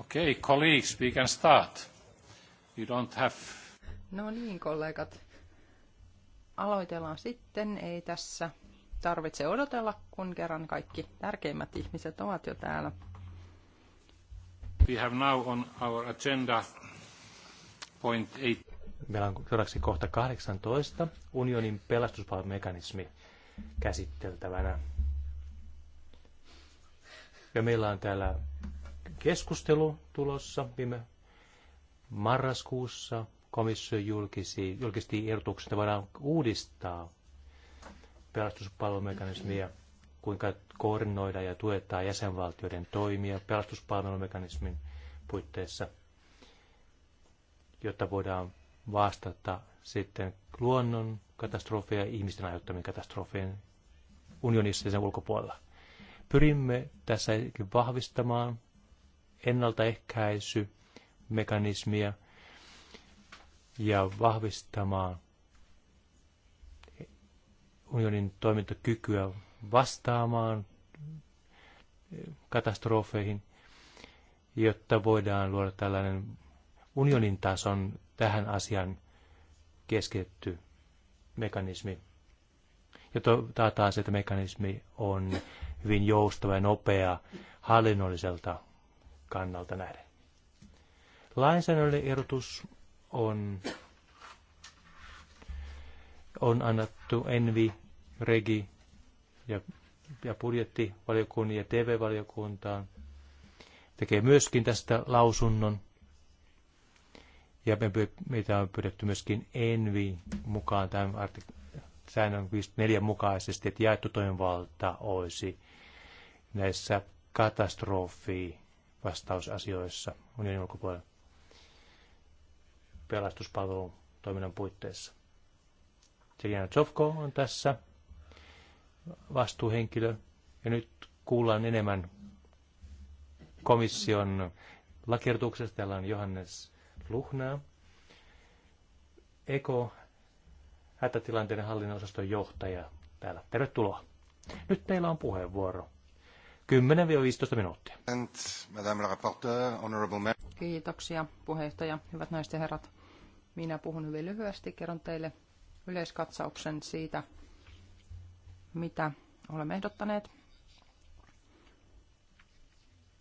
Okay, colleagues, we can start. You don't have... No niin, kollegat. Aloitellaan sitten. Ei tässä tarvitse odotella, kun kerran kaikki tärkeimmät ihmiset ovat jo täällä. We have now on our agenda point eight. Meillä on seuraavaksi kohta 18, unionin pelastuspalvelumekanismi käsiteltävänä. Ja meillä on täällä keskustelu tulossa viime marraskuussa. Komissio julkisti, julkisti ehdotuksen, että voidaan uudistaa pelastuspalvelumekanismia, kuinka koordinoida ja tuetaan jäsenvaltioiden toimia pelastuspalvelumekanismin puitteissa, jotta voidaan vastata sitten luonnon katastrofeja ja ihmisten aiheuttamien katastrofien unionissa ja sen ulkopuolella. Pyrimme tässä vahvistamaan ennaltaehkäisymekanismia ja vahvistamaan unionin toimintakykyä vastaamaan katastrofeihin, jotta voidaan luoda tällainen unionin tason tähän asian keskitetty mekanismi. Ja taataan se, että mekanismi on hyvin joustava ja nopea hallinnolliselta kannalta nähden. Lainsäädännöllinen erotus on, on annettu Envi, Regi ja, ja budjettivaliokunnan ja TV-valiokuntaan. Tekee myöskin tästä lausunnon. Ja me, meitä on pyydetty myöskin Envi mukaan tämän artik- säännön 54 mukaisesti, että jaettu toimivalta olisi näissä katastrofi vastausasioissa unionin ulkopuolella pelastuspalvelun toiminnan puitteissa. Sergejana Tsovko on tässä vastuuhenkilö ja nyt kuullaan enemmän komission lakertuksesta. Täällä on Johannes Luhna. Eko, hätätilanteiden hallinnon osaston johtaja täällä. Tervetuloa. Nyt teillä on puheenvuoro. 10-15 minuuttia. Kiitoksia puheenjohtaja, hyvät naiset ja herrat. Minä puhun hyvin lyhyesti, kerron teille yleiskatsauksen siitä, mitä olemme ehdottaneet.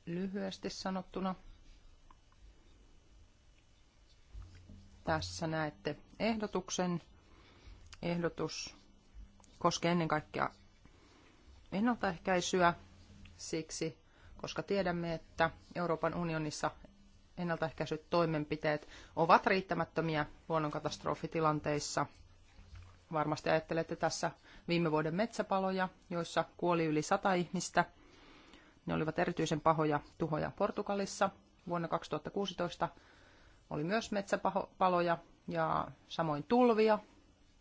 Lyhyesti sanottuna tässä näette ehdotuksen. Ehdotus koskee ennen kaikkea ennaltaehkäisyä, siksi, koska tiedämme, että Euroopan unionissa ennaltaehkäisyt toimenpiteet ovat riittämättömiä luonnonkatastrofitilanteissa. Varmasti ajattelette tässä viime vuoden metsäpaloja, joissa kuoli yli sata ihmistä. Ne olivat erityisen pahoja tuhoja Portugalissa. Vuonna 2016 oli myös metsäpaloja ja samoin tulvia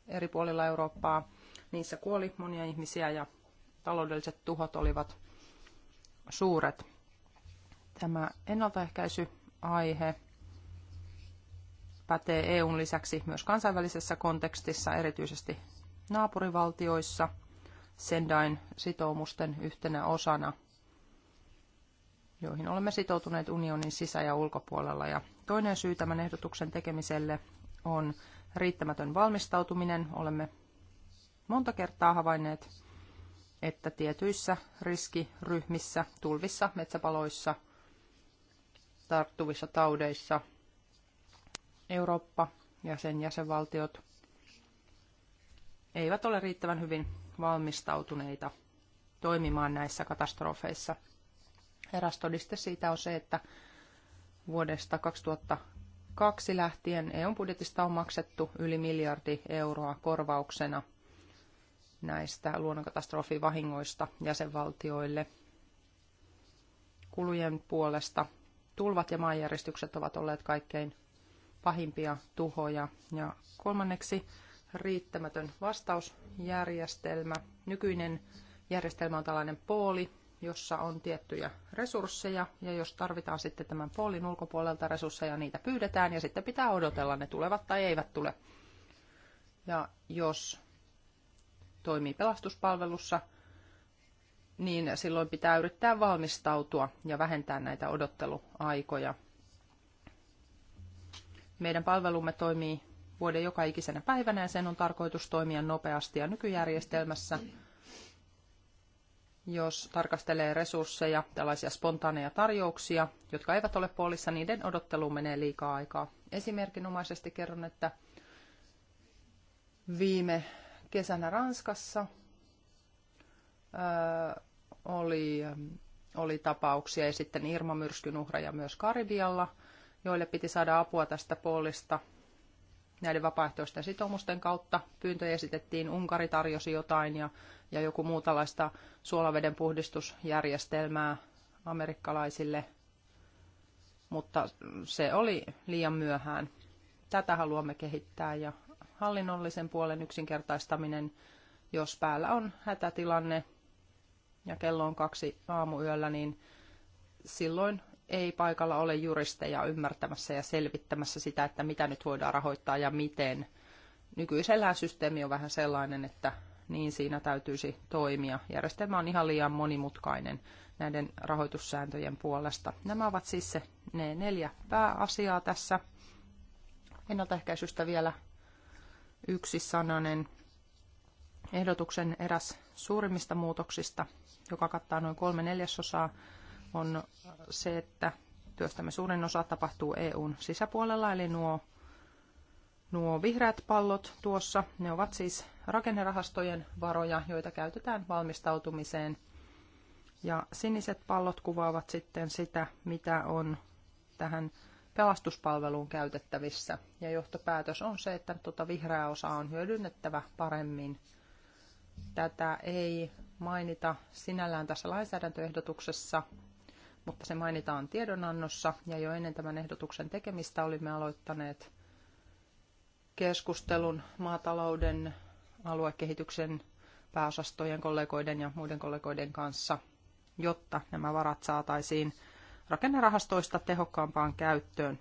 eri puolilla Eurooppaa. Niissä kuoli monia ihmisiä ja taloudelliset tuhot olivat suuret. Tämä ennaltaehkäisyaihe pätee EUn lisäksi myös kansainvälisessä kontekstissa, erityisesti naapurivaltioissa, Sendain sitoumusten yhtenä osana, joihin olemme sitoutuneet unionin sisä- ja ulkopuolella. Ja toinen syy tämän ehdotuksen tekemiselle on riittämätön valmistautuminen. Olemme monta kertaa havainneet että tietyissä riskiryhmissä, tulvissa, metsäpaloissa, tarttuvissa taudeissa Eurooppa ja sen jäsenvaltiot eivät ole riittävän hyvin valmistautuneita toimimaan näissä katastrofeissa. Eräs todiste siitä on se, että vuodesta 2002 lähtien EUn budjetista on maksettu yli miljardi euroa korvauksena – näistä luonnonkatastrofivahingoista jäsenvaltioille. Kulujen puolesta tulvat ja maanjäristykset ovat olleet kaikkein pahimpia tuhoja. Ja kolmanneksi riittämätön vastausjärjestelmä. Nykyinen järjestelmä on tällainen pooli, jossa on tiettyjä resursseja, ja jos tarvitaan sitten tämän poolin ulkopuolelta resursseja, niitä pyydetään, ja sitten pitää odotella, ne tulevat tai eivät tule. Ja jos toimii pelastuspalvelussa, niin silloin pitää yrittää valmistautua ja vähentää näitä odotteluaikoja. Meidän palvelumme toimii vuoden joka ikisenä päivänä ja sen on tarkoitus toimia nopeasti ja nykyjärjestelmässä. Jos tarkastelee resursseja, tällaisia spontaaneja tarjouksia, jotka eivät ole puolissa, niiden odotteluun menee liikaa aikaa. Esimerkinomaisesti kerron, että viime kesänä Ranskassa oli, oli tapauksia ja sitten Irma-myrskyn uhreja myös Karibialla, joille piti saada apua tästä puolista näiden vapaaehtoisten sitoumusten kautta. Pyyntö esitettiin, Unkari tarjosi jotain ja, ja joku muutalaista suolaveden puhdistusjärjestelmää amerikkalaisille, mutta se oli liian myöhään. Tätä haluamme kehittää ja hallinnollisen puolen yksinkertaistaminen, jos päällä on hätätilanne ja kello on kaksi aamuyöllä, niin silloin ei paikalla ole juristeja ymmärtämässä ja selvittämässä sitä, että mitä nyt voidaan rahoittaa ja miten. Nykyisellään systeemi on vähän sellainen, että niin siinä täytyisi toimia. Järjestelmä on ihan liian monimutkainen näiden rahoitussääntöjen puolesta. Nämä ovat siis se, ne neljä pääasiaa tässä. Ennaltaehkäisystä vielä yksi ehdotuksen eräs suurimmista muutoksista, joka kattaa noin kolme neljäsosaa, on se, että työstämme suurin osa tapahtuu EUn sisäpuolella, eli nuo, nuo vihreät pallot tuossa, ne ovat siis rakennerahastojen varoja, joita käytetään valmistautumiseen. Ja siniset pallot kuvaavat sitten sitä, mitä on tähän pelastuspalveluun käytettävissä. Ja johtopäätös on se, että tuota vihreää osaa on hyödynnettävä paremmin. Tätä ei mainita sinällään tässä lainsäädäntöehdotuksessa, mutta se mainitaan tiedonannossa. Ja jo ennen tämän ehdotuksen tekemistä olimme aloittaneet keskustelun maatalouden, aluekehityksen pääosastojen kollegoiden ja muiden kollegoiden kanssa, jotta nämä varat saataisiin rakennerahastoista tehokkaampaan käyttöön.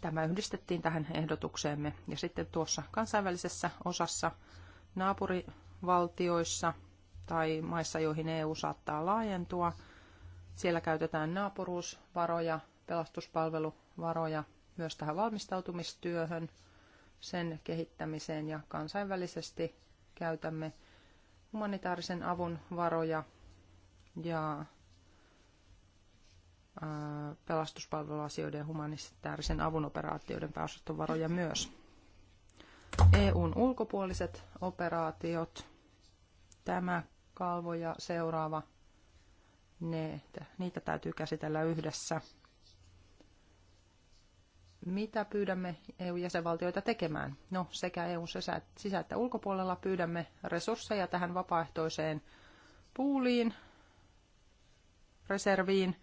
Tämä yhdistettiin tähän ehdotukseemme. Ja sitten tuossa kansainvälisessä osassa naapurivaltioissa tai maissa, joihin EU saattaa laajentua, siellä käytetään naapuruusvaroja, pelastuspalveluvaroja myös tähän valmistautumistyöhön, sen kehittämiseen ja kansainvälisesti käytämme humanitaarisen avun varoja ja pelastuspalveluasioiden ja humanitaarisen avun operaatioiden pääosaston varoja myös. EUn ulkopuoliset operaatiot, tämä kalvo ja seuraava, ne, niitä täytyy käsitellä yhdessä. Mitä pyydämme EU-jäsenvaltioita tekemään? No sekä EUn sisä- että ulkopuolella pyydämme resursseja tähän vapaaehtoiseen puuliin, reserviin –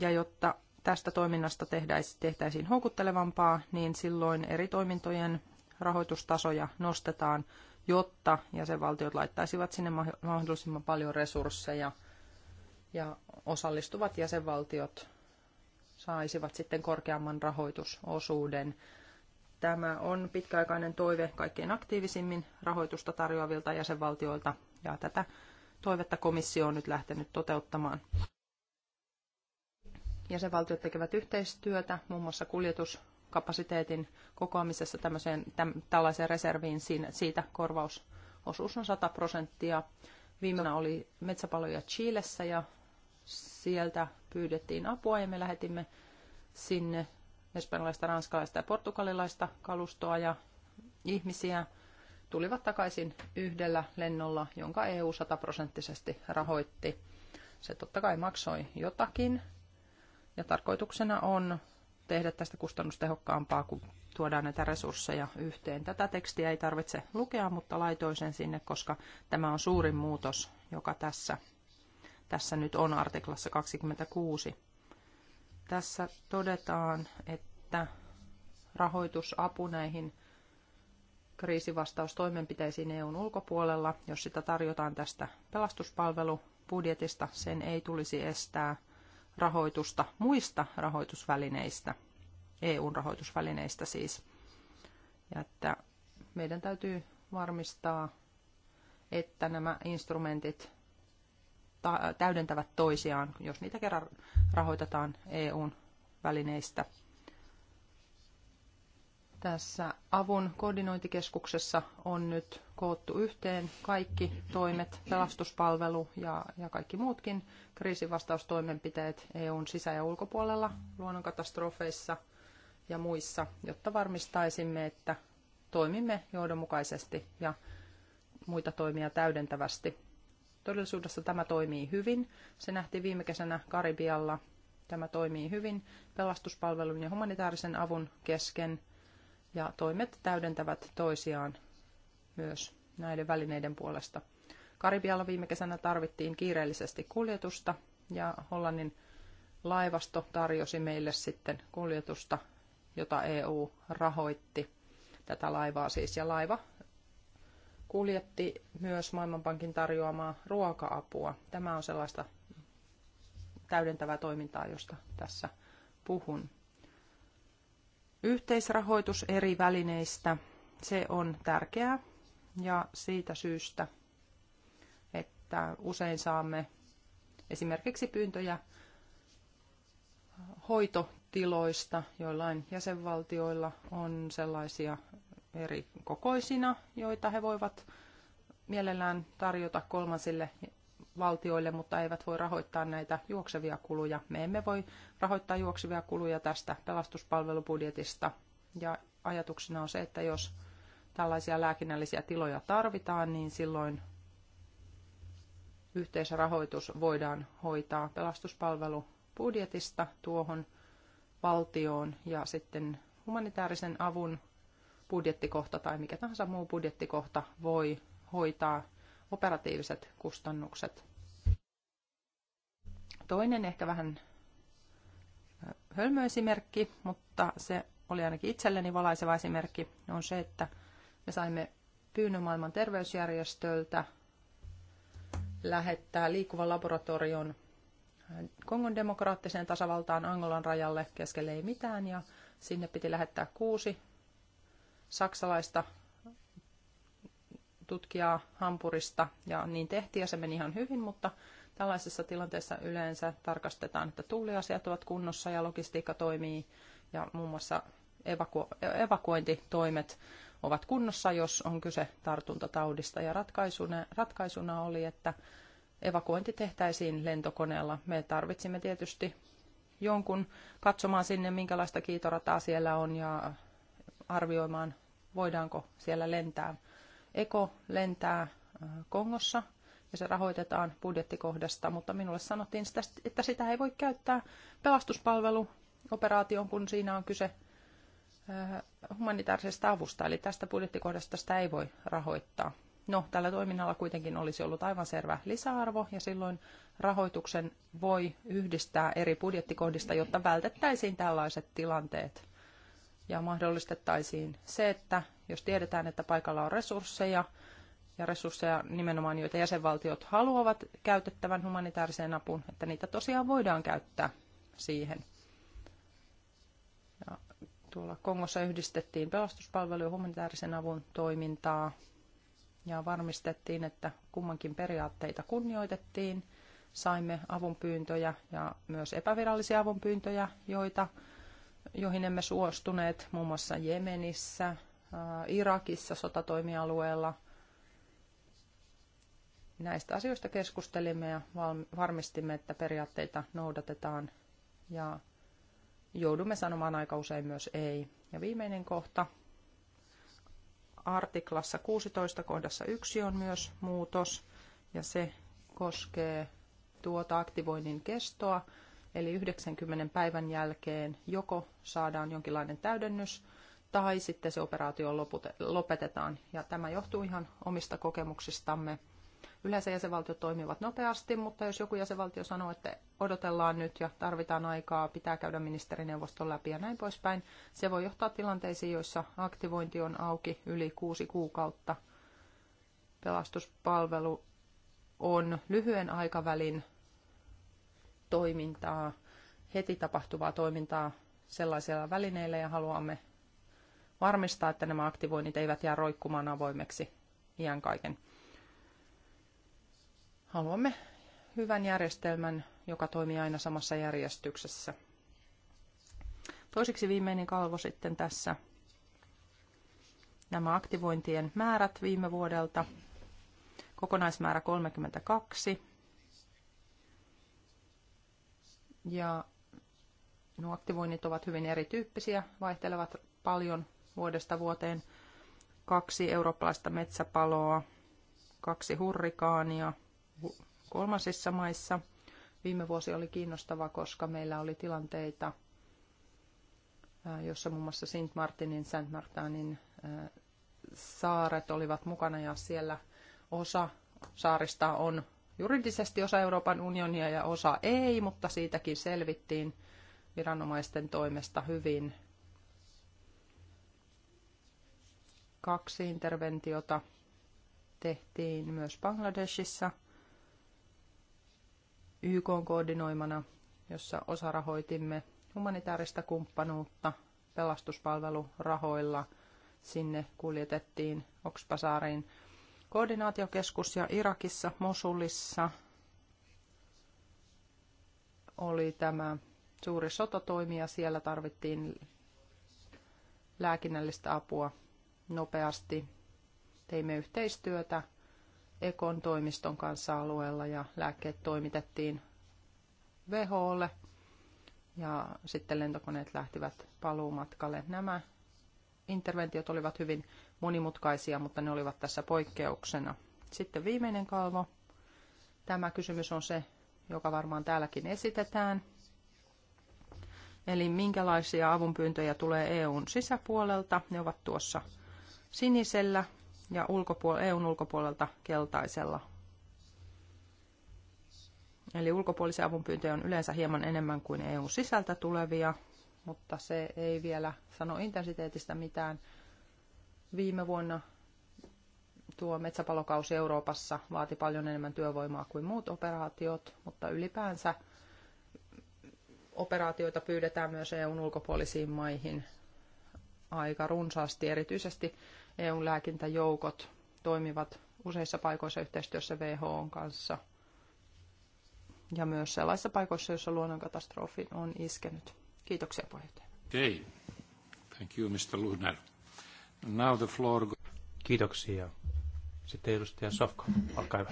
ja jotta tästä toiminnasta tehtäisiin houkuttelevampaa, niin silloin eri toimintojen rahoitustasoja nostetaan, jotta jäsenvaltiot laittaisivat sinne mahdollisimman paljon resursseja ja osallistuvat jäsenvaltiot saisivat sitten korkeamman rahoitusosuuden. Tämä on pitkäaikainen toive kaikkein aktiivisimmin rahoitusta tarjoavilta jäsenvaltioilta ja tätä toivetta komissio on nyt lähtenyt toteuttamaan jäsenvaltiot tekevät yhteistyötä muun muassa kuljetuskapasiteetin kokoamisessa tämmöiseen, täm, tällaiseen reserviin. Siinä, siitä korvausosuus on 100 prosenttia. Viimeinen oli metsäpaloja Chiilessä ja sieltä pyydettiin apua ja me lähetimme sinne espanjalaista, ranskalaista ja portugalilaista kalustoa ja ihmisiä tulivat takaisin yhdellä lennolla, jonka EU sataprosenttisesti rahoitti. Se totta kai maksoi jotakin, ja tarkoituksena on tehdä tästä kustannustehokkaampaa, kun tuodaan näitä resursseja yhteen. Tätä tekstiä ei tarvitse lukea, mutta laitoin sen sinne, koska tämä on suurin muutos, joka tässä, tässä nyt on artiklassa 26. Tässä todetaan, että rahoitusapu näihin kriisivastaustoimenpiteisiin EUn ulkopuolella, jos sitä tarjotaan tästä pelastuspalvelubudjetista, sen ei tulisi estää – rahoitusta muista rahoitusvälineistä, eu rahoitusvälineistä siis. Ja että meidän täytyy varmistaa, että nämä instrumentit täydentävät toisiaan, jos niitä kerran rahoitetaan eu välineistä – tässä avun koordinointikeskuksessa on nyt koottu yhteen kaikki toimet, pelastuspalvelu ja, ja kaikki muutkin kriisivastaustoimenpiteet EUn sisä- ja ulkopuolella luonnonkatastrofeissa ja muissa, jotta varmistaisimme, että toimimme johdonmukaisesti ja muita toimia täydentävästi. Todellisuudessa tämä toimii hyvin. Se nähtiin viime kesänä Karibialla. Tämä toimii hyvin pelastuspalvelun ja humanitaarisen avun kesken – ja toimet täydentävät toisiaan myös näiden välineiden puolesta. Karibialla viime kesänä tarvittiin kiireellisesti kuljetusta ja Hollannin laivasto tarjosi meille sitten kuljetusta, jota EU rahoitti tätä laivaa siis. Ja laiva kuljetti myös Maailmanpankin tarjoamaa ruoka-apua. Tämä on sellaista täydentävää toimintaa, josta tässä puhun. Yhteisrahoitus eri välineistä, se on tärkeää ja siitä syystä, että usein saamme esimerkiksi pyyntöjä hoitotiloista, joillain jäsenvaltioilla on sellaisia eri kokoisina, joita he voivat mielellään tarjota kolmansille valtioille, mutta eivät voi rahoittaa näitä juoksevia kuluja. Me emme voi rahoittaa juoksevia kuluja tästä pelastuspalvelubudjetista. Ja ajatuksena on se, että jos tällaisia lääkinnällisiä tiloja tarvitaan, niin silloin yhteisrahoitus voidaan hoitaa pelastuspalvelubudjetista tuohon valtioon ja sitten humanitaarisen avun budjettikohta tai mikä tahansa muu budjettikohta voi hoitaa operatiiviset kustannukset. Toinen ehkä vähän hölmöesimerkki, mutta se oli ainakin itselleni valaiseva esimerkki, on se, että me saimme pyynnön maailman terveysjärjestöltä lähettää liikkuvan laboratorion Kongon demokraattiseen tasavaltaan Angolan rajalle keskelle ei mitään ja sinne piti lähettää kuusi saksalaista tutkijaa Hampurista ja niin tehtiin ja se meni ihan hyvin, mutta tällaisessa tilanteessa yleensä tarkastetaan, että tulliasiat ovat kunnossa ja logistiikka toimii ja muun muassa evaku- evakuointitoimet ovat kunnossa, jos on kyse tartuntataudista. Ja ratkaisuna, ratkaisuna oli, että evakuointi tehtäisiin lentokoneella. Me tarvitsimme tietysti jonkun katsomaan sinne, minkälaista kiitorataa siellä on ja arvioimaan, voidaanko siellä lentää. Eko lentää äh, Kongossa ja se rahoitetaan budjettikohdasta, mutta minulle sanottiin, että sitä ei voi käyttää pelastuspalveluoperaatioon, kun siinä on kyse äh, humanitaarisesta avusta, eli tästä budjettikohdasta sitä ei voi rahoittaa. No, tällä toiminnalla kuitenkin olisi ollut aivan selvä lisäarvo, ja silloin rahoituksen voi yhdistää eri budjettikohdista, jotta vältettäisiin tällaiset tilanteet ja mahdollistettaisiin se, että jos tiedetään, että paikalla on resursseja, ja resursseja nimenomaan, joita jäsenvaltiot haluavat käytettävän humanitaariseen apuun, että niitä tosiaan voidaan käyttää siihen. Ja tuolla Kongossa yhdistettiin pelastuspalvelu- ja humanitaarisen avun toimintaa ja varmistettiin, että kummankin periaatteita kunnioitettiin. Saimme avunpyyntöjä ja myös epävirallisia avunpyyntöjä, joita joihin emme suostuneet, muun muassa Jemenissä, äh, Irakissa sotatoimialueella. Näistä asioista keskustelimme ja varmistimme, että periaatteita noudatetaan ja joudumme sanomaan aika usein myös ei. Ja viimeinen kohta. Artiklassa 16 kohdassa 1 on myös muutos ja se koskee tuota aktivoinnin kestoa Eli 90 päivän jälkeen joko saadaan jonkinlainen täydennys tai sitten se operaatio lopetetaan. Ja tämä johtuu ihan omista kokemuksistamme. Yleensä jäsenvaltiot toimivat nopeasti, mutta jos joku jäsenvaltio sanoo, että odotellaan nyt ja tarvitaan aikaa, pitää käydä ministerineuvoston läpi ja näin poispäin, se voi johtaa tilanteisiin, joissa aktivointi on auki yli kuusi kuukautta. Pelastuspalvelu on lyhyen aikavälin toimintaa, heti tapahtuvaa toimintaa sellaisilla välineillä ja haluamme varmistaa, että nämä aktivoinnit eivät jää roikkumaan avoimeksi iän kaiken. Haluamme hyvän järjestelmän, joka toimii aina samassa järjestyksessä. Toiseksi viimeinen kalvo sitten tässä. Nämä aktivointien määrät viime vuodelta. Kokonaismäärä 32. Ja nuo aktivoinnit ovat hyvin erityyppisiä, vaihtelevat paljon vuodesta vuoteen. Kaksi eurooppalaista metsäpaloa, kaksi hurrikaania kolmasissa maissa. Viime vuosi oli kiinnostava, koska meillä oli tilanteita, jossa muun muassa Sint Martinin, St. Martinin saaret olivat mukana ja siellä osa saarista on juridisesti osa Euroopan unionia ja osa ei, mutta siitäkin selvittiin viranomaisten toimesta hyvin. Kaksi interventiota tehtiin myös Bangladeshissa YK koordinoimana, jossa osa rahoitimme humanitaarista kumppanuutta pelastuspalvelurahoilla. Sinne kuljetettiin Okspasaariin koordinaatiokeskus ja Irakissa, Mosulissa oli tämä suuri sotatoimi ja siellä tarvittiin lääkinnällistä apua nopeasti. Teimme yhteistyötä Ekon toimiston kanssa alueella ja lääkkeet toimitettiin WHOlle ja sitten lentokoneet lähtivät paluumatkalle. Nämä interventiot olivat hyvin monimutkaisia, mutta ne olivat tässä poikkeuksena. Sitten viimeinen kalvo. Tämä kysymys on se, joka varmaan täälläkin esitetään. Eli minkälaisia avunpyyntöjä tulee EUn sisäpuolelta? Ne ovat tuossa sinisellä ja ulkopuol- EUn ulkopuolelta keltaisella. Eli ulkopuolisia avunpyyntöjä on yleensä hieman enemmän kuin EUn sisältä tulevia, mutta se ei vielä sano intensiteetistä mitään. Viime vuonna tuo metsäpalokausi Euroopassa vaati paljon enemmän työvoimaa kuin muut operaatiot, mutta ylipäänsä operaatioita pyydetään myös EUn ulkopuolisiin maihin aika runsaasti. Erityisesti EUn lääkintäjoukot toimivat useissa paikoissa yhteistyössä WHOn kanssa ja myös sellaisissa paikoissa, joissa luonnonkatastrofi on iskenyt. Kiitoksia puheenjohtaja. Okay. Thank you, Mr. Luhner. Now the floor go- Kiitoksia. Sitten edustaja Sofko, olkaa hyvä.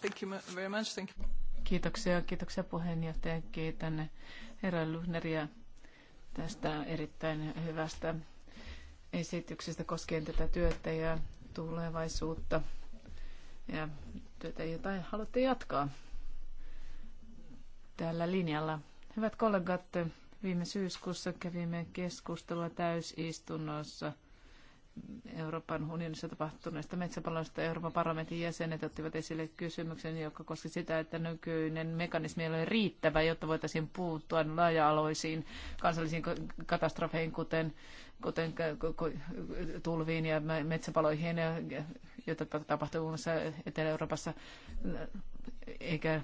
Thank you very much. Thank you. Kiitoksia, kiitoksia puheenjohtaja. Kiitän herra Luhneria tästä erittäin hyvästä esityksestä koskien tätä työtä ja tulevaisuutta ja työtä, jota haluatte jatkaa tällä linjalla. Hyvät kollegat, viime syyskuussa kävimme keskustelua täysistunnossa Euroopan unionissa tapahtuneista metsäpaloista Euroopan parlamentin jäsenet ottivat esille kysymyksen, joka koski sitä, että nykyinen mekanismi ei ole riittävä, jotta voitaisiin puuttua laaja-aloisiin kansallisiin katastrofeihin, kuten, kuten tulviin ja metsäpaloihin, joita tapahtuu muun muassa Etelä-Euroopassa, eikä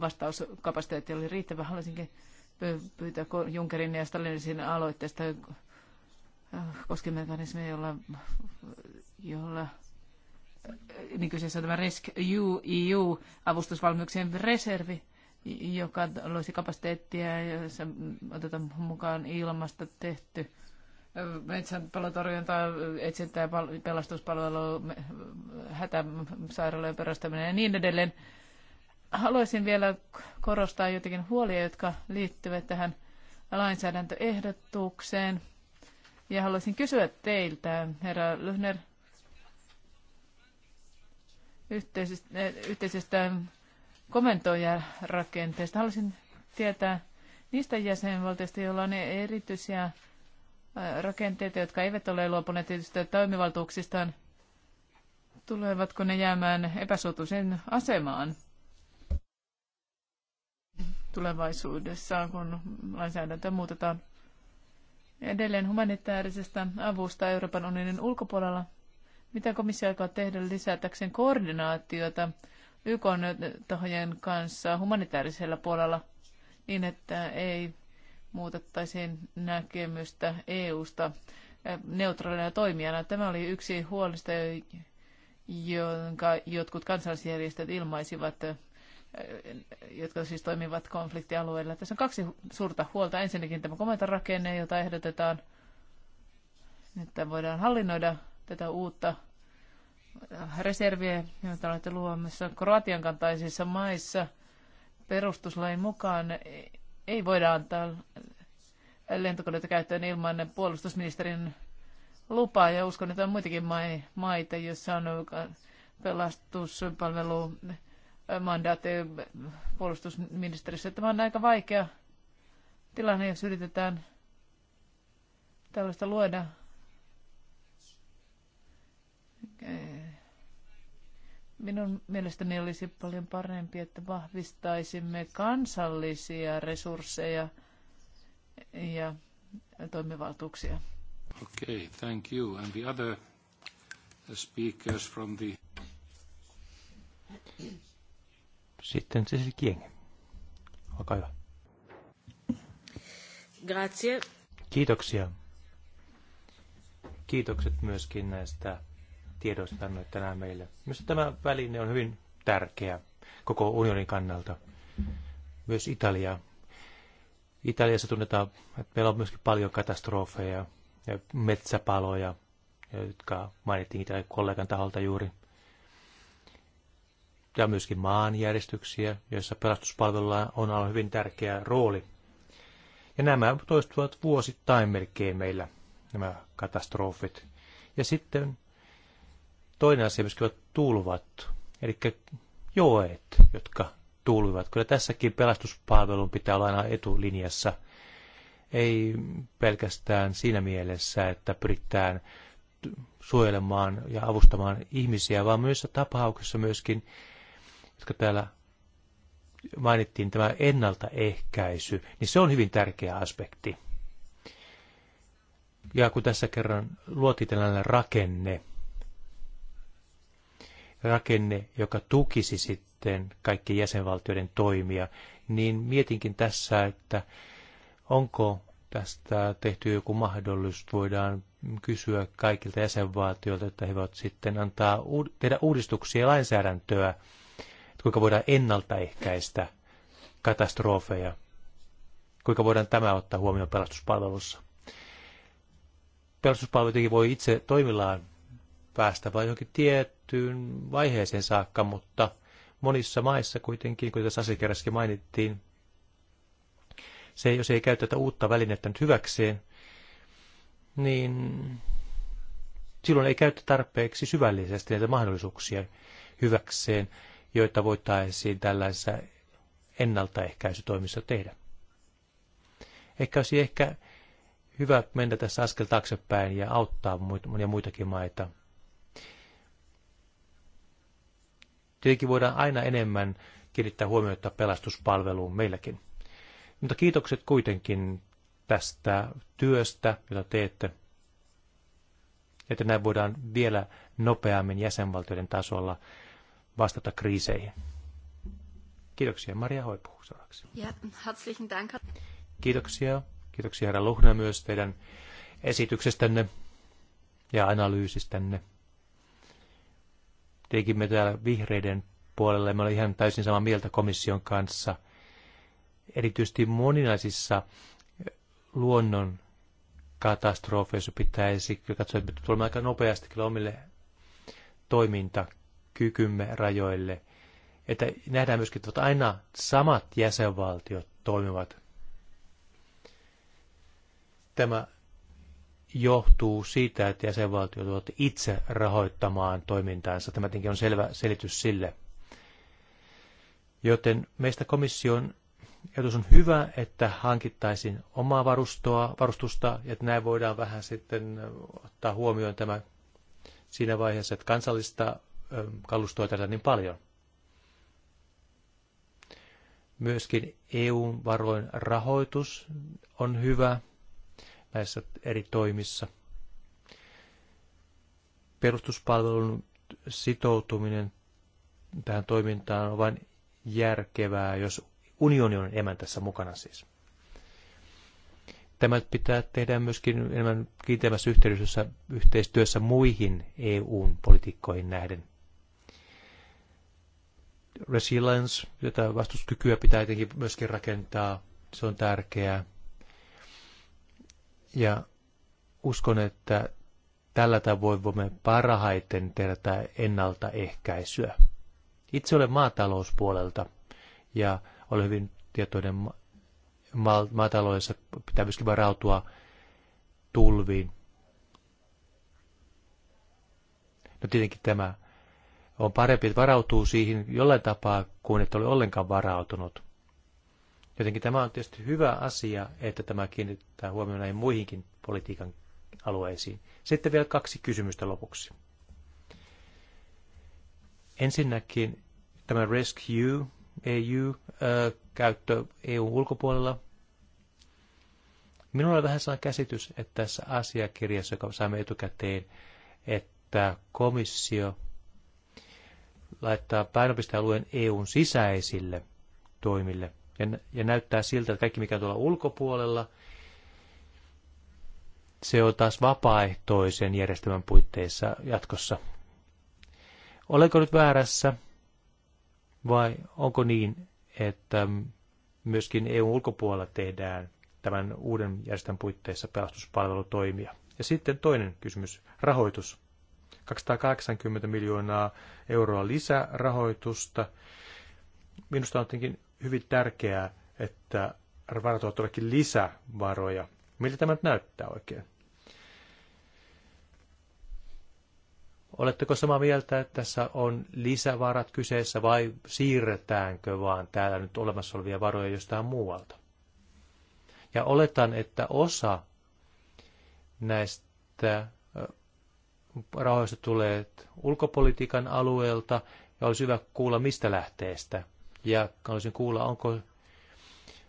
vastauskapasiteetti ole riittävä. Haluaisinkin pyytää Junkerin ja Stalinisin aloitteesta Äh, koskemekanismi, jolla, jolla niin kyseessä on tämä Risk EU, EU avustusvalmiuksien reservi, joka loisi kapasiteettia, jossa otetaan mukaan ilmasta tehty äh, metsäpalotorjunta, etsintä ja pelastuspalvelu, hätäsairaalojen perustaminen ja niin edelleen. Haluaisin vielä korostaa jotakin huolia, jotka liittyvät tähän lainsäädäntöehdotukseen – ja haluaisin kysyä teiltä, herra Lyhner, yhteisestä, eh, yhteisestä komentoijarakenteesta. Haluaisin tietää niistä jäsenvaltioista, joilla on erityisiä eh, rakenteita, jotka eivät ole luopuneet tietystä toimivaltuuksistaan. Tulevatko ne jäämään epäsuotuisen asemaan tulevaisuudessa, kun lainsäädäntöä muutetaan? Edelleen humanitaarisesta avusta Euroopan unionin ulkopuolella. Mitä komissio aikoo tehdä lisätäkseen koordinaatiota YK tahojen kanssa humanitaarisella puolella niin, että ei muutettaisiin näkemystä EUsta eh, neutraalina toimijana. Tämä oli yksi huolista, jonka jotkut kansalaisjärjestöt ilmaisivat jotka siis toimivat konfliktialueilla. Tässä on kaksi suurta huolta. Ensinnäkin tämä komentorakenne, jota ehdotetaan, että voidaan hallinnoida tätä uutta reserviä, jota olette luomassa Kroatian kantaisissa maissa perustuslain mukaan ei voida antaa lentokoneita käyttöön ilman puolustusministerin lupaa. Ja uskon, että on muitakin maita, joissa on pelastuspalvelu mandaatti puolustusministeriössä. Tämä on aika vaikea tilanne, jos yritetään tällaista luoda. Minun mielestäni olisi paljon parempi, että vahvistaisimme kansallisia resursseja ja toimivaltuuksia. Okay, thank you. And the other speakers from the sitten Cecil siis Kienge. Olkaa hyvä. Grazie. Kiitoksia. Kiitokset myöskin näistä tiedoista annoit tänään meille. Myös tämä väline on hyvin tärkeä koko unionin kannalta. Myös Italia. Italiassa tunnetaan, että meillä on myöskin paljon katastrofeja ja metsäpaloja, jotka mainittiin Italian kollegan taholta juuri – ja myöskin maanjärjestyksiä, joissa pelastuspalvelulla on ollut hyvin tärkeä rooli. Ja nämä toistuvat vuosittain melkein meillä, nämä katastrofit. Ja sitten toinen asia myöskin ovat tulvat, eli joet, jotka tulvivat. Kyllä tässäkin pelastuspalvelun pitää olla aina etulinjassa. Ei pelkästään siinä mielessä, että pyritään suojelemaan ja avustamaan ihmisiä, vaan myös tapauksessa myöskin jotka täällä mainittiin, tämä ennaltaehkäisy, niin se on hyvin tärkeä aspekti. Ja kun tässä kerran luotiin tällainen rakenne, rakenne, joka tukisi sitten kaikkien jäsenvaltioiden toimia, niin mietinkin tässä, että onko tästä tehty joku mahdollisuus, voidaan kysyä kaikilta jäsenvaltioilta, että he voivat sitten antaa, tehdä uudistuksia lainsäädäntöä kuinka voidaan ennaltaehkäistä katastrofeja, kuinka voidaan tämä ottaa huomioon pelastuspalvelussa. Pelastuspalvelukin voi itse toimillaan päästä vain johonkin tiettyyn vaiheeseen saakka, mutta monissa maissa kuitenkin, kuten tässä asiakirjassakin mainittiin, se, jos ei käytä tätä uutta välinettä nyt hyväkseen, niin silloin ei käytä tarpeeksi syvällisesti näitä mahdollisuuksia hyväkseen, joita voitaisiin tällaisissa ennaltaehkäisytoimissa tehdä. Ehkä olisi ehkä hyvä mennä tässä askel taaksepäin ja auttaa monia muitakin maita. Tietenkin voidaan aina enemmän kiinnittää huomiota pelastuspalveluun meilläkin. Mutta kiitokset kuitenkin tästä työstä, jota teette, että näin voidaan vielä nopeammin jäsenvaltioiden tasolla vastata kriiseihin. Kiitoksia Maria Hoipu seuraavaksi. Ja, herzlichen Dank. Kiitoksia. Kiitoksia herra Luhna myös teidän esityksestänne ja analyysistänne. Tietenkin me täällä vihreiden puolella me olemme ihan täysin samaa mieltä komission kanssa. Erityisesti moninaisissa luonnon katastrofeissa pitäisi katsoa, että tulemme aika nopeasti omille toiminta kykymme rajoille. Että nähdään myöskin, että aina samat jäsenvaltiot toimivat. Tämä johtuu siitä, että jäsenvaltiot ovat itse rahoittamaan toimintaansa. Tämä tietenkin on selvä selitys sille. Joten meistä komission ehdotus on hyvä, että hankittaisiin omaa varustoa, varustusta, ja että näin voidaan vähän sitten ottaa huomioon tämä siinä vaiheessa, että kansallista kalustoa tätä niin paljon. Myöskin EUn varoin rahoitus on hyvä näissä eri toimissa. Perustuspalvelun sitoutuminen tähän toimintaan on vain järkevää, jos unioni on tässä mukana siis. Tämä pitää tehdä myöskin enemmän kiinteämmässä yhteistyössä muihin EUn politiikkoihin nähden resilience, jota vastustuskykyä pitää tietenkin myöskin rakentaa. Se on tärkeää. Ja uskon, että tällä tavoin voimme parhaiten tehdä tätä ennaltaehkäisyä. Itse olen maatalouspuolelta ja olen hyvin tietoinen ma- ma- maataloudessa pitää myöskin varautua tulviin. No tietenkin tämä on parempi, että varautuu siihen jollain tapaa kuin että ole ollenkaan varautunut. Jotenkin tämä on tietysti hyvä asia, että tämä kiinnittää huomioon näihin muihinkin politiikan alueisiin. Sitten vielä kaksi kysymystä lopuksi. Ensinnäkin tämä Rescue EU-käyttö EUn ulkopuolella. Minulla on vähän sellainen käsitys, että tässä asiakirjassa, joka saamme etukäteen, että komissio laittaa painopistealueen EUn sisäisille toimille. Ja, ja näyttää siltä, että kaikki mikä on tuolla ulkopuolella, se on taas vapaaehtoisen järjestelmän puitteissa jatkossa. Olenko nyt väärässä vai onko niin, että myöskin EUn ulkopuolella tehdään tämän uuden järjestelmän puitteissa pelastuspalvelutoimia? Ja sitten toinen kysymys, rahoitus. 280 miljoonaa euroa lisärahoitusta. Minusta on tietenkin hyvin tärkeää, että varatoivat todellakin lisävaroja. Miltä tämä nyt näyttää oikein? Oletteko samaa mieltä, että tässä on lisävarat kyseessä vai siirretäänkö vaan täällä nyt olemassa olevia varoja jostain muualta? Ja oletan, että osa näistä rahoista tulee ulkopolitiikan alueelta, ja olisi hyvä kuulla mistä lähteestä. Ja haluaisin kuulla, onko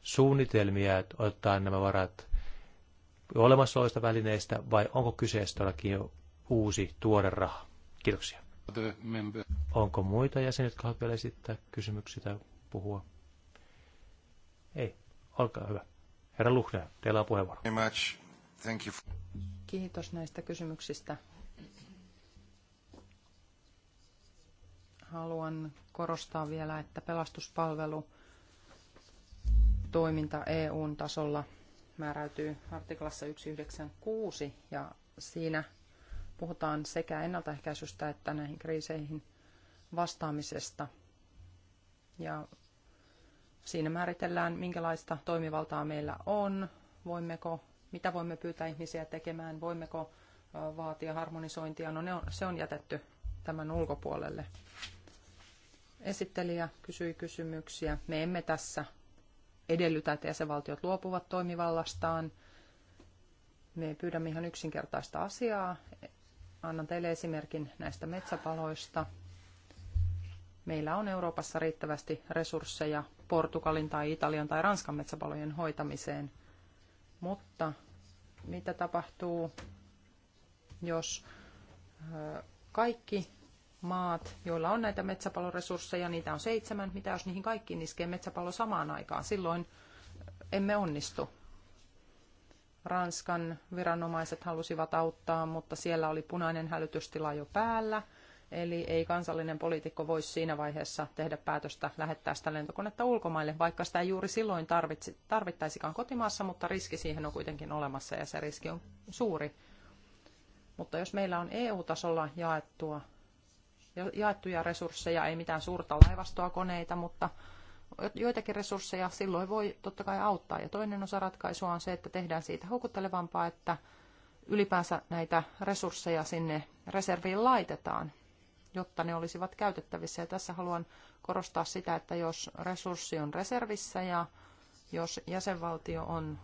suunnitelmia, että ottaa nämä varat olemassa olevista välineistä, vai onko kyseessä todellakin jo uusi tuore raha? Kiitoksia. Onko muita jäseniä, jotka haluavat vielä esittää kysymyksiä tai puhua? Ei, olkaa hyvä. Herra Luhne, teillä on puheenvuoro. Kiitos näistä kysymyksistä. haluan korostaa vielä, että pelastuspalvelu toiminta EUn tasolla määräytyy artiklassa 196 ja siinä puhutaan sekä ennaltaehkäisystä että näihin kriiseihin vastaamisesta. Ja siinä määritellään, minkälaista toimivaltaa meillä on, voimmeko, mitä voimme pyytää ihmisiä tekemään, voimmeko vaatia harmonisointia. No ne on, se on jätetty tämän ulkopuolelle. Esittelijä kysyi kysymyksiä. Me emme tässä edellytä, että jäsenvaltiot luopuvat toimivallastaan. Me pyydämme ihan yksinkertaista asiaa. Annan teille esimerkin näistä metsäpaloista. Meillä on Euroopassa riittävästi resursseja Portugalin tai Italian tai Ranskan metsäpalojen hoitamiseen. Mutta mitä tapahtuu, jos kaikki maat, joilla on näitä metsäpaloresursseja, niitä on seitsemän, mitä jos niihin kaikkiin iskee metsäpalo samaan aikaan, silloin emme onnistu. Ranskan viranomaiset halusivat auttaa, mutta siellä oli punainen hälytystila jo päällä, eli ei kansallinen poliitikko voisi siinä vaiheessa tehdä päätöstä lähettää sitä lentokonetta ulkomaille, vaikka sitä ei juuri silloin tarvitsi, tarvittaisikaan kotimaassa, mutta riski siihen on kuitenkin olemassa ja se riski on suuri. Mutta jos meillä on EU-tasolla jaettua jaettuja resursseja, ei mitään suurta laivastoa, koneita, mutta joitakin resursseja silloin voi totta kai auttaa. Ja toinen osa ratkaisua on se, että tehdään siitä houkuttelevampaa, että ylipäänsä näitä resursseja sinne reserviin laitetaan, jotta ne olisivat käytettävissä. Ja tässä haluan korostaa sitä, että jos resurssi on reservissä ja jos jäsenvaltio on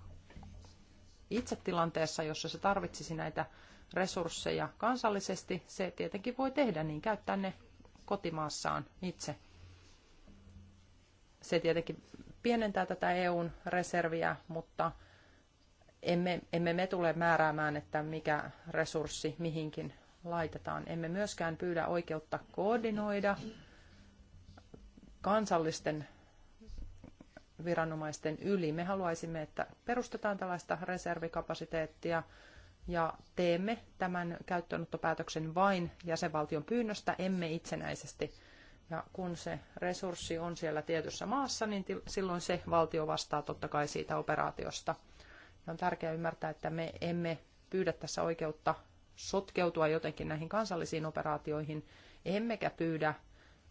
itse tilanteessa, jossa se tarvitsisi näitä resursseja kansallisesti, se tietenkin voi tehdä niin, käyttää ne kotimaassaan itse. Se tietenkin pienentää tätä EUn reserviä, mutta emme, emme me tule määräämään, että mikä resurssi mihinkin laitetaan. Emme myöskään pyydä oikeutta koordinoida kansallisten viranomaisten yli. Me haluaisimme, että perustetaan tällaista reservikapasiteettia, ja teemme tämän käyttöönottopäätöksen vain jäsenvaltion pyynnöstä, emme itsenäisesti. Ja kun se resurssi on siellä tietyssä maassa, niin silloin se valtio vastaa totta kai siitä operaatiosta. Ja on tärkeää ymmärtää, että me emme pyydä tässä oikeutta sotkeutua jotenkin näihin kansallisiin operaatioihin, emmekä pyydä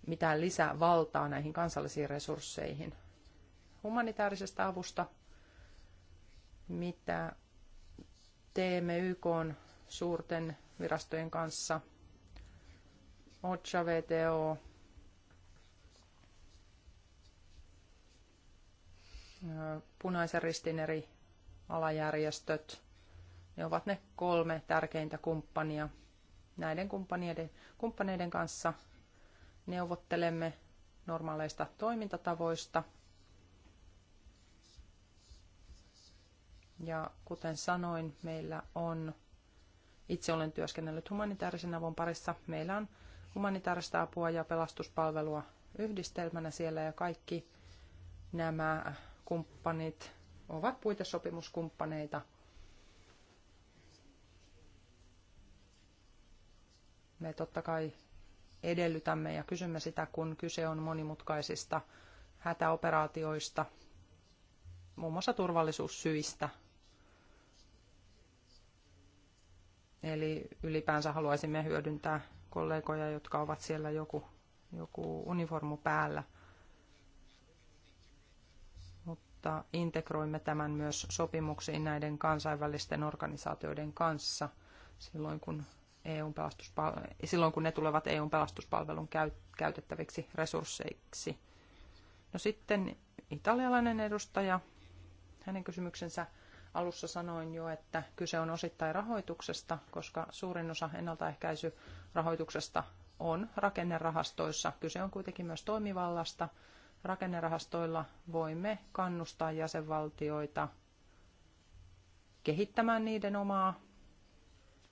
mitään lisävaltaa näihin kansallisiin resursseihin. Humanitaarisesta avusta, mitä teemme YK suurten virastojen kanssa. OCHA, VTO, punaisen ristin eri alajärjestöt. Ne ovat ne kolme tärkeintä kumppania. Näiden kumppaneiden, kumppaneiden kanssa neuvottelemme normaaleista toimintatavoista – Ja kuten sanoin, meillä on, itse olen työskennellyt humanitaarisen avun parissa, meillä on humanitaarista apua ja pelastuspalvelua yhdistelmänä siellä ja kaikki nämä kumppanit ovat puitesopimuskumppaneita. Me totta kai edellytämme ja kysymme sitä, kun kyse on monimutkaisista hätäoperaatioista, muun muassa turvallisuussyistä Eli ylipäänsä haluaisimme hyödyntää kollegoja, jotka ovat siellä joku, joku uniformu päällä. Mutta integroimme tämän myös sopimuksiin näiden kansainvälisten organisaatioiden kanssa silloin, kun EUn pelastuspal- silloin kun ne tulevat EUn pelastuspalvelun käytettäviksi resursseiksi. No sitten italialainen edustaja, hänen kysymyksensä Alussa sanoin jo, että kyse on osittain rahoituksesta, koska suurin osa ennaltaehkäisyrahoituksesta on rakennerahastoissa. Kyse on kuitenkin myös toimivallasta. Rakennerahastoilla voimme kannustaa jäsenvaltioita kehittämään niiden omaa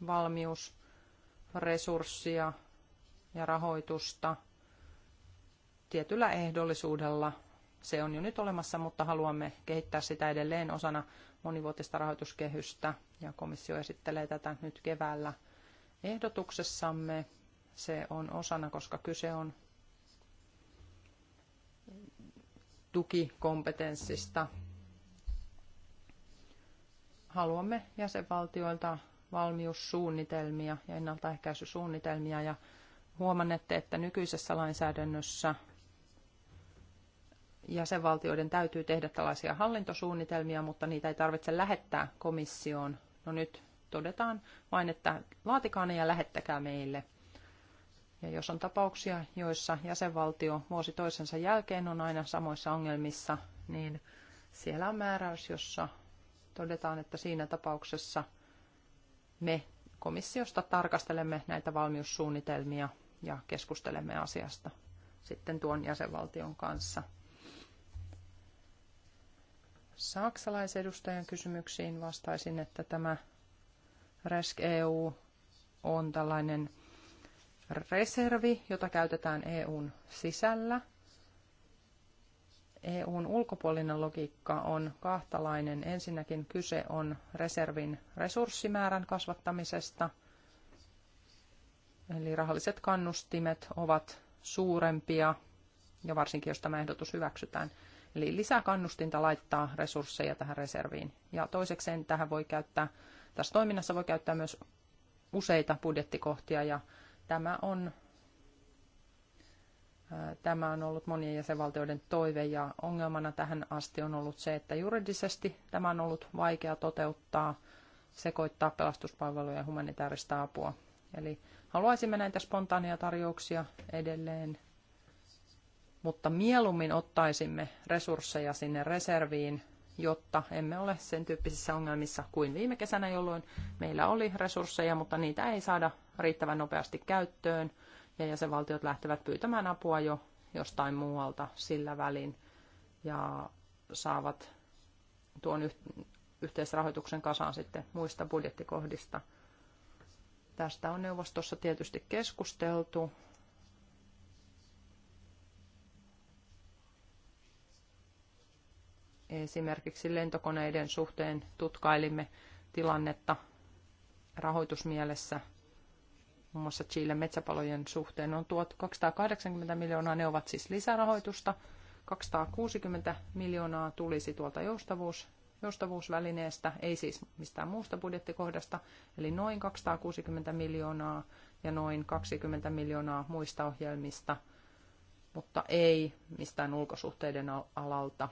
valmiusresurssia ja rahoitusta tietyllä ehdollisuudella – se on jo nyt olemassa, mutta haluamme kehittää sitä edelleen osana monivuotista rahoituskehystä ja komissio esittelee tätä nyt keväällä ehdotuksessamme. Se on osana, koska kyse on tukikompetenssista. Haluamme jäsenvaltioilta valmiussuunnitelmia ja ennaltaehkäisysuunnitelmia ja huomannette, että nykyisessä lainsäädännössä jäsenvaltioiden täytyy tehdä tällaisia hallintosuunnitelmia, mutta niitä ei tarvitse lähettää komissioon. No nyt todetaan vain, että laatikaa ne ja lähettäkää meille. Ja jos on tapauksia, joissa jäsenvaltio vuosi toisensa jälkeen on aina samoissa ongelmissa, niin siellä on määräys, jossa todetaan, että siinä tapauksessa me komissiosta tarkastelemme näitä valmiussuunnitelmia ja keskustelemme asiasta sitten tuon jäsenvaltion kanssa – saksalaisedustajan kysymyksiin vastaisin, että tämä RESC EU on tällainen reservi, jota käytetään EUn sisällä. EUn ulkopuolinen logiikka on kahtalainen. Ensinnäkin kyse on reservin resurssimäärän kasvattamisesta, eli rahalliset kannustimet ovat suurempia, ja varsinkin jos tämä ehdotus hyväksytään – Eli lisää kannustinta laittaa resursseja tähän reserviin. Ja toisekseen tähän voi käyttää, tässä toiminnassa voi käyttää myös useita budjettikohtia ja tämä on, tämä on ollut monien jäsenvaltioiden toive ja ongelmana tähän asti on ollut se, että juridisesti tämä on ollut vaikea toteuttaa, sekoittaa pelastuspalveluja ja humanitaarista apua. Eli haluaisimme näitä spontaania tarjouksia edelleen mutta mieluummin ottaisimme resursseja sinne reserviin, jotta emme ole sen tyyppisissä ongelmissa kuin viime kesänä, jolloin meillä oli resursseja, mutta niitä ei saada riittävän nopeasti käyttöön ja jäsenvaltiot lähtevät pyytämään apua jo jostain muualta sillä välin ja saavat tuon yhteisrahoituksen kasaan sitten muista budjettikohdista. Tästä on neuvostossa tietysti keskusteltu Esimerkiksi lentokoneiden suhteen tutkailimme tilannetta rahoitusmielessä. Muun muassa Chilen metsäpalojen suhteen on tuot miljoonaa, ne ovat siis lisärahoitusta. 260 miljoonaa tulisi tuolta joustavuus, joustavuusvälineestä, ei siis mistään muusta budjettikohdasta, eli noin 260 miljoonaa ja noin 20 miljoonaa muista ohjelmista, mutta ei mistään ulkosuhteiden alalta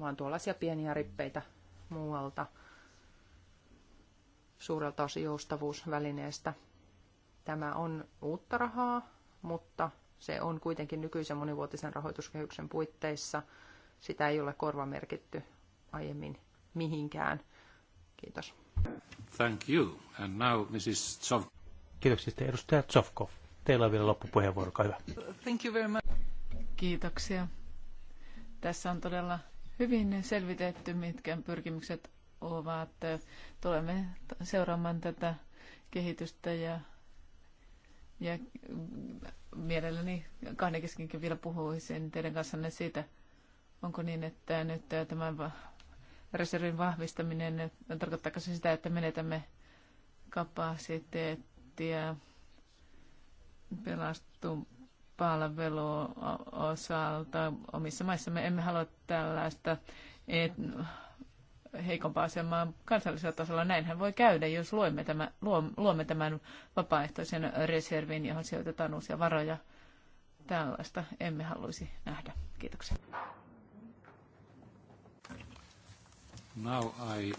vaan tuollaisia pieniä rippeitä muualta suurelta osin joustavuusvälineestä. Tämä on uutta rahaa, mutta se on kuitenkin nykyisen monivuotisen rahoituskehyksen puitteissa. Sitä ei ole korvamerkitty aiemmin mihinkään. Kiitos. Thank you. And now Mrs. Tsov. Kiitoksia edustaja Tsovkov. Teillä on vielä loppupuheenvuoro, hyvä. Thank you very much. Kiitoksia. Tässä on todella hyvin selvitetty, mitkä pyrkimykset ovat. Tulemme seuraamaan tätä kehitystä ja, ja mielelläni kahden keskenkin vielä puhuisin teidän kanssanne siitä, onko niin, että nyt tämä reservin vahvistaminen, tarkoittaako se sitä, että menetämme kapasiteettia pelastumaan palveluosalta omissa maissamme. Emme halua tällaista et, heikompaa asemaa kansallisella tasolla. Näinhän voi käydä, jos luemme tämän, luomme tämän vapaaehtoisen reservin, johon sijoitetaan uusia varoja. Tällaista emme haluaisi nähdä. Kiitoksia. Now I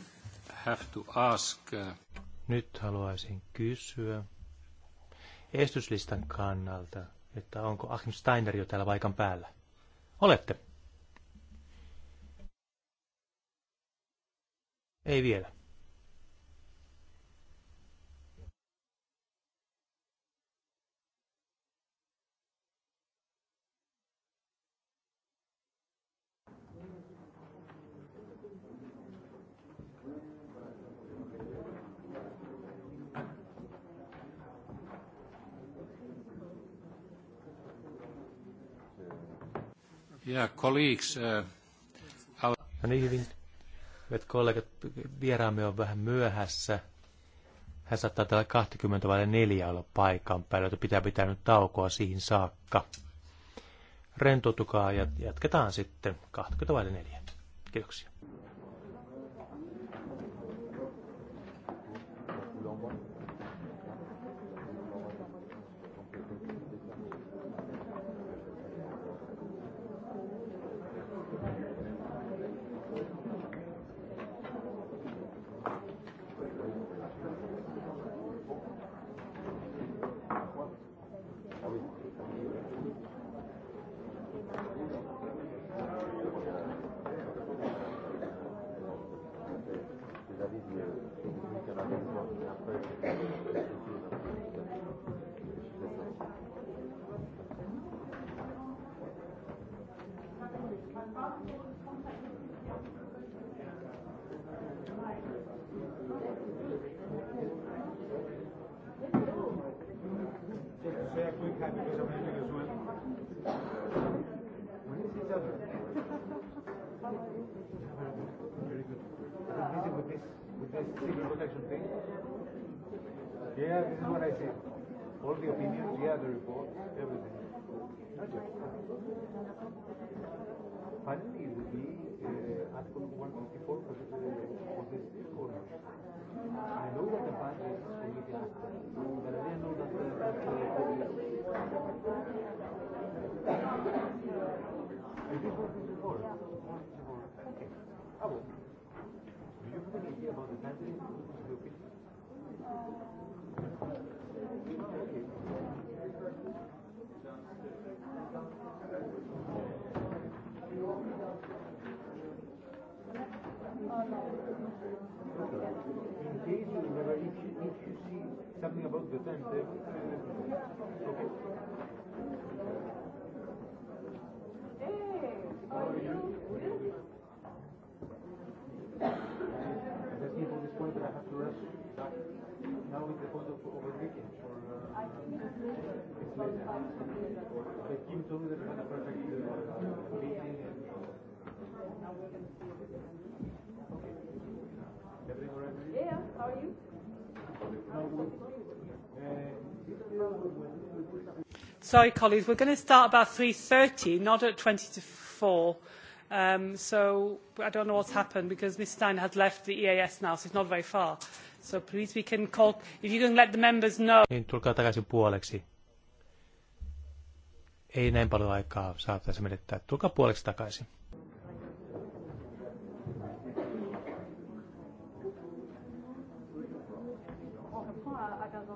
have to ask. Uh, Nyt haluaisin kysyä estyslistan kannalta että onko Achim Steiner jo täällä paikan päällä. Olette. Ei vielä. colleagues, uh, No niin hyvin. Hyvät kollegat, vieraamme on vähän myöhässä. Hän saattaa täällä 20 vai 4 olla paikan päällä, että pitää pitää nyt taukoa siihen saakka. Rentoutukaa ja jatketaan sitten 20 vai 4. Kiitoksia. Finally, it be uh, Article 154 for this, uh, for this corner. I know that the ban is for but I didn't know that uh, that Is this Okay. Do you have any idea about the In case you remember, if you, if you see something about the time table, okay. Hey, are you good? That's even this point that I have to rush back. Now with the point of overtaking for. Uh, I think it's later. It's later. But Kim told me that we had a perfect. Uh, Sorry, colleagues, we're going to start about 3.30, not at 20 to 4. Um, so I don't know what's happened because Ms Stein has left the EAS now, so it's not very far. So please, we can call, if you can let the members know. Niin, tulkaa takaisin puoleksi. Ei näin paljon aikaa saattaisi menettää. Tulkaa puoleksi takaisin.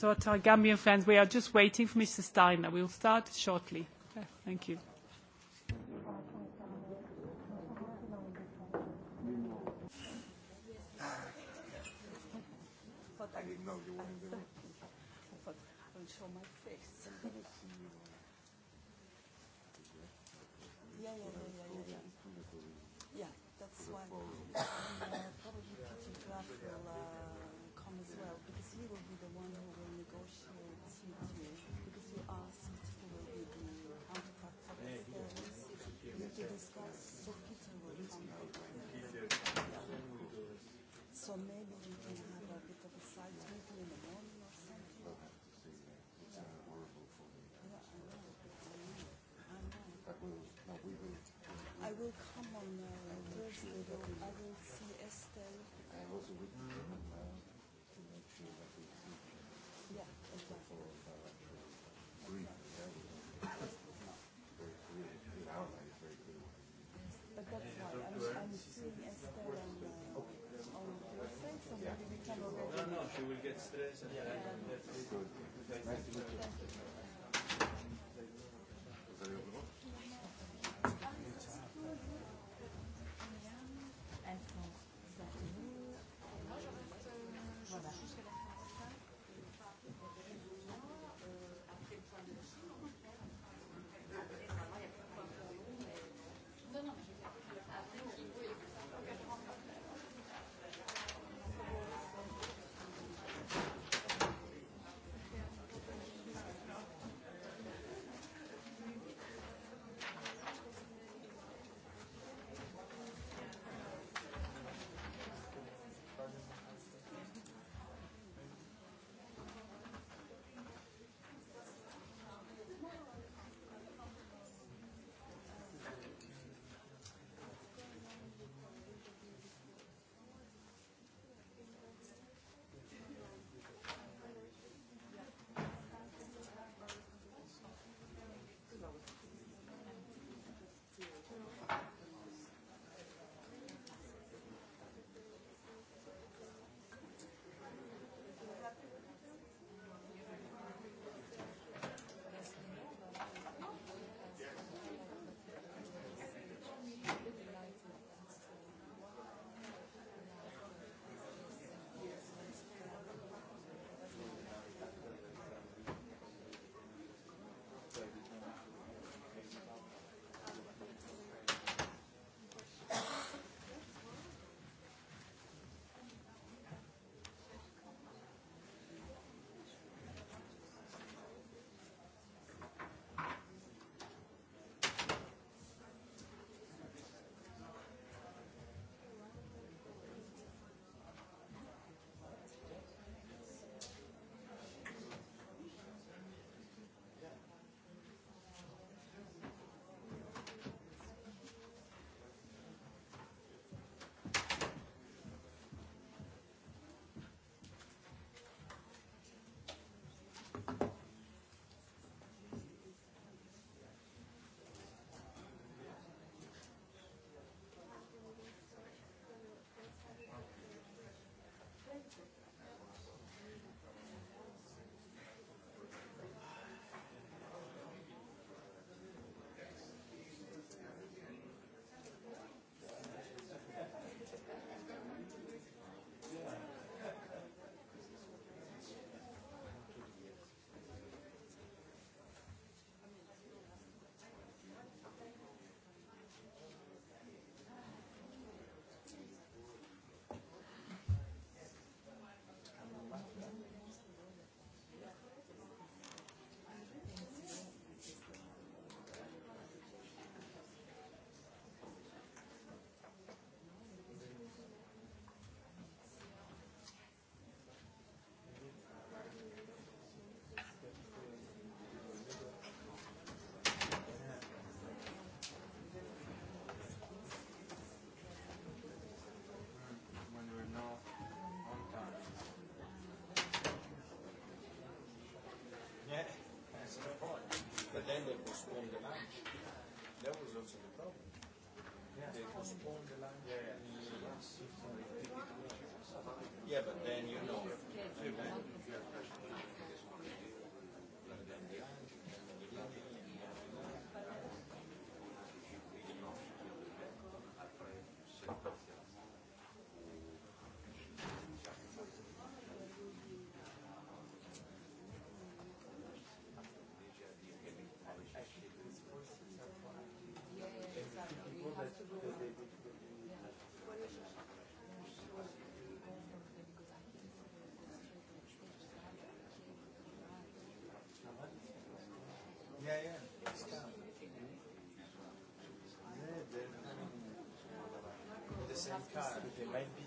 So to our Gambian friends, we are just waiting for Mr. Steiner. we will start shortly. Thank you. extra. Yeah, yeah, but then you know, Claro,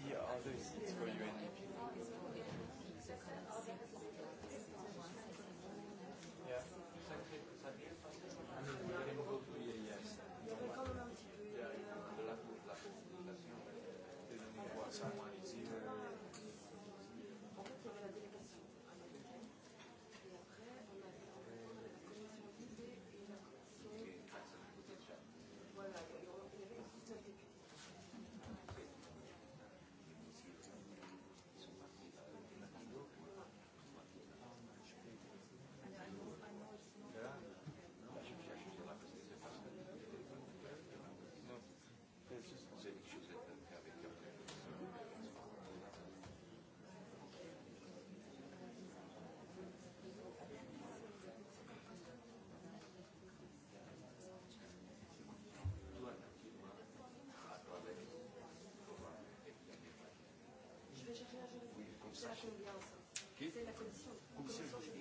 C'est la C'est la commission. commission. commission.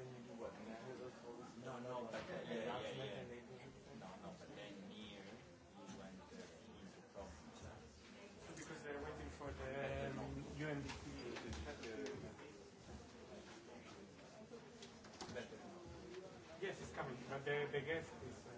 then you do what? No, no, but then, yeah, yeah, yeah. No, no, but then near you went there is a problem. Because they're waiting for the um, UNDP. Yes, it's coming, but the, the guest is. Uh,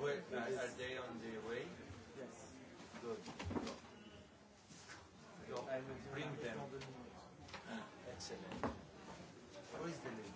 but uh, are they on their way? Yes. Good. Go. I will bring them. Excellent. Who is the leader?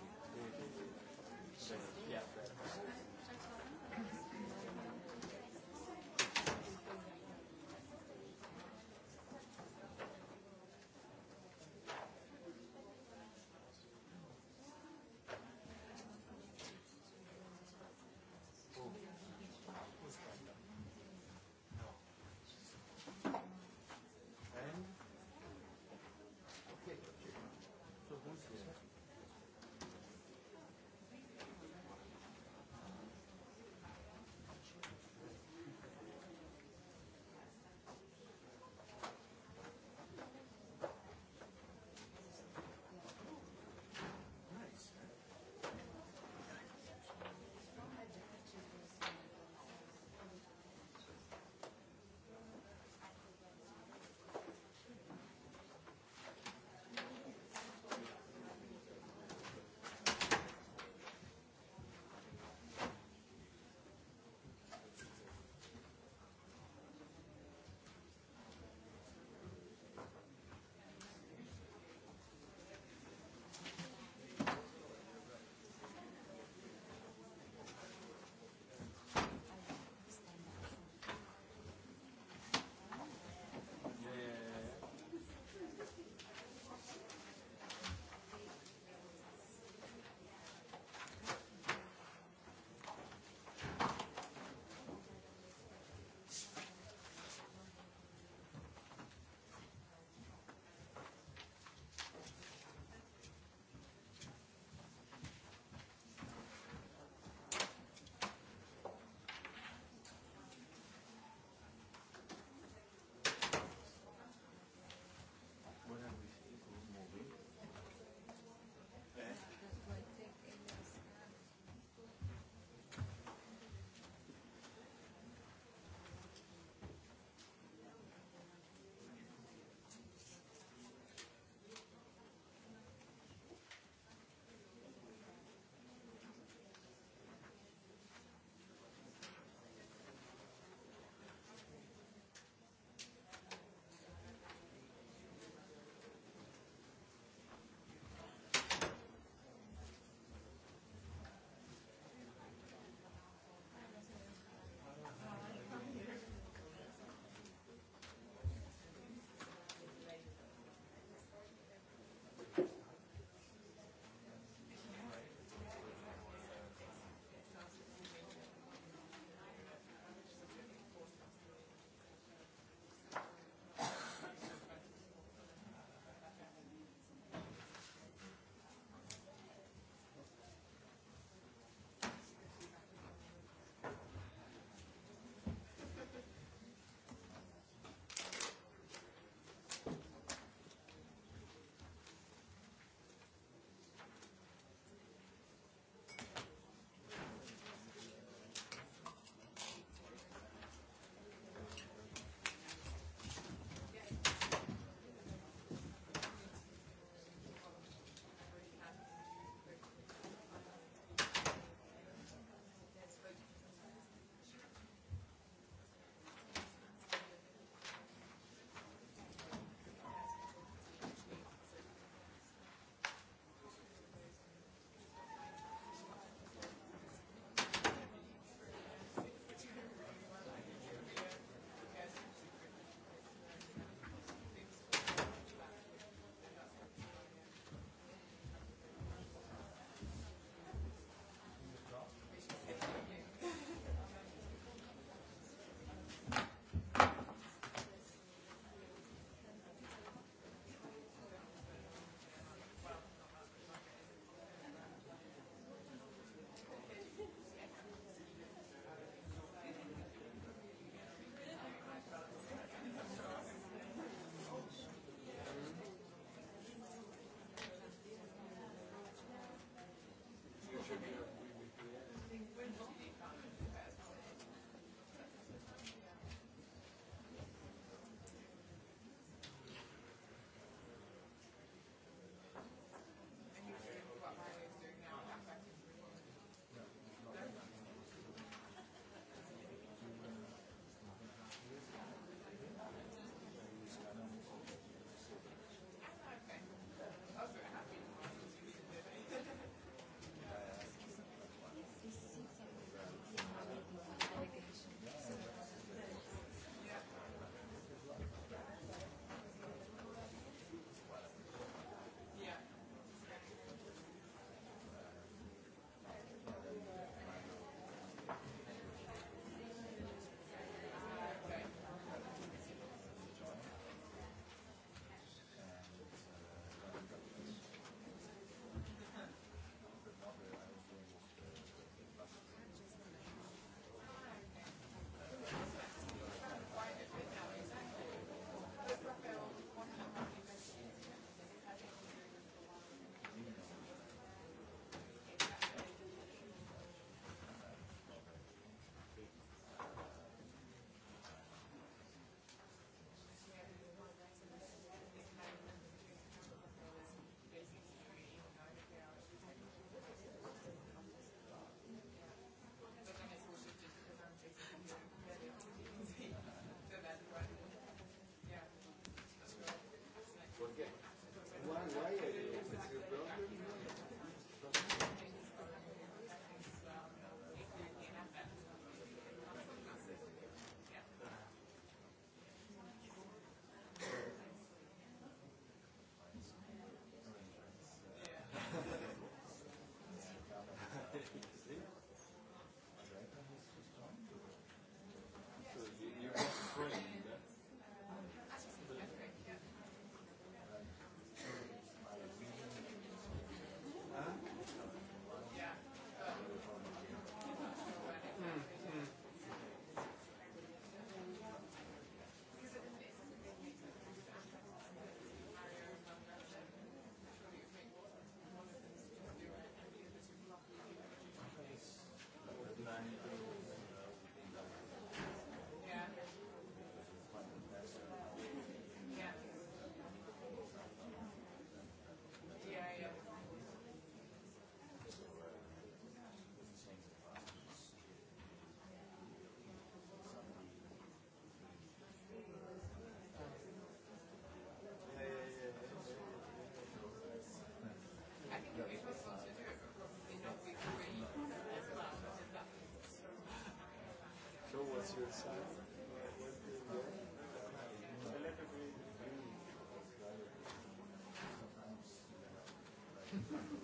Thank you.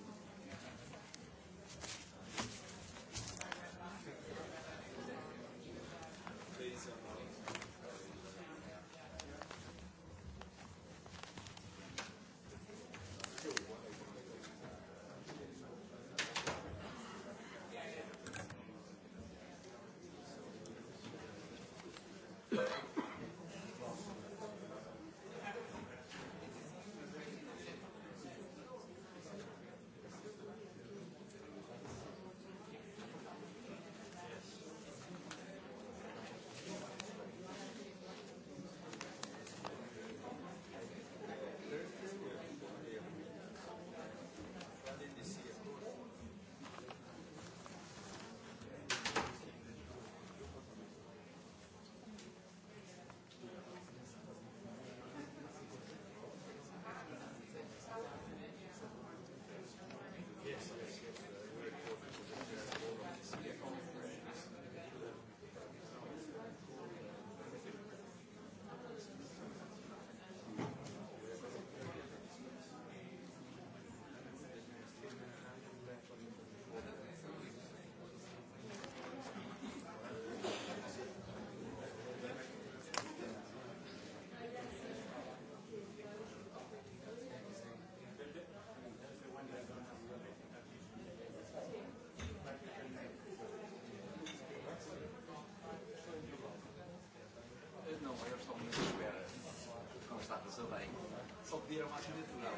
dire una sceneggiatura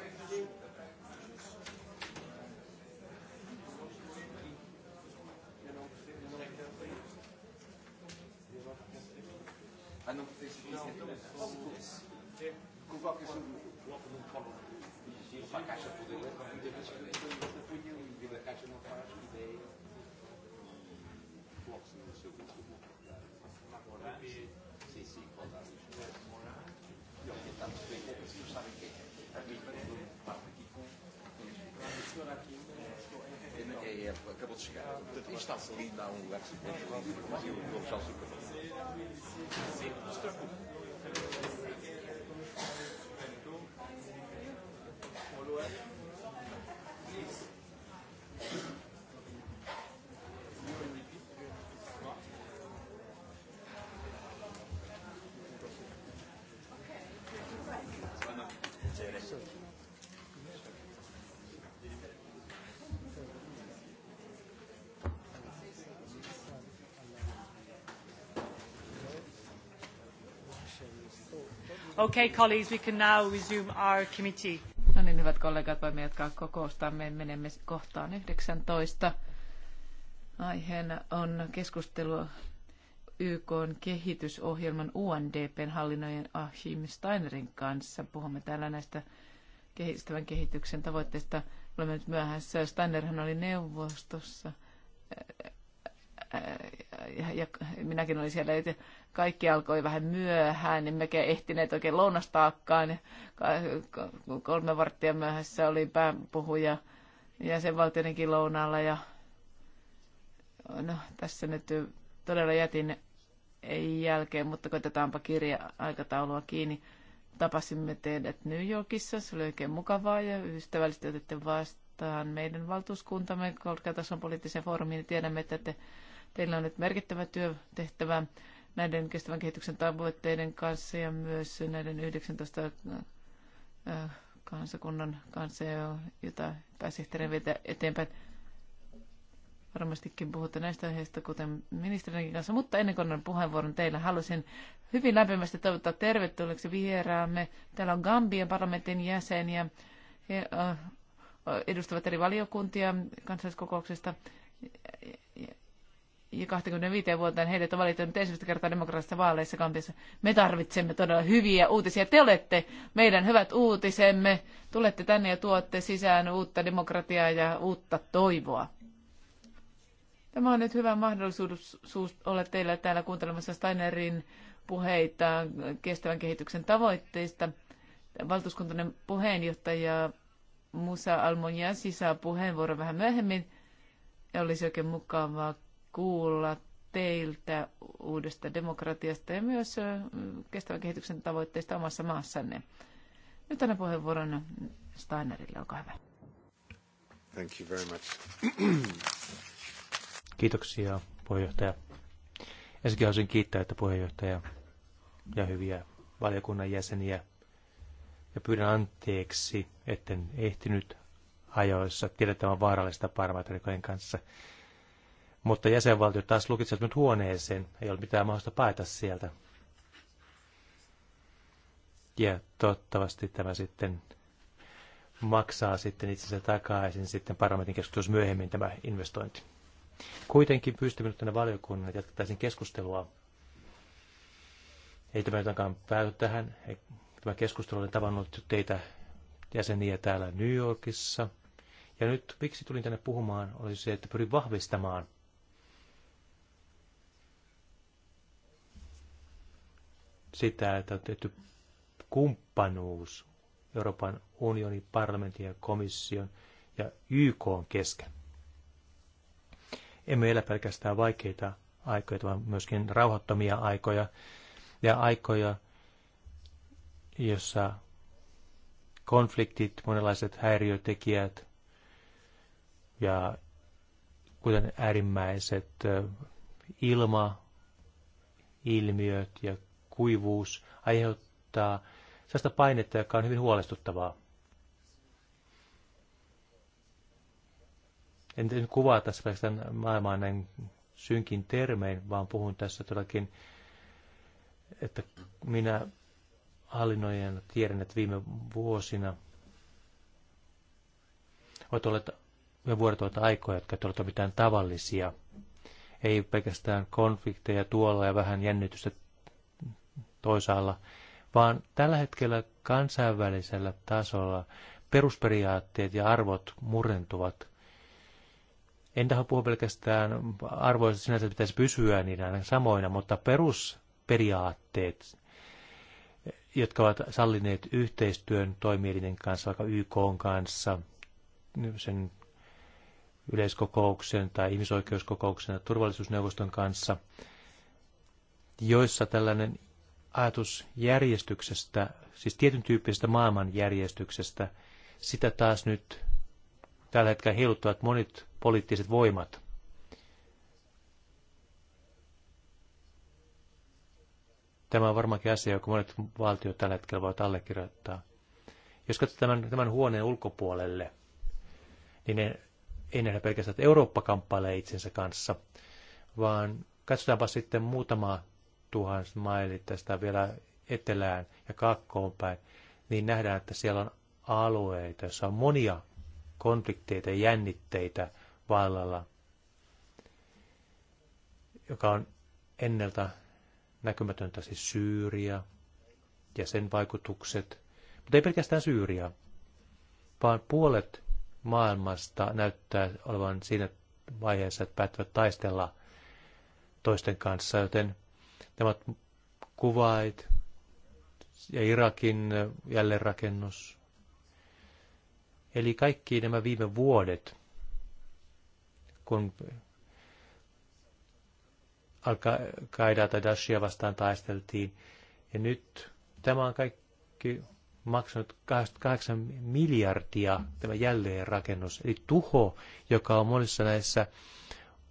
hanno Kuvak és a caixa poder, muitas vezes apanha o indivíduo, a caixa não faz ideia. Coloque-se no seu grupo. Agora, sim, sim, pode dar isto. E orientamos bem, é preciso saber o que é É, Portanto, isto está dá um lapso de tempo, o seu cabelo. Sim, não se preocupe. Okay, colleagues, we can now resume our committee. No niin, hyvät kollegat, voimme jatkaa kokoustamme. Menemme kohtaan 19. Aiheena on keskustelua YK on kehitysohjelman UNDPn hallinnojen Achim Steinerin kanssa. Puhumme täällä näistä kehittävän kehityksen tavoitteista. Olemme nyt myöhässä. Steinerhän oli neuvostossa ja, minäkin olin siellä kaikki alkoi vähän myöhään, niin mekin ehtineet oikein lounastaakkaan. Kolme varttia myöhässä oli pääpuhuja jäsenvaltioidenkin lounaalla ja no, tässä nyt todella jätin ei jälkeen, mutta koitetaanpa kirja-aikataulua kiinni. Tapasimme teidät New Yorkissa, se oli oikein mukavaa ja ystävällisesti otette vastaan meidän valtuuskuntamme korkeatason poliittisen foorumiin. Tiedämme, että te, teillä on nyt merkittävä työtehtävä näiden kestävän kehityksen tavoitteiden kanssa ja myös näiden 19 kansakunnan kanssa, jota pääsihteeri vetää eteenpäin. Varmastikin puhutte näistä aiheista, kuten ministerinkin kanssa, mutta ennen kuin annan puheenvuoron teille, haluaisin hyvin lämpimästi toivottaa tervetulleeksi vieraamme. Täällä on Gambian parlamentin jäseniä, he edustavat eri valiokuntia kansalliskokouksesta ja 25 vuotta heidät on valittu nyt ensimmäistä kertaa demokraattisissa vaaleissa kampissa. Me tarvitsemme todella hyviä uutisia. Te olette meidän hyvät uutisemme. Tulette tänne ja tuotte sisään uutta demokratiaa ja uutta toivoa. Tämä on nyt hyvä mahdollisuus olla teillä täällä kuuntelemassa Steinerin puheita kestävän kehityksen tavoitteista. Valtuuskuntainen puheenjohtaja Musa Almonia sisää puheenvuoro vähän myöhemmin. Ja olisi oikein mukavaa kuulla teiltä uudesta demokratiasta ja myös kestävän kehityksen tavoitteista omassa maassanne. Nyt annan puheenvuoron Steinerille, olkaa hyvä. Thank you very much. Kiitoksia puheenjohtaja. Ensinnäkin haluaisin kiittää, että puheenjohtaja ja hyviä valiokunnan jäseniä. Ja pyydän anteeksi, etten ehtinyt ajoissa. Tiedän, vaarallista parmaterikojen kanssa mutta jäsenvaltiot taas lukitsevat nyt huoneeseen, ei ole mitään mahdollista paeta sieltä. Ja toivottavasti tämä sitten maksaa sitten itsensä takaisin sitten parlamentin keskustelussa myöhemmin tämä investointi. Kuitenkin pystymme nyt tänne valiokunnan, että jatkettaisiin keskustelua. Ei tämä jotenkaan pääty tähän. Tämä keskustelu on tavannut teitä jäseniä täällä New Yorkissa. Ja nyt miksi tulin tänne puhumaan, oli se, että pyrin vahvistamaan – sitä, että on tehty kumppanuus Euroopan unionin parlamentin ja komission ja YK on kesken. Emme elä pelkästään vaikeita aikoja, vaan myöskin rauhattomia aikoja ja aikoja, jossa konfliktit, monenlaiset häiriötekijät ja kuten äärimmäiset ilma, ilmiöt ja kuivuus aiheuttaa sellaista painetta, joka on hyvin huolestuttavaa. En nyt kuvaa tässä pelkästään maailmaa näin synkin termein, vaan puhun tässä todellakin, että minä hallinnoijana tiedän, että viime vuosina ovat olleet me vuodet ovat aikoja, jotka ovat mitään tavallisia. Ei pelkästään konflikteja tuolla ja vähän jännitystä toisaalla, vaan tällä hetkellä kansainvälisellä tasolla perusperiaatteet ja arvot murentuvat. En tähän puhu pelkästään arvoista sinänsä, että pitäisi pysyä aina samoina, mutta perusperiaatteet, jotka ovat sallineet yhteistyön toimielinen kanssa, vaikka YK kanssa, sen yleiskokouksen tai ihmisoikeuskokouksen ja turvallisuusneuvoston kanssa, joissa tällainen ajatus järjestyksestä, siis tietyn tyyppisestä maailmanjärjestyksestä, sitä taas nyt tällä hetkellä heiluttavat monet poliittiset voimat. Tämä on varmaankin asia, joka monet valtiot tällä hetkellä voivat allekirjoittaa. Jos katsotaan tämän, tämän huoneen ulkopuolelle, niin ne, ei nähdä pelkästään, että Eurooppa kamppailee itsensä kanssa, vaan katsotaanpa sitten muutamaa tuhans mailit tästä vielä etelään ja kakkoon päin, niin nähdään, että siellä on alueita, joissa on monia konflikteita ja jännitteitä vallalla, joka on ennelta näkymätöntä siis Syyria ja sen vaikutukset, mutta ei pelkästään Syyria, vaan puolet maailmasta näyttää olevan siinä vaiheessa, että päättävät taistella toisten kanssa, joten Nämä ovat Kuwait ja Irakin jälleenrakennus. Eli kaikki nämä viime vuodet, kun Al-Qaidaa tai Dashia vastaan taisteltiin. Ja nyt tämä on kaikki maksanut 8 miljardia tämä jälleenrakennus, eli tuho, joka on monissa näissä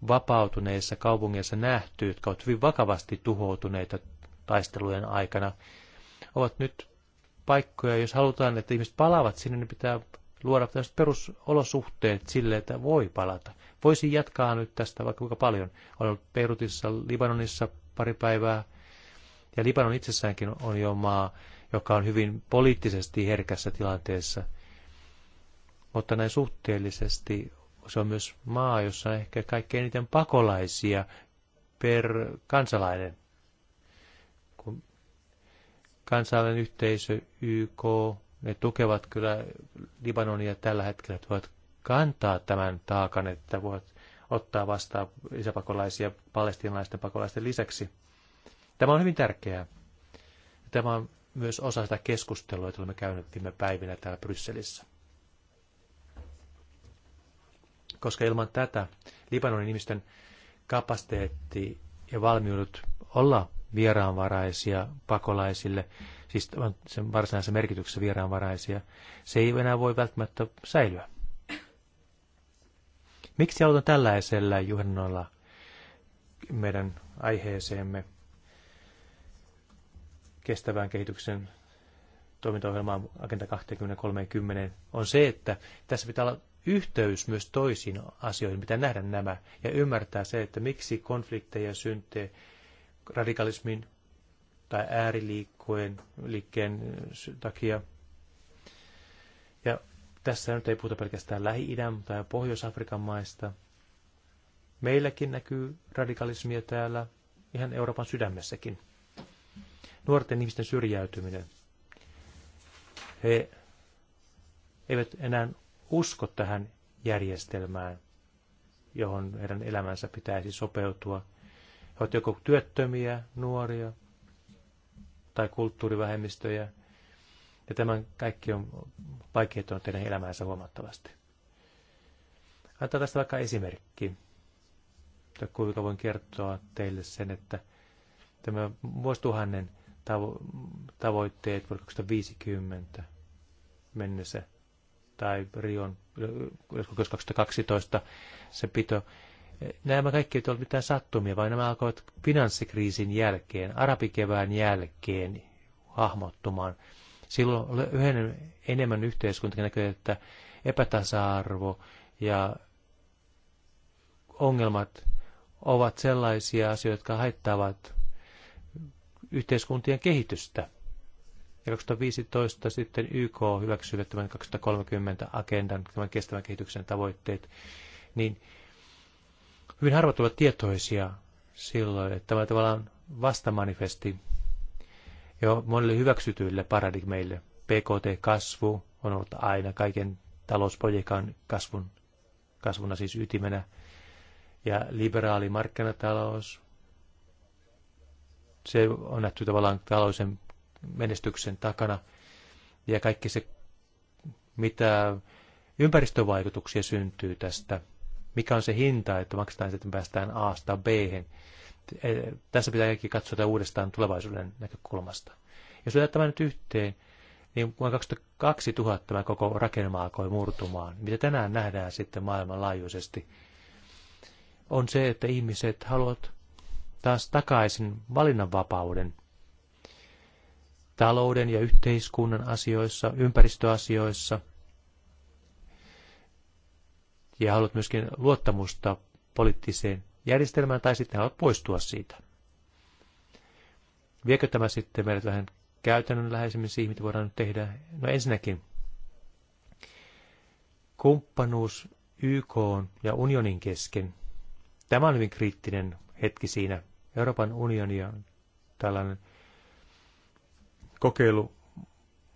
vapautuneissa kaupungeissa nähty, jotka ovat hyvin vakavasti tuhoutuneita taistelujen aikana, ovat nyt paikkoja, jos halutaan, että ihmiset palaavat sinne, niin pitää luoda tällaiset perusolosuhteet sille, että voi palata. Voisin jatkaa nyt tästä vaikka kuinka paljon. Olen ollut Beirutissa, Libanonissa pari päivää. Ja Libanon itsessäänkin on jo maa, joka on hyvin poliittisesti herkässä tilanteessa. Mutta näin suhteellisesti se on myös maa, jossa on ehkä kaikkein eniten pakolaisia per kansalainen. Kun kansainvälinen yhteisö, YK, ne tukevat kyllä Libanonia tällä hetkellä, että voivat kantaa tämän taakan, että voivat ottaa vastaan isäpakolaisia palestinaisten pakolaisten lisäksi. Tämä on hyvin tärkeää. Tämä on myös osa sitä keskustelua, jota olemme käyneet viime päivinä täällä Brysselissä koska ilman tätä Libanonin ihmisten kapasiteetti ja valmiudet olla vieraanvaraisia pakolaisille, siis sen varsinaisessa merkityksessä vieraanvaraisia, se ei enää voi välttämättä säilyä. Miksi aloitan tällaisella juhannolla meidän aiheeseemme kestävään kehityksen toimintaohjelmaan Agenda 2030 on se, että tässä pitää olla yhteys myös toisiin asioihin, mitä nähdä nämä ja ymmärtää se, että miksi konflikteja syntyy radikalismin tai ääriliikkeen liikkeen takia. Ja tässä nyt ei puhuta pelkästään Lähi-idän tai Pohjois-Afrikan maista. Meilläkin näkyy radikalismia täällä ihan Euroopan sydämessäkin. Nuorten ihmisten syrjäytyminen. He eivät enää usko tähän järjestelmään, johon heidän elämänsä pitäisi sopeutua. He ovat joko työttömiä, nuoria tai kulttuurivähemmistöjä. Ja tämän kaikki on vaikeuttanut teidän elämäänsä huomattavasti. Antaa tästä vaikka esimerkki. Tai kuinka voin kertoa teille sen, että tämä vuosituhannen tavo- tavoitteet vuonna 2050 mennessä – tai Rion joskus 2012 se pito. Nämä kaikki eivät ole mitään sattumia, vaan nämä alkoivat finanssikriisin jälkeen, arabikevään jälkeen hahmottumaan. Silloin oli yhden enemmän yhteiskunta näkyy, että epätasa-arvo ja ongelmat ovat sellaisia asioita, jotka haittaavat yhteiskuntien kehitystä. Ja 2015 sitten YK hyväksyi tämän 2030 agendan, tämän kestävän kehityksen tavoitteet, niin hyvin harvat ovat tietoisia silloin, että tämä tavallaan vastamanifesti jo monille hyväksytyille paradigmeille. PKT-kasvu on ollut aina kaiken talouspolitiikan kasvun, kasvuna siis ytimenä. Ja liberaali markkinatalous, se on nähty tavallaan talousen menestyksen takana ja kaikki se, mitä ympäristövaikutuksia syntyy tästä, mikä on se hinta, että maksetaan sitten päästään A-sta b e, Tässä pitää kaikki katsoa uudestaan tulevaisuuden näkökulmasta. Jos otetaan tämä nyt yhteen, niin vuonna 2000 tämä koko rakennelma alkoi murtumaan. Mitä tänään nähdään sitten maailmanlaajuisesti, on se, että ihmiset haluavat taas takaisin valinnanvapauden – talouden ja yhteiskunnan asioissa, ympäristöasioissa. Ja haluat myöskin luottamusta poliittiseen järjestelmään tai sitten haluat poistua siitä. Viekö tämä sitten meidät vähän käytännönläheisemmin siihen, mitä voidaan nyt tehdä? No ensinnäkin, kumppanuus YK ja unionin kesken. Tämä on hyvin kriittinen hetki siinä. Euroopan unioni on tällainen kokeilu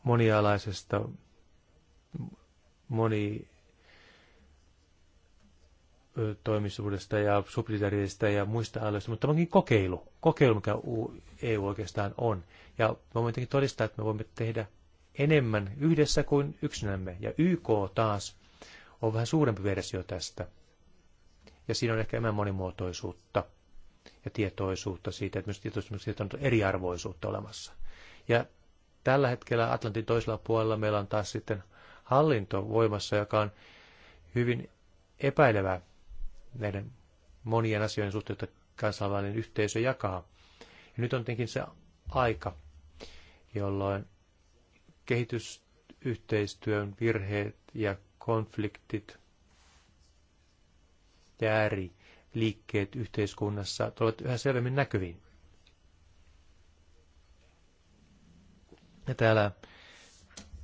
monialaisesta, moni toimisuudesta ja subsidiariteetista ja muista aloista, mutta onkin kokeilu, kokeilu, mikä EU e oikeastaan on. Ja me voimme tietenkin todistaa, että me voimme tehdä enemmän yhdessä kuin yksinämme. Ja YK taas on vähän suurempi versio tästä. Ja siinä on ehkä enemmän monimuotoisuutta ja tietoisuutta siitä, että myös tietoisuutta, että on eriarvoisuutta olemassa. Ja tällä hetkellä Atlantin toisella puolella meillä on taas sitten hallinto voimassa, joka on hyvin epäilevä näiden monien asioiden suhteen, joita kansainvälinen yhteisö jakaa. Ja nyt on tietenkin se aika, jolloin kehitysyhteistyön virheet ja konfliktit ja ääriliikkeet yhteiskunnassa tulevat yhä selvemmin näkyviin. Ja täällä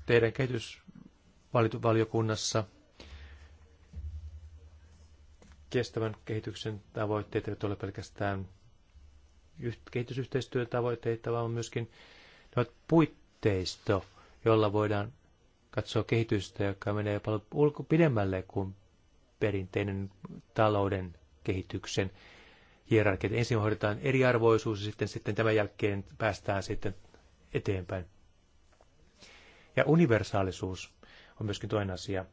teidän kehitysvaliokunnassa kestävän kehityksen tavoitteet eivät ole pelkästään kehitysyhteistyön tavoitteita, vaan myöskin ne ovat puitteisto, jolla voidaan katsoa kehitystä, joka menee paljon ulko pidemmälle kuin perinteinen talouden kehityksen hierarkia. Ensin hoidetaan eriarvoisuus ja sitten, sitten tämän jälkeen päästään sitten eteenpäin. Ja universaalisuus on myöskin toinen asia.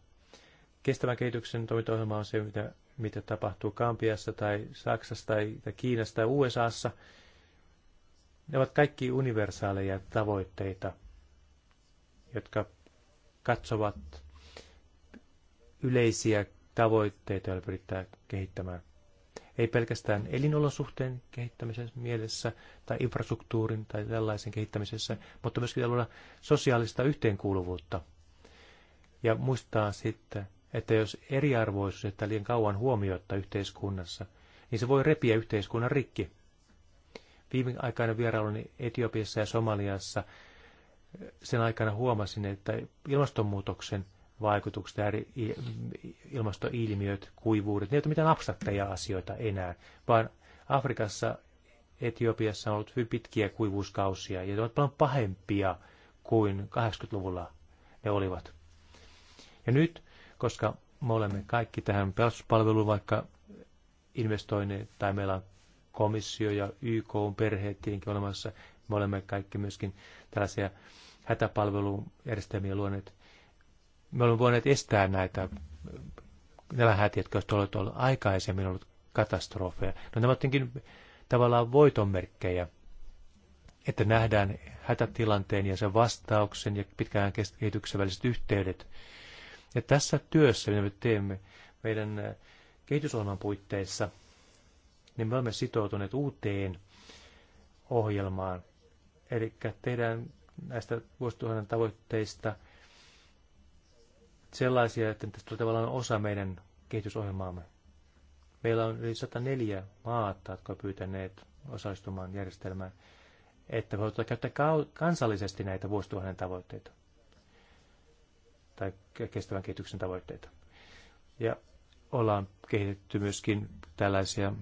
Kestävän kehityksen toimintaohjelma on se, mitä, mitä tapahtuu Kampiassa tai Saksassa tai, tai Kiinassa tai USAssa. Ne ovat kaikki universaaleja tavoitteita, jotka katsovat yleisiä tavoitteita, joilla pyritään kehittämään ei pelkästään elinolosuhteen kehittämisen mielessä tai infrastruktuurin tai tällaisen kehittämisessä, mutta myöskin luoda sosiaalista yhteenkuuluvuutta. Ja muistaa sitten, että jos eriarvoisuus että liian kauan huomioittaa yhteiskunnassa, niin se voi repiä yhteiskunnan rikki. Viime aikana vierailuni Etiopiassa ja Somaliassa sen aikana huomasin, että ilmastonmuutoksen vaikutukset, eri ilmastoilmiöt, kuivuudet, ne eivät ole mitään abstrakteja asioita enää, vaan Afrikassa, Etiopiassa on ollut hyvin pitkiä kuivuuskausia ja ne ovat paljon pahempia kuin 80-luvulla ne olivat. Ja nyt, koska me olemme kaikki tähän pelastuspalveluun vaikka investoineet, tai meillä on komissio ja YK on perheet tietenkin olemassa, me olemme kaikki myöskin tällaisia hätäpalvelujärjestelmiä luoneet, me olemme voineet estää näitä nälähätiä, jotka olisivat olleet aikaisemmin ollut katastrofeja. No nämä ovat tavallaan voitonmerkkejä, että nähdään hätätilanteen ja sen vastauksen ja pitkään kehityksen väliset yhteydet. Ja tässä työssä, mitä me teemme meidän äh, kehitysohjelman puitteissa, niin me olemme sitoutuneet uuteen ohjelmaan. Eli tehdään näistä vuosituhannen tavoitteista – sellaisia, että tästä tulee tavallaan osa meidän kehitysohjelmaamme. Meillä on yli 104 maata, jotka ovat pyytäneet osallistumaan järjestelmään, että voivat käyttää kansallisesti näitä vuosituhannen tavoitteita tai kestävän kehityksen tavoitteita. Ja ollaan kehitetty myöskin tällaisia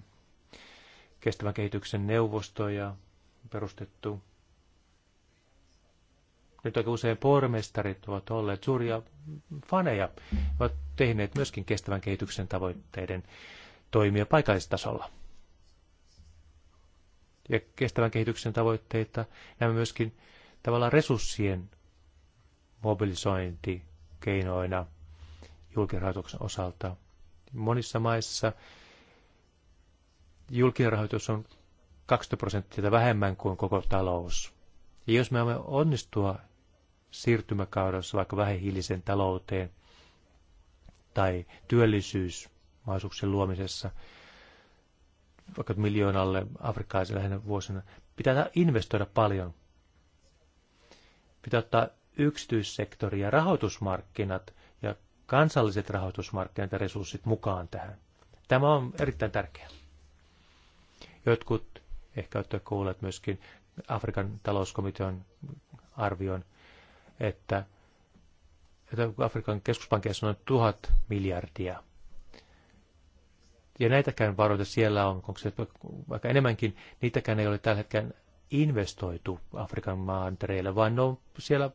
kestävän kehityksen neuvostoja perustettu nyt aika usein pormestarit ovat olleet suuria faneja, ovat tehneet myöskin kestävän kehityksen tavoitteiden toimia paikallistasolla. Ja kestävän kehityksen tavoitteita nämä myöskin tavallaan resurssien mobilisointikeinoina keinoina julkirahoituksen osalta. Monissa maissa julkirahoitus on 20 prosenttia vähemmän kuin koko talous. Ja jos me olemme onnistua siirtymäkaudessa vaikka vähähiiliseen talouteen tai työllisyysmahdollisuuksien luomisessa vaikka miljoonalle afrikkalaiselle lähinnä vuosina. Pitää investoida paljon. Pitää ottaa yksityissektori ja rahoitusmarkkinat ja kansalliset rahoitusmarkkinat ja resurssit mukaan tähän. Tämä on erittäin tärkeää. Jotkut ehkä olette kuulleet myöskin Afrikan talouskomitean arvion että, että Afrikan keskuspankissa on noin tuhat miljardia. Ja näitäkään varoita siellä on, onko se vaikka enemmänkin, niitäkään ei ole tällä hetkellä investoitu Afrikan maantereille, vaan ne on siellä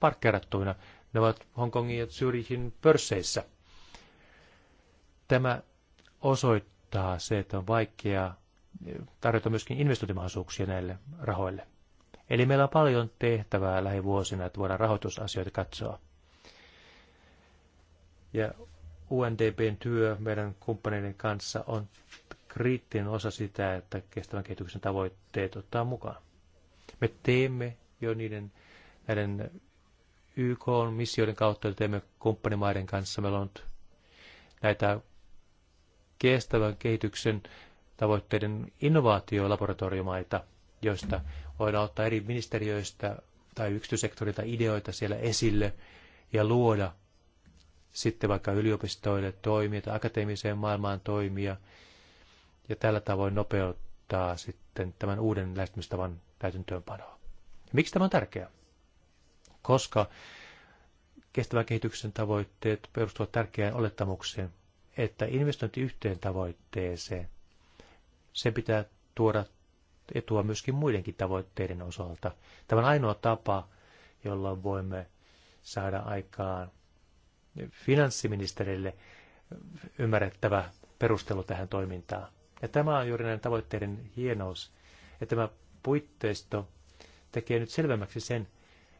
parkkerattuina. Ne ovat Hongkongin ja Zürichin pörsseissä. Tämä osoittaa se, että on vaikea tarjota myöskin investointimahdollisuuksia näille rahoille. Eli meillä on paljon tehtävää lähivuosina, että voidaan rahoitusasioita katsoa. Ja UNDPn työ meidän kumppaneiden kanssa on kriittinen osa sitä, että kestävän kehityksen tavoitteet ottaa mukaan. Me teemme jo niiden näiden YK-missioiden kautta, joita teemme kumppanimaiden kanssa. Meillä on näitä kestävän kehityksen tavoitteiden innovaatiolaboratoriomaita, joista voidaan ottaa eri ministeriöistä tai yksityissektorilta ideoita siellä esille ja luoda sitten vaikka yliopistoille toimia tai akateemiseen maailmaan toimia ja tällä tavoin nopeuttaa sitten tämän uuden lähestymistavan täytäntöönpanoa. miksi tämä on tärkeää? Koska kestävän kehityksen tavoitteet perustuvat tärkeään olettamukseen, että investointi yhteen tavoitteeseen, se pitää tuoda etua myöskin muidenkin tavoitteiden osalta. Tämä on ainoa tapa, jolla voimme saada aikaan finanssiministerille ymmärrettävä perustelu tähän toimintaan. Ja tämä on juuri näiden tavoitteiden hienous, että tämä puitteisto tekee nyt selvemmäksi sen,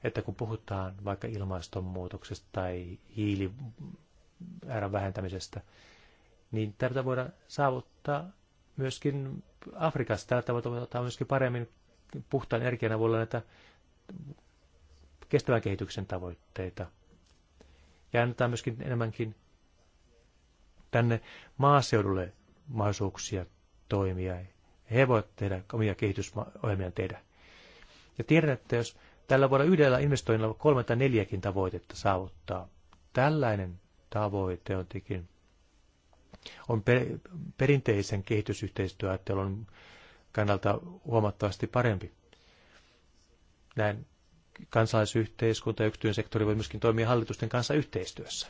että kun puhutaan vaikka ilmastonmuutoksesta tai hiiliäärän vähentämisestä, niin tätä voidaan saavuttaa myöskin Afrikassa tällä tavalla ottaa myöskin paremmin puhtaan energian avulla näitä kestävän kehityksen tavoitteita. Ja annetaan myöskin enemmänkin tänne maaseudulle mahdollisuuksia toimia. He voivat tehdä omia kehitysohjelmia tehdä. Ja tiedän, että jos tällä voidaan yhdellä investoinnilla kolme tai neljäkin tavoitetta saavuttaa, tällainen tavoite on tietenkin on per, perinteisen kehitysyhteistyöajattelun kannalta huomattavasti parempi. Näin kansalaisyhteiskunta ja yksityinen sektori voi myöskin toimia hallitusten kanssa yhteistyössä.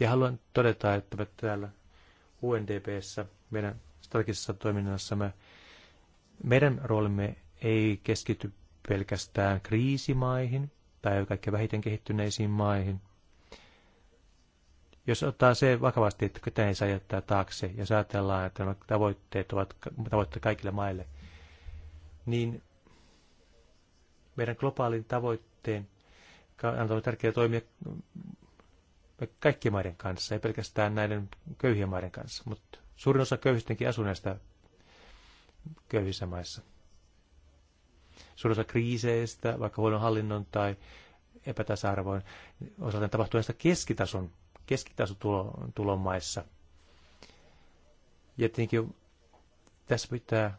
Ja haluan todeta, että me täällä UNDPssä, meidän strategisessa toiminnassamme, meidän roolimme ei keskity pelkästään kriisimaihin tai kaikkein vähiten kehittyneisiin maihin, jos ottaa se vakavasti, että ketään ei saa jättää taakse, ja ajatellaan, että nämä tavoitteet ovat tavoitteet kaikille maille, niin meidän globaalin tavoitteen on tärkeää toimia kaikkien maiden kanssa, ei pelkästään näiden köyhien maiden kanssa, mutta suurin osa köyhistenkin asuu näistä köyhissä maissa. Suurin osa kriiseistä, vaikka huonon hallinnon tai epätasa-arvoin osalta tapahtuu näistä keskitason keskitasotulomaissa. maissa. Ja tietenkin tässä pitää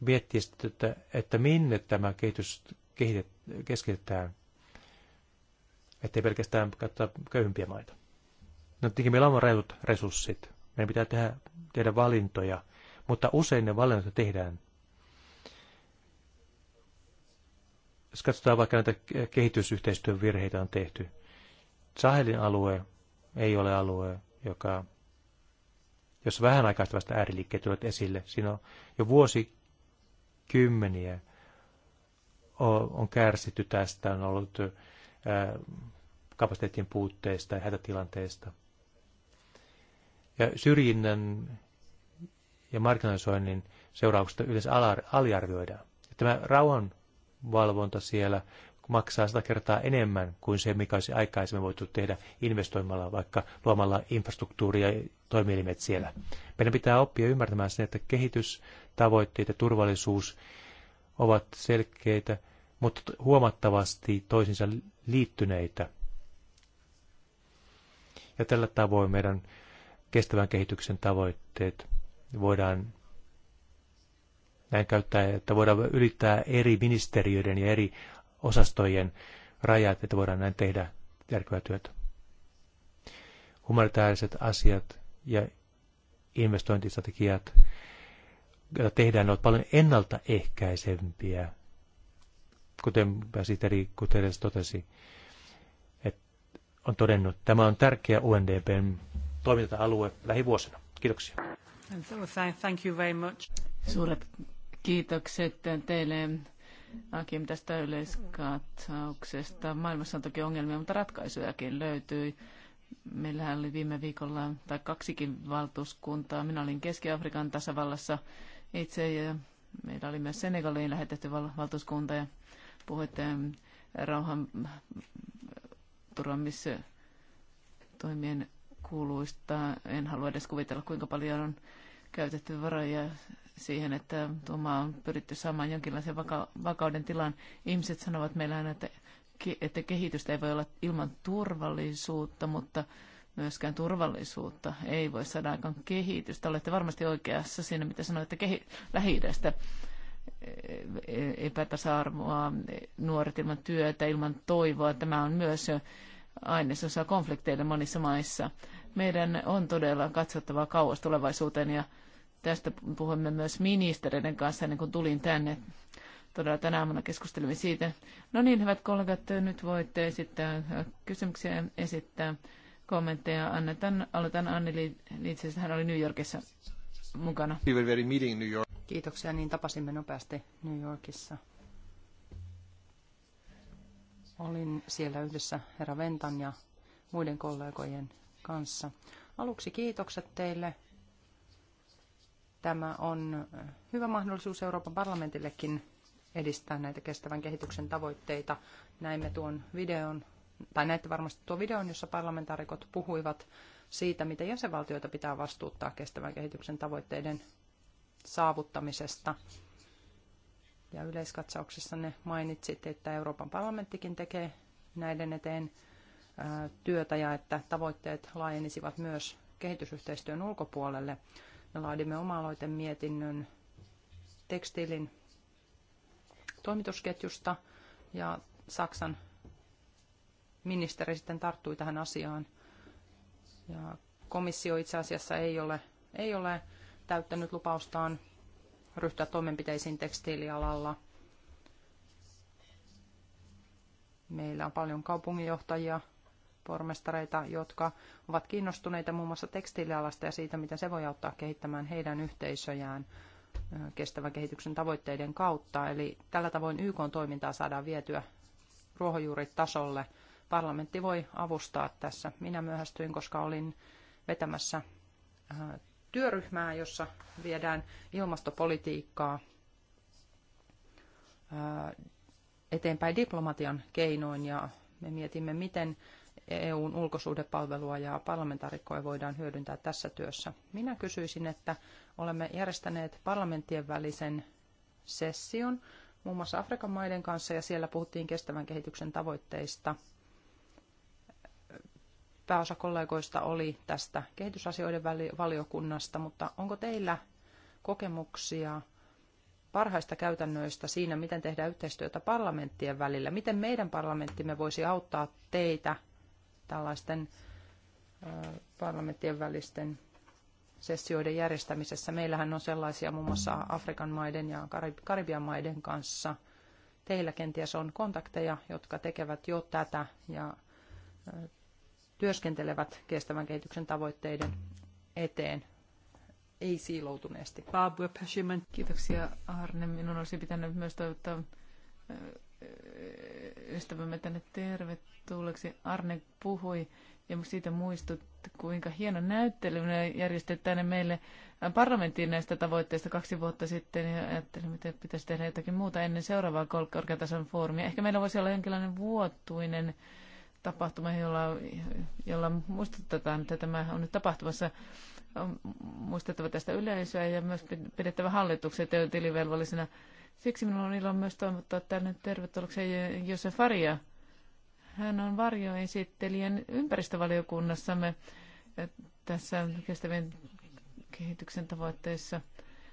miettiä sitten, että, että minne tämä kehitys kehitet, keskitetään, ettei pelkästään katsota köyhimpiä maita. No tietenkin meillä on reilut resurssit. Meidän pitää tehdä, tehdä valintoja, mutta usein ne valinnat tehdään. Jos katsotaan vaikka näitä kehitysyhteistyön virheitä on tehty. Sahelin alue ei ole alue, joka, jos vähän aikaista vasta ääriliikkeet tulevat esille, siinä on jo vuosikymmeniä on kärsitty tästä, on ollut kapasiteetin puutteista ja hätätilanteista. Ja syrjinnän ja marginalisoinnin seurauksista yleensä aliarvioidaan. Tämä rauhanvalvonta siellä maksaa sata kertaa enemmän kuin se, mikä olisi aikaisemmin voitu tehdä investoimalla, vaikka luomalla infrastruktuuria ja toimielimet siellä. Meidän pitää oppia ymmärtämään sen, että kehitystavoitteet ja turvallisuus ovat selkeitä, mutta huomattavasti toisinsa liittyneitä. Ja tällä tavoin meidän kestävän kehityksen tavoitteet voidaan näin käyttää, että voidaan ylittää eri ministeriöiden ja eri osastojen rajat, että voidaan näin tehdä järkevää työtä. Humanitaariset asiat ja investointistrategiat, joita tehdään, ovat paljon ennaltaehkäisempiä, kuten pääsihteeri Kuteres totesi, että on todennut, että tämä on tärkeä UNDPn toiminta-alue lähivuosina. Kiitoksia. Thank you very much. Suuret kiitokset teille Akim tästä yleiskatsauksesta. Maailmassa on toki ongelmia, mutta ratkaisujakin löytyy. Meillähän oli viime viikolla tai kaksikin valtuuskuntaa. Minä olin Keski-Afrikan tasavallassa itse ja meillä oli myös Senegaliin lähetetty val- valtuuskunta ja puhuitte ähm, rauhan äh, toimien kuuluista. En halua edes kuvitella, kuinka paljon on käytetty varoja siihen, että tuo maa on pyritty saamaan jonkinlaisen vaka- vakauden tilan. Ihmiset sanovat meillä aina, että, että kehitystä ei voi olla ilman turvallisuutta, mutta myöskään turvallisuutta ei voi saada aikaan kehitystä. Olette varmasti oikeassa siinä, mitä sanoitte kehi- lähi e-, e-, epätasa-arvoa, e-, nuoret ilman työtä, ilman toivoa. Tämä on myös ainesosa konflikteille monissa maissa. Meidän on todella katsottava kauas tulevaisuuteen ja Tästä puhuimme myös ministereiden kanssa ennen kuin tulin tänne. Todella tänä aamuna keskustelimme siitä. No niin, hyvät kollegat, nyt voitte esittää kysymyksiä, esittää kommentteja. Annetaan, aloitan Anni Liitsestä, hän oli New Yorkissa mukana. Kiitoksia, niin tapasimme nopeasti New Yorkissa. Olin siellä yhdessä herra Ventan ja muiden kollegojen kanssa. Aluksi kiitokset teille Tämä on hyvä mahdollisuus Euroopan parlamentillekin edistää näitä kestävän kehityksen tavoitteita. Näimme tuon videon, tai näitte varmasti tuon videon, jossa parlamentaarikot puhuivat siitä, miten jäsenvaltioita pitää vastuuttaa kestävän kehityksen tavoitteiden saavuttamisesta. Ja yleiskatsauksessanne mainitsit, että Euroopan parlamenttikin tekee näiden eteen työtä ja että tavoitteet laajenisivat myös kehitysyhteistyön ulkopuolelle. Me laadimme oma mietinnön tekstiilin toimitusketjusta ja Saksan ministeri sitten tarttui tähän asiaan. Ja komissio itse asiassa ei ole, ei ole täyttänyt lupaustaan ryhtyä toimenpiteisiin tekstiilialalla. Meillä on paljon kaupunginjohtajia, pormestareita, jotka ovat kiinnostuneita muun muassa tekstiilialasta ja siitä, miten se voi auttaa kehittämään heidän yhteisöjään kestävän kehityksen tavoitteiden kautta. Eli tällä tavoin YK toimintaa saadaan vietyä ruohonjuuritasolle. Parlamentti voi avustaa tässä. Minä myöhästyin, koska olin vetämässä työryhmää, jossa viedään ilmastopolitiikkaa eteenpäin diplomatian keinoin ja me mietimme, miten E EUn ulkosuhdepalvelua ja parlamentaarikkoja voidaan hyödyntää tässä työssä. Minä kysyisin, että olemme järjestäneet parlamenttien välisen session muun muassa Afrikan maiden kanssa ja siellä puhuttiin kestävän kehityksen tavoitteista. Pääosa kollegoista oli tästä kehitysasioiden valiokunnasta, mutta onko teillä kokemuksia parhaista käytännöistä siinä, miten tehdään yhteistyötä parlamenttien välillä. Miten meidän parlamenttimme voisi auttaa teitä tällaisten parlamenttien välisten sessioiden järjestämisessä. Meillähän on sellaisia muun muassa Afrikan maiden ja Karibian maiden kanssa. Teillä kenties on kontakteja, jotka tekevät jo tätä ja työskentelevät kestävän kehityksen tavoitteiden eteen ei siiloutuneesti. Kiitoksia Arne. Minun olisi pitänyt myös toivottaa ystävämme tänne tervetulleeksi. Arne puhui ja siitä muistut, kuinka hieno näyttely tänne meille parlamenttiin näistä tavoitteista kaksi vuotta sitten ja ajattelin, että pitäisi tehdä jotakin muuta ennen seuraavaa korkeatason foorumia. Ehkä meillä voisi olla jonkinlainen vuotuinen tapahtuma, jolla, jolla muistutetaan, että tämä on nyt tapahtumassa. On muistettava tästä yleisöä ja myös pidettävä hallitukset tilivelvollisena Siksi minulla on ilo myös toivottaa tänne tervetulleeksi Jose Faria. Hän on varjoesittelijän ympäristövaliokunnassamme eh, tässä kestävien kehityksen tavoitteissa.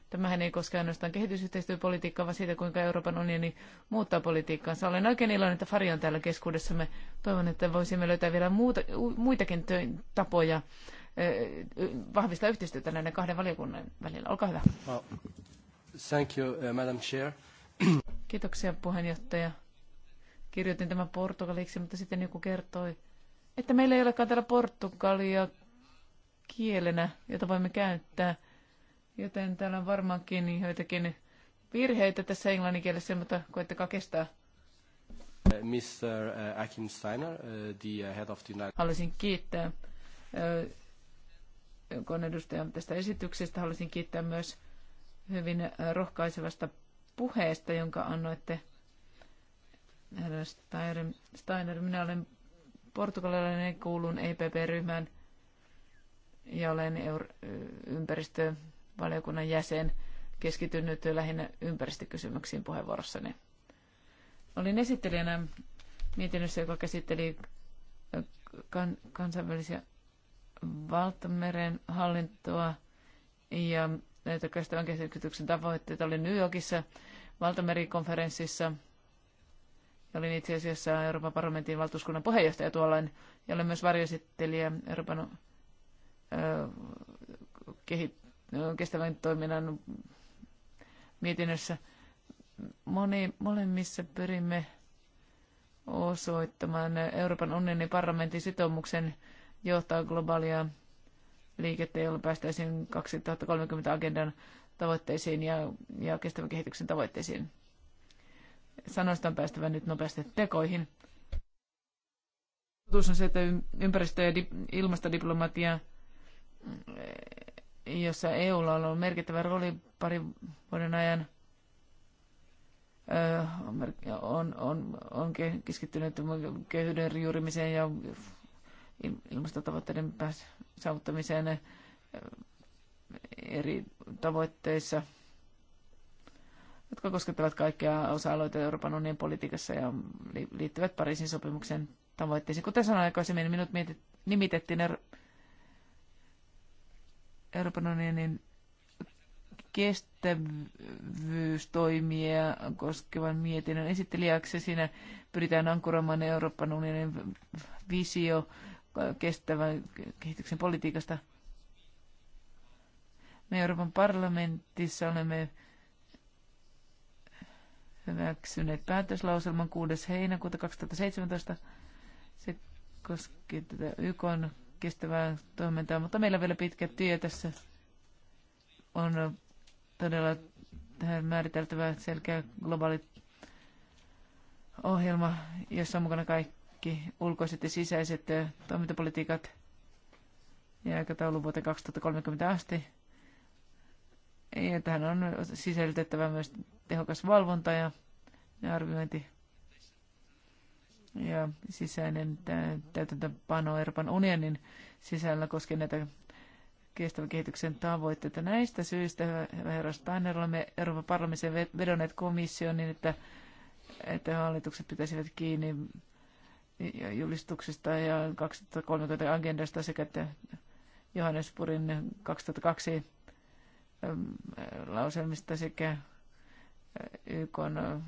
Tämähän ei koske ainoastaan kehitysyhteistyöpolitiikkaa, vaan siitä, kuinka Euroopan unioni muuttaa politiikkaansa. Olen oikein iloinen, että Fari on täällä keskuudessamme. Toivon, että voisimme löytää vielä muuta, muitakin tapoja eh, vahvistaa yhteistyötä näiden kahden valiokunnan välillä. Olkaa hyvä. Thank you, uh, Madam Chair. Kiitoksia puheenjohtaja. Kirjoitin tämän portugaliksi, mutta sitten joku kertoi, että meillä ei olekaan täällä portugalia kielenä, jota voimme käyttää. Joten täällä on varmaankin joitakin virheitä tässä englannin kielessä, mutta koettakaa kestää. Uh, Mr. Uh, Akim Steiner, the head of the United... Haluaisin kiittää edustajan tästä esityksestä. Haluaisin kiittää myös hyvin rohkaisevasta puheesta, jonka annoitte herra Steiner. Minä olen portugalilainen, kuulun EPP-ryhmään ja olen Euro- ympäristövaliokunnan jäsen. Keskityn nyt lähinnä ympäristökysymyksiin puheenvuorossani. Olin esittelijänä mietinnössä, joka käsitteli kan- kansainvälisiä valtameren hallintoa ja näitä kestävän kehityksen tavoitteita. Olin New Yorkissa valtamerikonferenssissa ja olin itse asiassa Euroopan parlamentin valtuuskunnan puheenjohtaja tuolloin ja olen myös varjosittelijä Euroopan ö, kestävän toiminnan mietinnössä. Moni, molemmissa pyrimme osoittamaan Euroopan unionin parlamentin sitoumuksen johtaa globaalia liikettä, jolla päästäisiin 2030 agendan tavoitteisiin ja, ja kestävän kehityksen tavoitteisiin. Sanoista on päästävä nyt nopeasti tekoihin. Totuus on se, että ympäristö- ja ilmastodiplomatia, jossa EUlla on ollut merkittävä rooli parin vuoden ajan, on, on, on keskittynyt köyhyyden riurimiseen ja ilmastotavoitteiden saavuttamiseen eh, eri tavoitteissa, jotka koskettavat kaikkia osa-alueita Euroopan unionin politiikassa ja liittyvät Pariisin sopimuksen tavoitteisiin. Kuten sanoin aikaisemmin, niin minut nimitettiin Euroopan unionin kestävyystoimia koskevan mietinnön esittelijäksi. Siinä pyritään ankkuroimaan Euroopan unionin visio kestävän kehityksen politiikasta. Me Euroopan parlamentissa olemme hyväksyneet päätöslauselman 6. heinäkuuta 2017. Se koski tätä YK kestävää toimintaa, mutta meillä on vielä pitkä työ tässä. On todella tähän määriteltävä selkeä globaali ohjelma, jossa on mukana kaikki kaikki ulkoiset ja sisäiset toimintapolitiikat ja aikataulun vuoteen 2030 asti. Ja tähän on sisällytettävä myös tehokas valvonta ja, ja arviointi ja sisäinen täytäntöpano Euroopan unionin sisällä koskien näitä kestävän kehityksen tavoitteita. Näistä syistä, hyvä herra Steiner, olemme Euroopan parlamentin vedonneet komissioon niin, että, että hallitukset pitäisivät kiinni julistuksesta ja 2030 agendasta sekä Johannespurin 2002 ähm, lauselmista sekä äh, YK äh,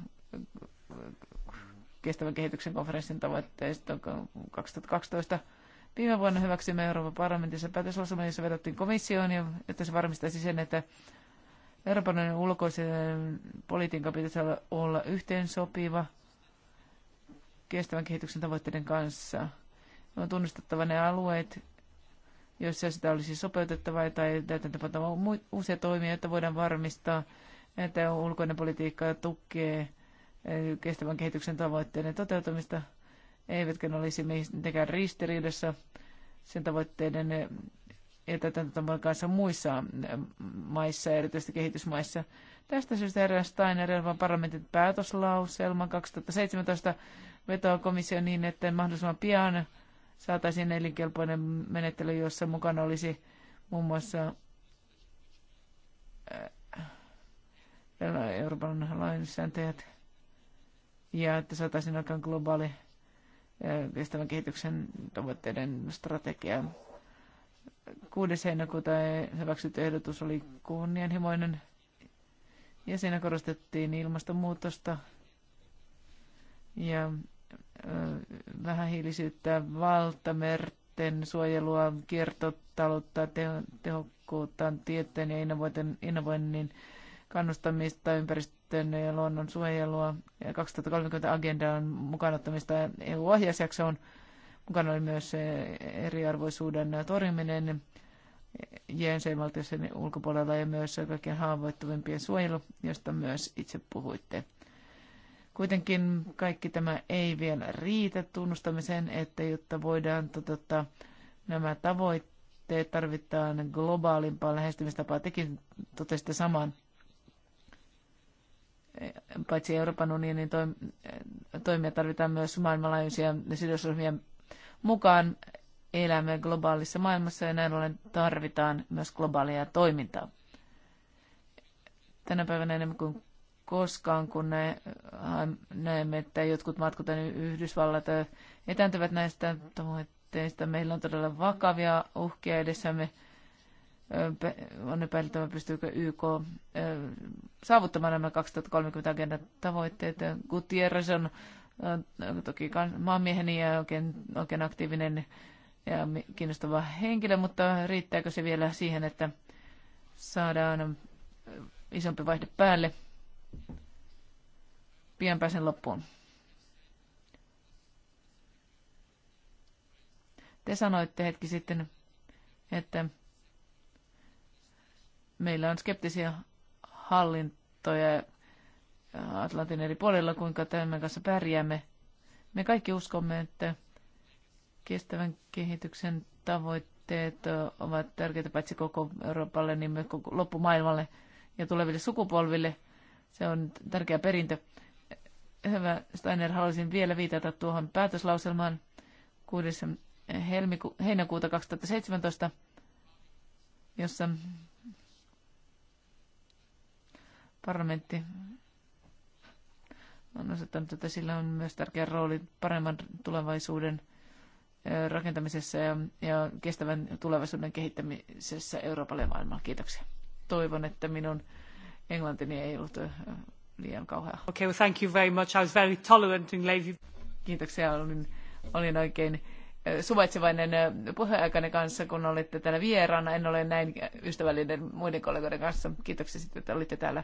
kestävän kehityksen konferenssin tavoitteista 2012. Viime vuonna hyväksymme Euroopan parlamentissa päätöslauselman, jossa vedottiin komissioon, että se varmistaisi sen, että Euroopan ulkoisen politiikan pitäisi olla yhteensopiva – kestävän kehityksen tavoitteiden kanssa. On tunnistettava ne alueet, joissa sitä olisi sopeutettava tai täytäntöpantava uusia toimia, että voidaan varmistaa, että ulkoinen politiikka tukee eh, kestävän kehityksen tavoitteiden toteutumista, eivätkä ne olisi mitenkään ristiriidassa sen tavoitteiden eh, täytäntöpantavan kanssa muissa eh, maissa, erityisesti kehitysmaissa. Tästä syystä herra Steiner Euroopan parlamentin päätöslauselma 2017 vetoa komissioon niin, että mahdollisimman pian saataisiin elinkelpoinen menettely, jossa mukana olisi muun muassa äh, Euroopan lainsääntäjät ja että saataisiin aikaan globaali äh, kestävän kehityksen tavoitteiden strategia. 6. heinäkuuta hyväksytty ehdotus oli kunnianhimoinen ja siinä korostettiin ilmastonmuutosta ja vähähiilisyyttä, valtamerten suojelua, kiertotaloutta, tehokkuutta, tieteen ja innovoinnin kannustamista, ympäristön ja luonnon suojelua. 2030 on mukaanottamista eu on Mukana oli myös eriarvoisuuden torjuminen jäsenvaltioiden ulkopuolella ja myös kaikkein haavoittuvimpien suojelu, josta myös itse puhuitte. Kuitenkin kaikki tämä ei vielä riitä tunnustamiseen, että jotta voidaan toteuttaa nämä tavoitteet, tarvitaan globaalimpaa lähestymistapaa. Tekin totesitte saman. Paitsi Euroopan unionin toimia tarvitaan myös maailmanlaajuisia sidosryhmiä mukaan. Elämme globaalissa maailmassa ja näin ollen tarvitaan myös globaalia toimintaa. Tänä päivänä enemmän kuin koskaan, kun äh, näemme, että jotkut maat, kuten Yhdysvallat, äh, etääntyvät näistä tavoitteista. Meillä on todella vakavia uhkia edessämme. Äh, on epäiltävä, pystyykö YK saavuttamaan nämä 2030 agenda tavoitteet. Gutierrez on toki maamieheni ja oikein, oikein aktiivinen ja kiinnostava henkilö, mutta riittääkö se vielä siihen, että saadaan isompi vaihde päälle? Pian pääsen loppuun. Te sanoitte hetki sitten, että meillä on skeptisiä hallintoja Atlantin eri puolilla, kuinka tämän kanssa pärjäämme. Me kaikki uskomme, että kestävän kehityksen tavoitteet ovat tärkeitä paitsi koko Euroopalle, niin myös koko loppumaailmalle ja tuleville sukupolville – se on tärkeä perintö. Hyvä Steiner, haluaisin vielä viitata tuohon päätöslauselmaan 6. Helmiku- heinäkuuta 2017, jossa parlamentti on osoittanut, että sillä on myös tärkeä rooli paremman tulevaisuuden rakentamisessa ja, ja kestävän tulevaisuuden kehittämisessä Euroopalle ja maailmaan. Kiitoksia. Toivon, että minun englantini ei ollut liian kauhea. Okay, well, thank you very much. I was very tolerant and lazy. Kiitoksia, olin, olin oikein suvaitsevainen puheaikani kanssa, kun olitte täällä vieraana. En ole näin ystävällinen muiden kollegoiden kanssa. Kiitoksia sitten, että olitte täällä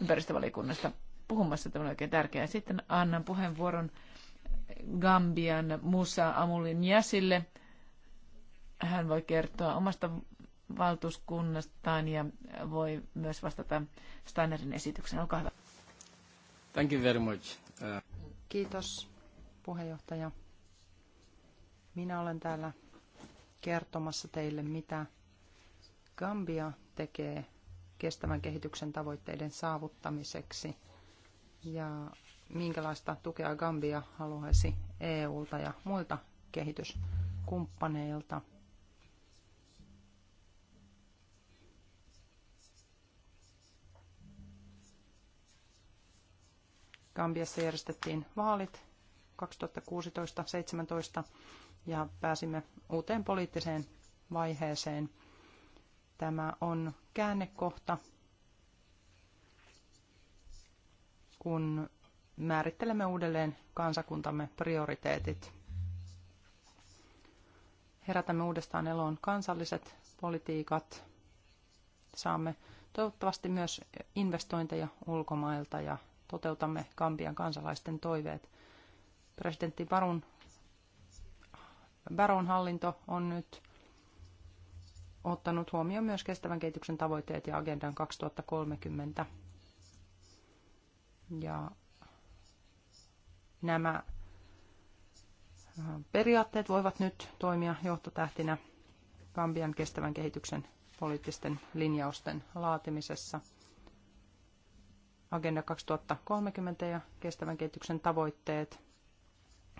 ympäristövaliokunnasta puhumassa. Tämä on oikein tärkeää. Sitten annan puheenvuoron Gambian Musa Amulin jäsille. Hän voi kertoa omasta valtuuskunnastaan ja voi myös vastata Steinerin esitykseen. Olkaa hyvä. Thank you very much. Uh... Kiitos puheenjohtaja. Minä olen täällä kertomassa teille, mitä Gambia tekee kestävän kehityksen tavoitteiden saavuttamiseksi ja minkälaista tukea Gambia haluaisi EUlta ja muilta kehityskumppaneilta – Gambiassa järjestettiin vaalit 2016-2017 ja pääsimme uuteen poliittiseen vaiheeseen. Tämä on käännekohta, kun määrittelemme uudelleen kansakuntamme prioriteetit. Herätämme uudestaan eloon kansalliset politiikat. Saamme toivottavasti myös investointeja ulkomailta ja toteutamme kampian kansalaisten toiveet. Presidentti Barun, Baron hallinto on nyt ottanut huomioon myös kestävän kehityksen tavoitteet ja agendan 2030. Ja nämä äh, periaatteet voivat nyt toimia johtotähtinä Kambian kestävän kehityksen poliittisten linjausten laatimisessa – Agenda 2030 ja kestävän kehityksen tavoitteet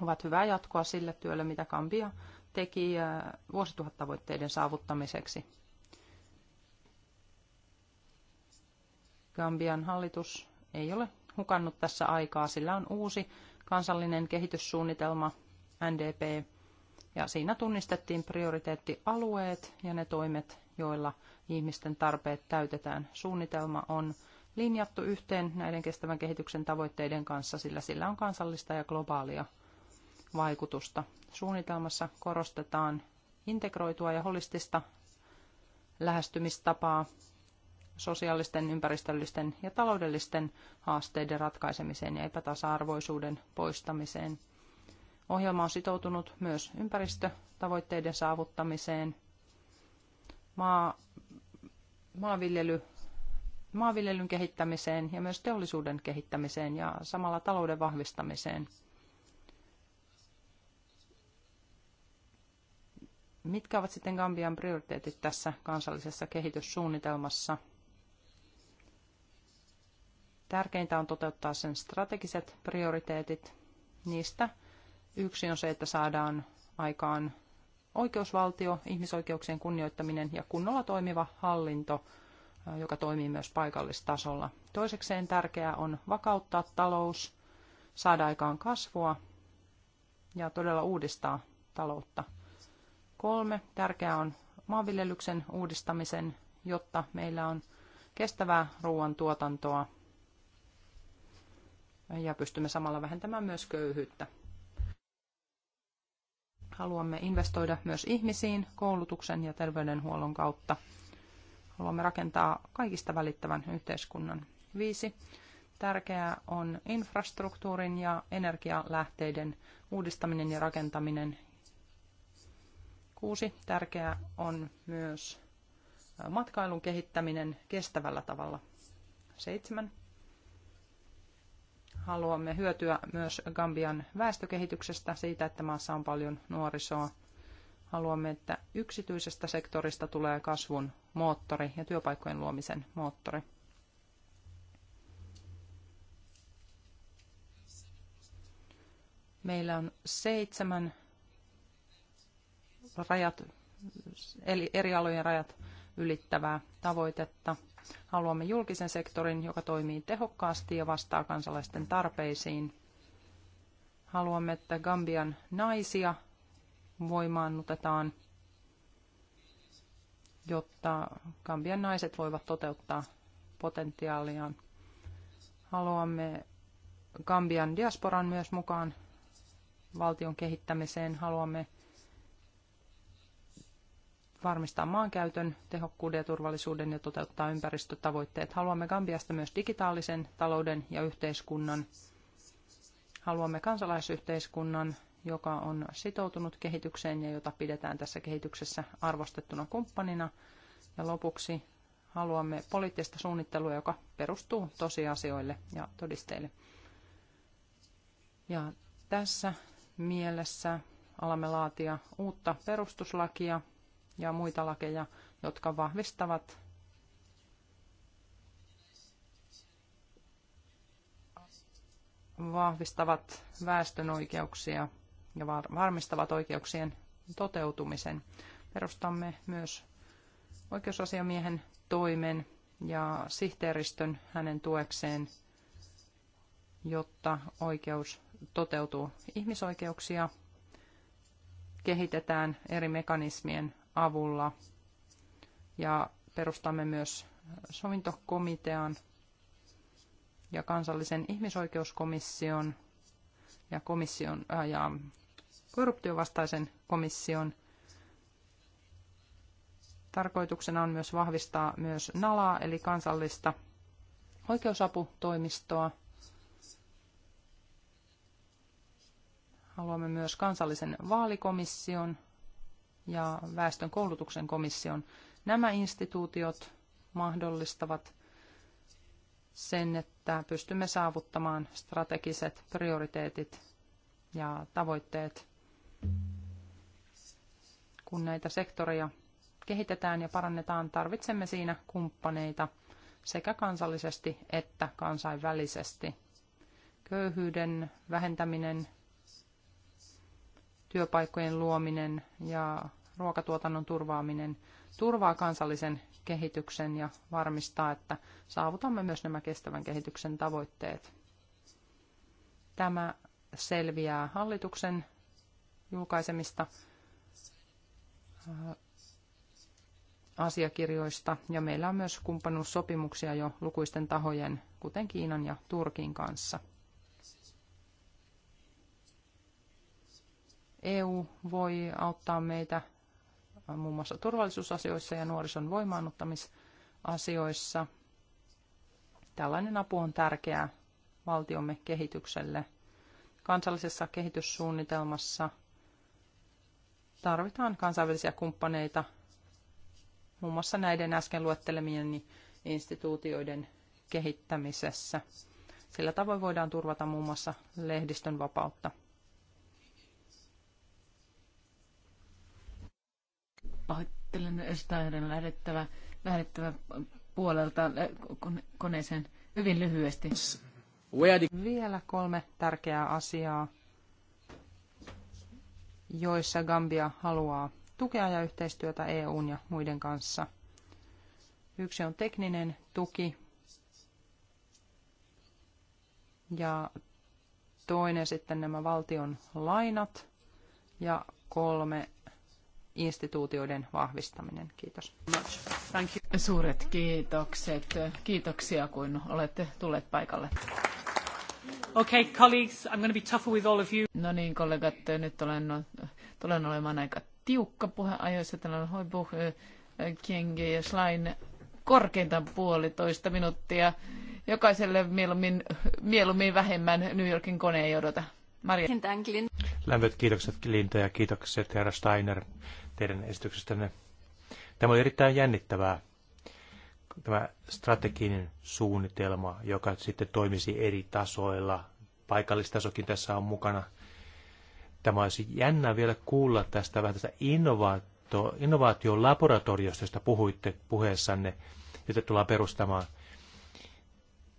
ovat hyvää jatkoa sille työlle, mitä Kambia teki äh, vuosituhattavoitteiden saavuttamiseksi. Gambian hallitus ei ole hukannut tässä aikaa. Sillä on uusi kansallinen kehityssuunnitelma NDP ja siinä tunnistettiin prioriteettialueet ja ne toimet, joilla ihmisten tarpeet täytetään. Suunnitelma on linjattu yhteen näiden kestävän kehityksen tavoitteiden kanssa, sillä sillä on kansallista ja globaalia vaikutusta. Suunnitelmassa korostetaan integroitua ja holistista lähestymistapaa sosiaalisten, ympäristöllisten ja taloudellisten haasteiden ratkaisemiseen ja epätasa-arvoisuuden poistamiseen. Ohjelma on sitoutunut myös ympäristötavoitteiden saavuttamiseen. Maa, maanviljely maanviljelyn kehittämiseen ja myös teollisuuden kehittämiseen ja samalla talouden vahvistamiseen. Mitkä ovat sitten Gambian prioriteetit tässä kansallisessa kehityssuunnitelmassa? Tärkeintä on toteuttaa sen strategiset prioriteetit. Niistä yksi on se, että saadaan aikaan oikeusvaltio, ihmisoikeuksien kunnioittaminen ja kunnolla toimiva hallinto – Äh, joka toimii myös paikallistasolla. Toisekseen tärkeää on vakauttaa talous, saada aikaan kasvua ja todella uudistaa taloutta. Kolme, tärkeää on maanviljelyksen uudistamisen, jotta meillä on kestävää ruoantuotantoa ja pystymme samalla vähentämään myös köyhyyttä. Haluamme investoida myös ihmisiin koulutuksen ja terveydenhuollon kautta – Haluamme rakentaa kaikista välittävän yhteiskunnan. Viisi. Tärkeää on infrastruktuurin ja energialähteiden uudistaminen ja rakentaminen. Kuusi. Tärkeää on myös matkailun kehittäminen kestävällä tavalla. Seitsemän. Haluamme hyötyä myös Gambian väestökehityksestä siitä, että maassa on paljon nuorisoa Haluamme, että yksityisestä sektorista tulee kasvun moottori ja työpaikkojen luomisen moottori. Meillä on seitsemän rajat, eli eri alojen rajat ylittävää tavoitetta. Haluamme julkisen sektorin, joka toimii tehokkaasti ja vastaa kansalaisten tarpeisiin. Haluamme, että Gambian naisia voimaannutetaan, jotta Gambian naiset voivat toteuttaa potentiaaliaan. Haluamme Gambian diasporan myös mukaan valtion kehittämiseen. Haluamme varmistaa maankäytön, tehokkuuden ja turvallisuuden ja toteuttaa ympäristötavoitteet. Haluamme Gambiasta myös digitaalisen talouden ja yhteiskunnan. Haluamme kansalaisyhteiskunnan, joka on sitoutunut kehitykseen ja jota pidetään tässä kehityksessä arvostettuna kumppanina. Ja lopuksi haluamme poliittista suunnittelua, joka perustuu tosiasioille ja todisteille. Ja tässä mielessä alamme laatia uutta perustuslakia ja muita lakeja, jotka vahvistavat vahvistavat väestön oikeuksia – ja varmistavat oikeuksien toteutumisen. Perustamme myös oikeusasiamiehen toimen ja sihteeristön hänen tuekseen, jotta oikeus toteutuu. Ihmisoikeuksia kehitetään eri mekanismien avulla ja perustamme myös sovintokomitean ja kansallisen ihmisoikeuskomission ja, komission, ja korruptiovastaisen komission. Tarkoituksena on myös vahvistaa myös NALAa, eli kansallista oikeusaputoimistoa. Haluamme myös kansallisen vaalikomission ja väestön koulutuksen komission. Nämä instituutiot mahdollistavat sen, että pystymme saavuttamaan strategiset prioriteetit ja tavoitteet kun näitä sektoreja kehitetään ja parannetaan, tarvitsemme siinä kumppaneita sekä kansallisesti että kansainvälisesti. Köyhyyden vähentäminen, työpaikkojen luominen ja ruokatuotannon turvaaminen turvaa kansallisen kehityksen ja varmistaa, että saavutamme myös nämä kestävän kehityksen tavoitteet. Tämä selviää hallituksen julkaisemista äh, asiakirjoista ja meillä on myös kumppanuussopimuksia jo lukuisten tahojen, kuten Kiinan ja Turkin kanssa. EU voi auttaa meitä äh, muun muassa turvallisuusasioissa ja nuorison voimaannuttamisasioissa. Tällainen apu on tärkeää valtiomme kehitykselle. Kansallisessa kehityssuunnitelmassa – tarvitaan kansainvälisiä kumppaneita, muun muassa näiden äsken luettelemieni instituutioiden kehittämisessä. Sillä tavoin voidaan turvata muun muassa lehdistön vapautta. Pahoittelen Steinen lähdettävä, lähdettävä puolelta eh, koneeseen hyvin lyhyesti. Vielä kolme tärkeää asiaa joissa Gambia haluaa tukea ja yhteistyötä EUn ja muiden kanssa. Yksi on tekninen tuki ja toinen sitten nämä valtion lainat ja kolme instituutioiden vahvistaminen. Kiitos. Suuret kiitokset. Kiitoksia, kun olette tulleet paikalle. Okay, colleagues, I'm going to be tougher with all of you. No niin, kollegat, nyt olen, no- tulen olemaan aika tiukka puheajoissa. Täällä on Hoibuh, Kienge ja Schlein korkeintaan puolitoista minuuttia. Jokaiselle mieluummin, mieluummin vähemmän New Yorkin kone ei odota. Maria. Lämpöt kiitokset Linda ja kiitokset herra Steiner teidän esityksestänne. Tämä oli erittäin jännittävää tämä strateginen suunnitelma, joka sitten toimisi eri tasoilla. Paikallistasokin tässä on mukana. Tämä olisi jännä vielä kuulla tästä vähän tästä innovaatio, innovaatiolaboratoriosta, josta puhuitte puheessanne, jota tullaan perustamaan.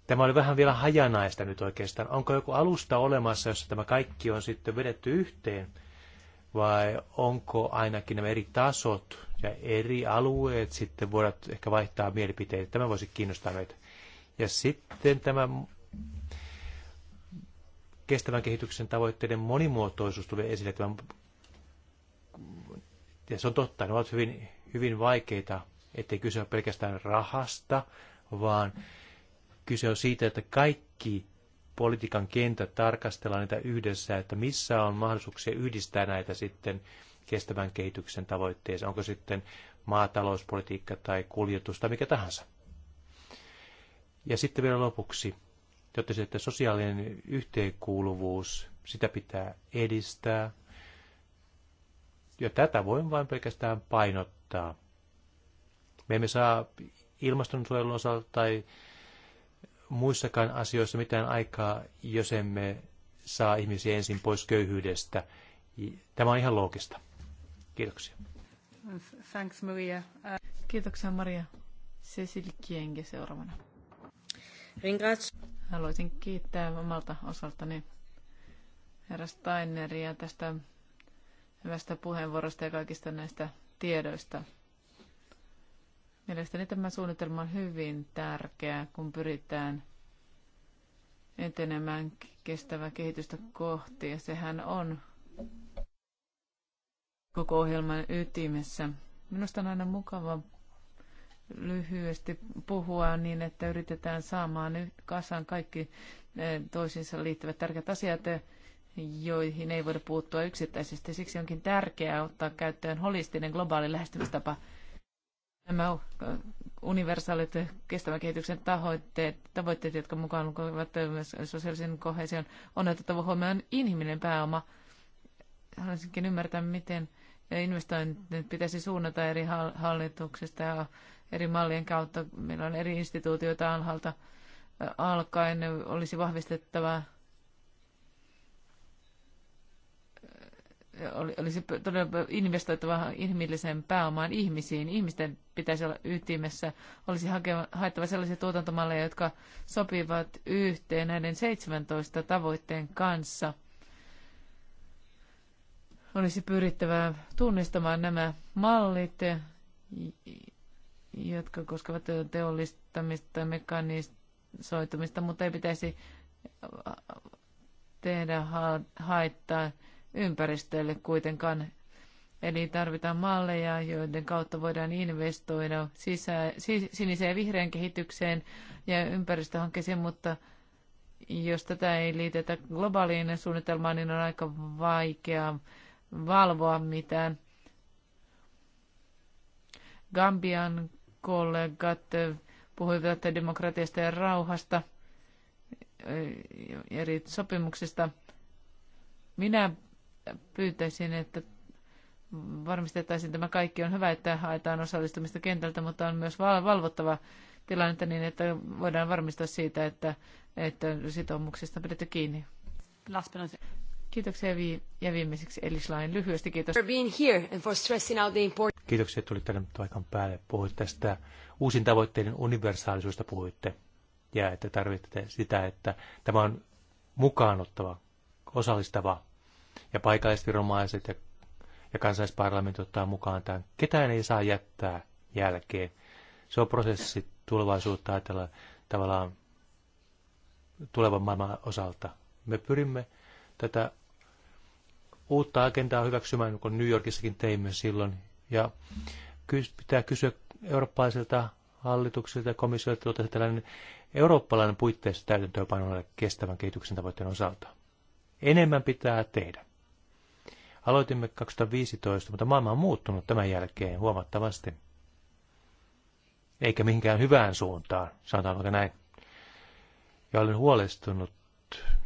Tämä oli vähän vielä hajanaista nyt oikeastaan. Onko joku alusta olemassa, jossa tämä kaikki on sitten vedetty yhteen? vai onko ainakin nämä eri tasot ja eri alueet sitten voivat ehkä vaihtaa mielipiteitä. Tämä voisi kiinnostaa meitä. Ja sitten tämä kestävän kehityksen tavoitteiden monimuotoisuus tulee esille. Tämän, ja se on totta, ne ovat hyvin, hyvin vaikeita, ettei kyse ole pelkästään rahasta, vaan kyse on siitä, että kaikki politiikan kenttä tarkastellaan niitä yhdessä, että missä on mahdollisuuksia yhdistää näitä sitten kestävän kehityksen tavoitteeseen, onko sitten maatalouspolitiikka tai kuljetus tai mikä tahansa. Ja sitten vielä lopuksi, jotta se, että sosiaalinen yhteenkuuluvuus, sitä pitää edistää. Ja tätä voin vain pelkästään painottaa. Me emme saa ilmastonsuojelun osalta tai muissakaan asioissa mitään aikaa, jos emme saa ihmisiä ensin pois köyhyydestä. Tämä on ihan loogista. Kiitoksia. Thanks Maria. Uh, Kiitoksia Maria. Cecil Kienge seuraavana. Ringrats. Haluaisin kiittää omalta osaltani herra Steineria tästä hyvästä puheenvuorosta ja kaikista näistä tiedoista. Mielestäni tämä suunnitelma on hyvin tärkeä, kun pyritään etenemään kestävää kehitystä kohti. Ja sehän on koko ohjelman ytimessä. Minusta on aina mukava lyhyesti puhua niin, että yritetään saamaan kasaan kaikki eh, toisiinsa liittyvät tärkeät asiat, eh, joihin ei voida puuttua yksittäisesti. Siksi onkin tärkeää ottaa käyttöön holistinen globaali lähestymistapa – Nämä äh, universaalit kestävän kehityksen tavoitteet, tavoitteet jotka mukaan lukevat äh, myös sosiaalisen kohesion, on otettava huomioon inhimillinen pääoma. Haluaisinkin ymmärtää, miten investoinnit pitäisi suunnata eri hallituksista ja eri mallien kautta. Meillä on eri instituutioita alhaalta äh, alkaen. Olisi vahvistettava olisi todella investoitava inhimilliseen pääomaan ihmisiin. Ihmisten pitäisi olla ytimessä. Olisi haettava sellaisia tuotantomalleja, jotka sopivat yhteen näiden 17 tavoitteen kanssa. Olisi pyrittävä tunnistamaan nämä mallit, jotka koskevat teollistamista, mekanisoitumista, mutta ei pitäisi tehdä haittaa ympäristölle kuitenkaan. Eli tarvitaan malleja, joiden kautta voidaan investoida sisä, siniseen vihreän kehitykseen ja ympäristöhankkeeseen, mutta jos tätä ei liitetä globaaliin suunnitelmaan, niin on aika vaikea valvoa mitään. Gambian kollegat puhuivat demokratiasta ja rauhasta, eri sopimuksista. Minä pyytäisin, että varmistettaisiin tämä kaikki. On hyvä, että haetaan osallistumista kentältä, mutta on myös valvottava tilannetta niin, että voidaan varmistaa siitä, että, että sitoumuksista on pidetty kiinni. Kiitoksia vi- ja viimeiseksi Elislain lyhyesti kiitos. For being here and for out the Kiitoksia, että tulit tänne paikan päälle. Puhuit tästä uusin tavoitteiden universaalisuudesta puhuitte ja että tarvitsette sitä, että tämä on mukaanottava, osallistava ja paikallisviranomaiset ja, ja kansallisparlamentti ottaa mukaan tämän. Ketään ei saa jättää jälkeen. Se on prosessi tulevaisuutta ajatella tavallaan tulevan maailman osalta. Me pyrimme tätä uutta agendaa hyväksymään, kun New Yorkissakin teimme silloin. Ja pitää kysyä eurooppalaisilta hallituksilta ja komissioilta että tällainen eurooppalainen puitteissa täytäntöönpanolle kestävän kehityksen tavoitteen osalta. Enemmän pitää tehdä. Aloitimme 2015, mutta maailma on muuttunut tämän jälkeen huomattavasti. Eikä mihinkään hyvään suuntaan, sanotaanko näin. Ja olen huolestunut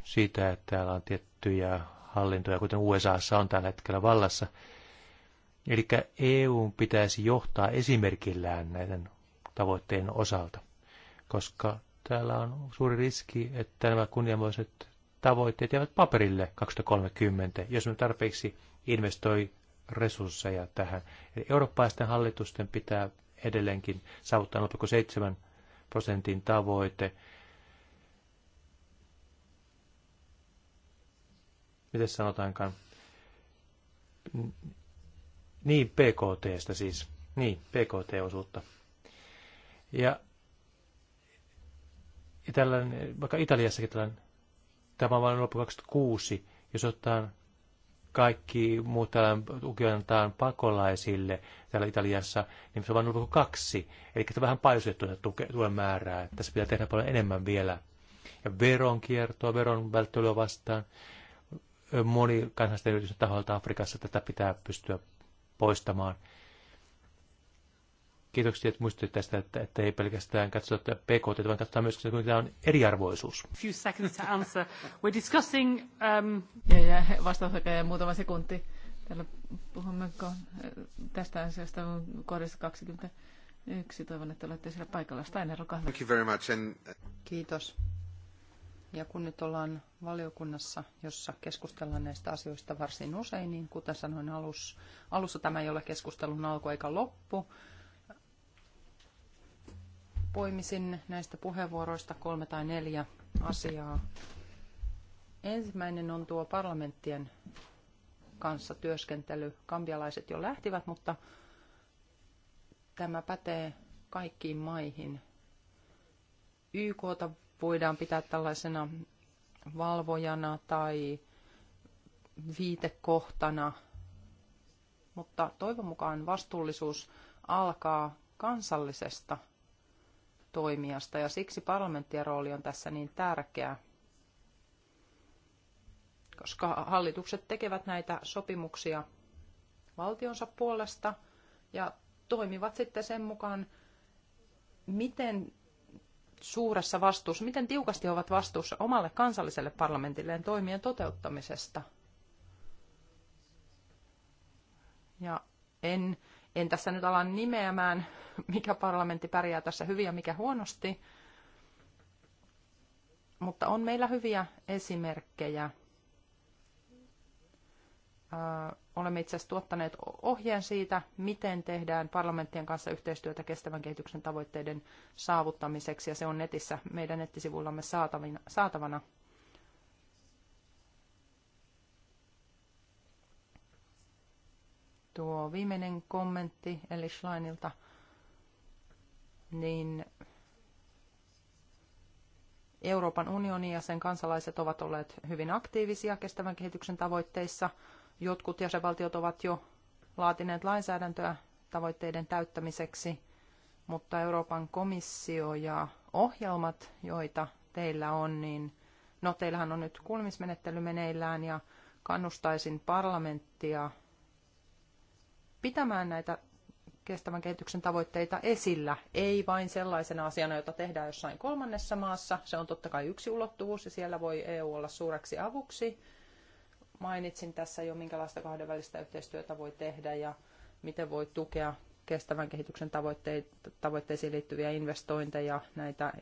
siitä, että täällä on tiettyjä hallintoja, kuten USAssa on tällä hetkellä vallassa. Eli EU pitäisi johtaa esimerkillään näiden tavoitteiden osalta, koska täällä on suuri riski, että nämä kunnianvoiset tavoitteet jäävät paperille 2030, jos me tarpeeksi investoi resursseja tähän. Eli eurooppalaisten hallitusten pitää edelleenkin saavuttaa 0,7 prosentin tavoite. Miten sanotaankaan? Niin, PKTstä siis. Niin, PKT-osuutta. Ja, ja tällainen, vaikka Italiassakin tällainen tämä on vain 2006, jos ottaa kaikki muut täällä antaa pakolaisille täällä Italiassa, niin se on vain 0,2. Eli tämä on vähän paisutettu tuen määrää. Tässä pitää tehdä paljon enemmän vielä. Ja veronkiertoa, veron välttelyä vastaan. Moni kansallisten yritysten taholta Afrikassa tätä pitää pystyä poistamaan. Kiitoksia, että muistutit tästä, että, että ei pelkästään katsota PKT, vaan katsotaan myös, että tämä on eriarvoisuus. Few seconds to answer. We're discussing... Um... Ja, ja vastausaika muutama sekunti. Täällä puhumme tästä asiasta kohdassa 21. Toivon, että olette siellä paikalla. Steiner, olkaa hyvä. Thank you very much. And... Uh, Kiitos. Ja kun nyt ollaan valiokunnassa, jossa keskustellaan näistä asioista varsin usein, niin kuten sanoin alussa, alussa, tämä ei ole keskustelun alku eikä loppu, poimisin näistä puheenvuoroista kolme tai neljä asiaa. Ensimmäinen on tuo parlamenttien kanssa työskentely. Kambialaiset jo lähtivät, mutta tämä pätee kaikkiin maihin. YK voidaan pitää tällaisena valvojana tai viitekohtana, mutta toivon mukaan vastuullisuus alkaa kansallisesta toimijasta ja siksi parlamenttien rooli on tässä niin tärkeä, koska hallitukset tekevät näitä sopimuksia valtionsa puolesta ja toimivat sitten sen mukaan, miten suuressa vastuussa, miten tiukasti ovat vastuussa omalle kansalliselle parlamentilleen toimien toteuttamisesta. Ja en, en tässä nyt ala nimeämään mikä parlamentti pärjää tässä hyvin ja mikä huonosti. Mutta on meillä hyviä esimerkkejä. Olemme itse asiassa tuottaneet ohjeen siitä, miten tehdään parlamenttien kanssa yhteistyötä kestävän kehityksen tavoitteiden saavuttamiseksi, ja se on netissä meidän nettisivuillamme saatavana. tuo viimeinen kommentti eli Schleinilta niin Euroopan unioni ja sen kansalaiset ovat olleet hyvin aktiivisia kestävän kehityksen tavoitteissa. Jotkut jäsenvaltiot ovat jo laatineet lainsäädäntöä tavoitteiden täyttämiseksi, mutta Euroopan komissio ja ohjelmat, joita teillä on, niin no teillähän on nyt kuulemismenettely meneillään ja kannustaisin parlamenttia pitämään näitä kestävän kehityksen tavoitteita esillä, ei vain sellaisena asiana, jota tehdään jossain kolmannessa maassa. Se on totta kai yksi ulottuvuus ja siellä voi EU olla suureksi avuksi. Mainitsin tässä jo, minkälaista kahdenvälistä yhteistyötä voi tehdä ja miten voi tukea kestävän kehityksen tavoitteisiin liittyviä investointeja, näitä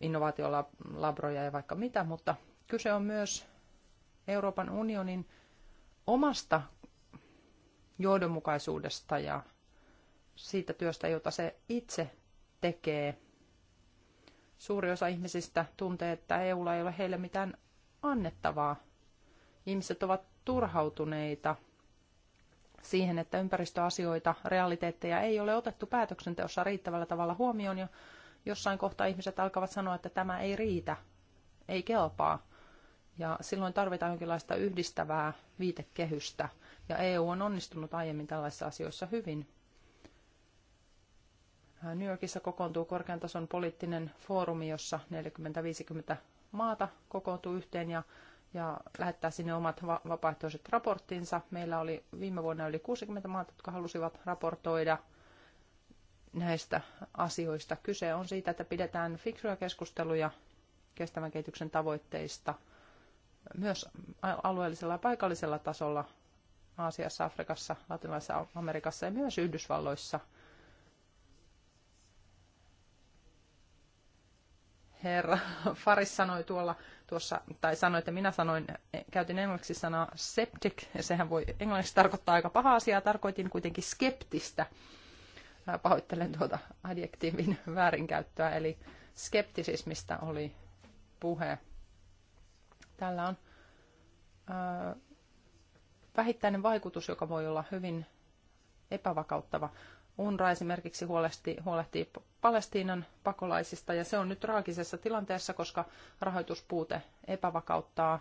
innovaatiolabroja ja vaikka mitä, mutta kyse on myös Euroopan unionin omasta johdonmukaisuudesta ja siitä työstä, jota se itse tekee. Suuri osa ihmisistä tuntee, että EUlla ei ole heille mitään annettavaa. Ihmiset ovat turhautuneita siihen, että ympäristöasioita, realiteetteja ei ole otettu päätöksenteossa riittävällä tavalla huomioon ja jossain kohtaa ihmiset alkavat sanoa, että tämä ei riitä, ei kelpaa. Ja silloin tarvitaan jonkinlaista yhdistävää viitekehystä. Ja EU on onnistunut aiemmin tällaisissa asioissa hyvin. New Yorkissa kokoontuu korkean tason poliittinen foorumi, jossa 40-50 maata kokoontuu yhteen ja, ja lähettää sinne omat va- vapaaehtoiset raporttinsa. Meillä oli viime vuonna yli 60 maata, jotka halusivat raportoida näistä asioista. Kyse on siitä, että pidetään fiksuja keskusteluja kestävän kehityksen tavoitteista myös alueellisella ja paikallisella tasolla Aasiassa, Afrikassa, Latinalaisessa Amerikassa ja myös Yhdysvalloissa – herra Faris sanoi tuolla, tuossa, tai sanoi, että minä sanoin, eh, käytin englanniksi sanaa septic, ja sehän voi englanniksi tarkoittaa aika paha asiaa, tarkoitin kuitenkin skeptistä. Pahoittelen tuota adjektiivin väärinkäyttöä, eli skeptisismistä oli puhe. Tällä on ö, äh, vähittäinen vaikutus, joka voi olla hyvin epävakauttava. UNRWA esimerkiksi huolehtii, huolehtii Palestiinan pakolaisista ja se on nyt traagisessa tilanteessa, koska rahoituspuute epävakauttaa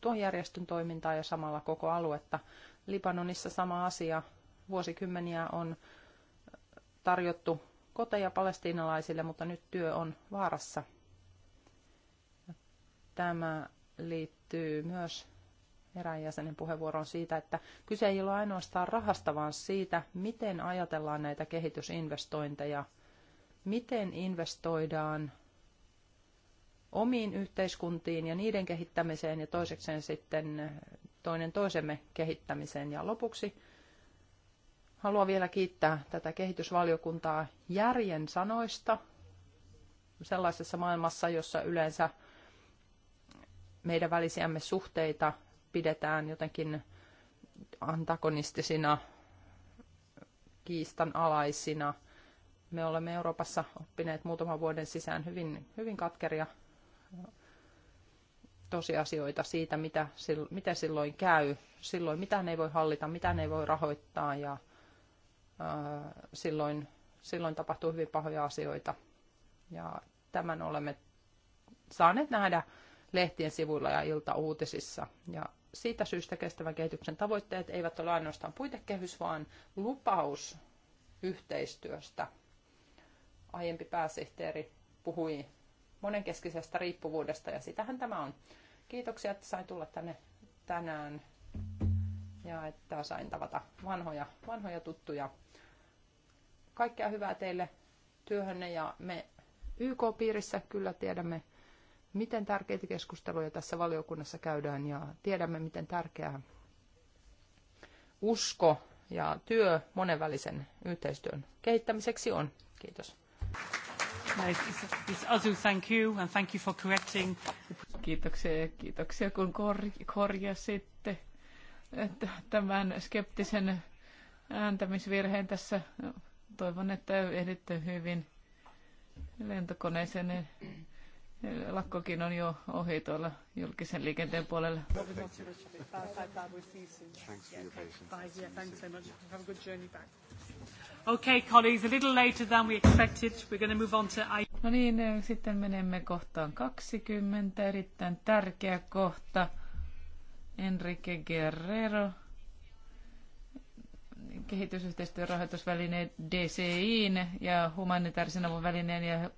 tuon järjestön toimintaa ja samalla koko aluetta. Libanonissa sama asia. Vuosikymmeniä on tarjottu koteja palestiinalaisille, mutta nyt työ on vaarassa. Tämä liittyy myös erään jäsenen puheenvuoron siitä, että kyse ei ole ainoastaan rahasta, vaan siitä, miten ajatellaan näitä kehitysinvestointeja, miten investoidaan omiin yhteiskuntiin ja niiden kehittämiseen ja toisekseen sitten toinen toisemme kehittämiseen. Ja lopuksi haluan vielä kiittää tätä kehitysvaliokuntaa järjen sanoista sellaisessa maailmassa, jossa yleensä meidän välisiämme suhteita pidetään jotenkin antagonistisina, kiistanalaisina. Me olemme Euroopassa oppineet muutaman vuoden sisään hyvin, hyvin katkeria tosiasioita siitä, mitä, miten silloin käy. Silloin mitä ei voi hallita, mitä ei voi rahoittaa ja ää, silloin, silloin tapahtuu hyvin pahoja asioita. Ja tämän olemme saaneet nähdä lehtien sivuilla ja iltauutisissa. Ja siitä syystä kestävän kehityksen tavoitteet eivät ole ainoastaan puitekehys, vaan lupaus yhteistyöstä. Aiempi pääsihteeri puhui monenkeskisestä riippuvuudesta ja sitähän tämä on. Kiitoksia, että sain tulla tänne tänään ja että sain tavata vanhoja, vanhoja tuttuja. Kaikkea hyvää teille työhönne ja me YK-piirissä kyllä tiedämme miten tärkeitä keskusteluja tässä valiokunnassa käydään ja tiedämme, miten tärkeää usko ja työ monenvälisen yhteistyön kehittämiseksi on. Kiitos. Kiitoksia ja kiitoksia, kun kor- korjasitte tämän skeptisen ääntämisvirheen tässä. No, toivon, että ehditte hyvin lentokoneeseen lakkokin on jo ohi tuolla julkisen liikenteen puolella. Okay, colleagues, a little later than we expected. We're going to move on to... No niin, eh, sitten menemme kohtaan 20, erittäin tärkeä kohta. Enrique Guerrero, kehitysyhteistyörahoitusvälineen DCIin ja humanitaarisen avun välineen ja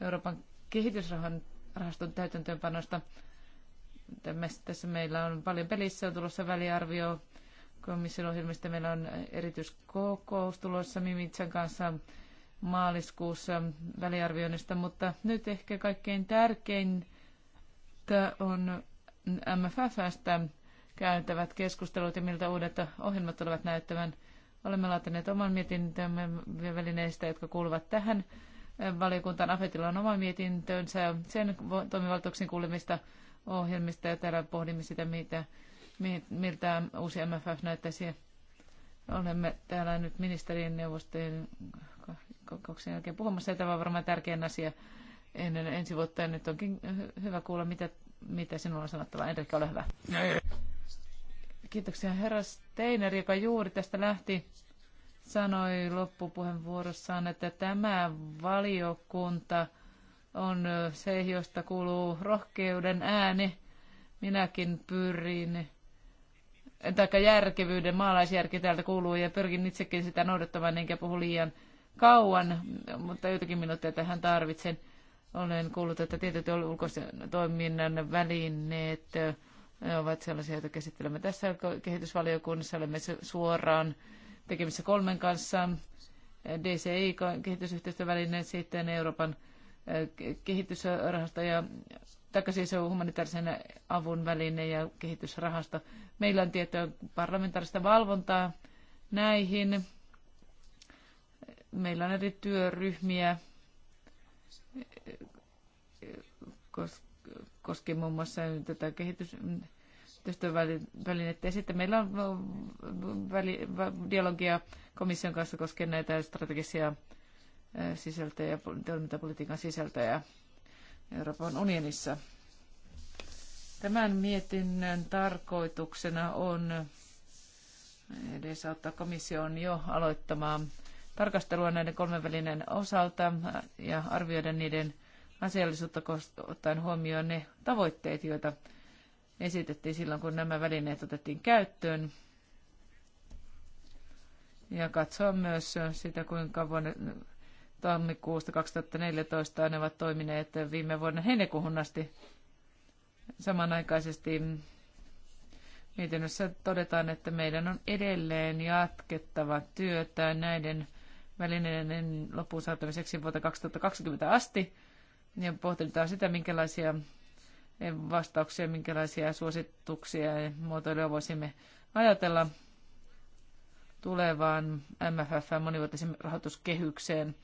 Euroopan kehitysrahaston täytäntöönpanosta. Tässä meillä on paljon pelissä, on tulossa väliarvio komission ohjelmista. Meillä on erityiskokous tulossa Mimitsan kanssa maaliskuussa väliarvioinnista, mutta nyt ehkä kaikkein tärkein on MFFstä käytävät keskustelut ja miltä uudet ohjelmat tulevat näyttämään. Olemme laatineet oman mietintömme välineistä, jotka kuuluvat tähän valiokuntaan. Afetilan on oma mietintönsä sen toimivaltuuksien kuulemista ohjelmista ja täällä pohdimme sitä, mitä, miltä uusi MFF näyttäisi. Olemme täällä nyt ministerien neuvostojen kokouksen jälkeen puhumassa. Tämä on varmaan tärkein asia ennen ensi vuotta ja nyt onkin hyvä kuulla, mitä, mitä sinulla on sanottava. Enrikka, ole hyvä. Kiitoksia herra Steiner, joka juuri tästä lähti sanoi loppupuheenvuorossaan, että tämä valiokunta on se, josta kuuluu rohkeuden ääni. Minäkin pyrin, tai järkevyyden, maalaisjärki täältä kuuluu ja pyrkin itsekin sitä noudattamaan, enkä puhu liian kauan, mutta jotakin minuutteja tähän tarvitsen. Olen kuullut, että tietyt ulkoisen toiminnan välineet ovat sellaisia, joita käsittelemme tässä kehitysvaliokunnassa. Olemme suoraan tekemissä kolmen kanssa, DCI-kehitysyhteistyöväline, sitten Euroopan kehitysrahasto ja siis se on humanitaarisen avun väline ja kehitysrahasto. Meillä on tietoa parlamentaarista valvontaa näihin. Meillä on eri työryhmiä, koskien muun muassa tätä kehitys, yhteistyövälinettä. Ja sitten meillä on väli, dialogia komission kanssa koskien näitä strategisia sisältöjä ja toimintapolitiikan sisältöjä Euroopan unionissa. Tämän mietinnön tarkoituksena on edesauttaa komission jo aloittamaan tarkastelua näiden kolmen välinen osalta ja arvioida niiden asiallisuutta ottaen huomioon ne tavoitteet, joita esitettiin silloin, kun nämä välineet otettiin käyttöön. Ja katsoa myös sitä, kuinka vuonna tammikuusta 2014 ne ovat toimineet viime vuonna heinäkuuhun asti. Samanaikaisesti mietinnössä todetaan, että meidän on edelleen jatkettava työtä näiden välineiden loppuun saattamiseksi vuotta 2020 asti. Ja pohditaan sitä, minkälaisia vastauksia, minkälaisia suosituksia ja muotoiluja voisimme ajatella tulevaan MFF monivuotisen rahoituskehykseen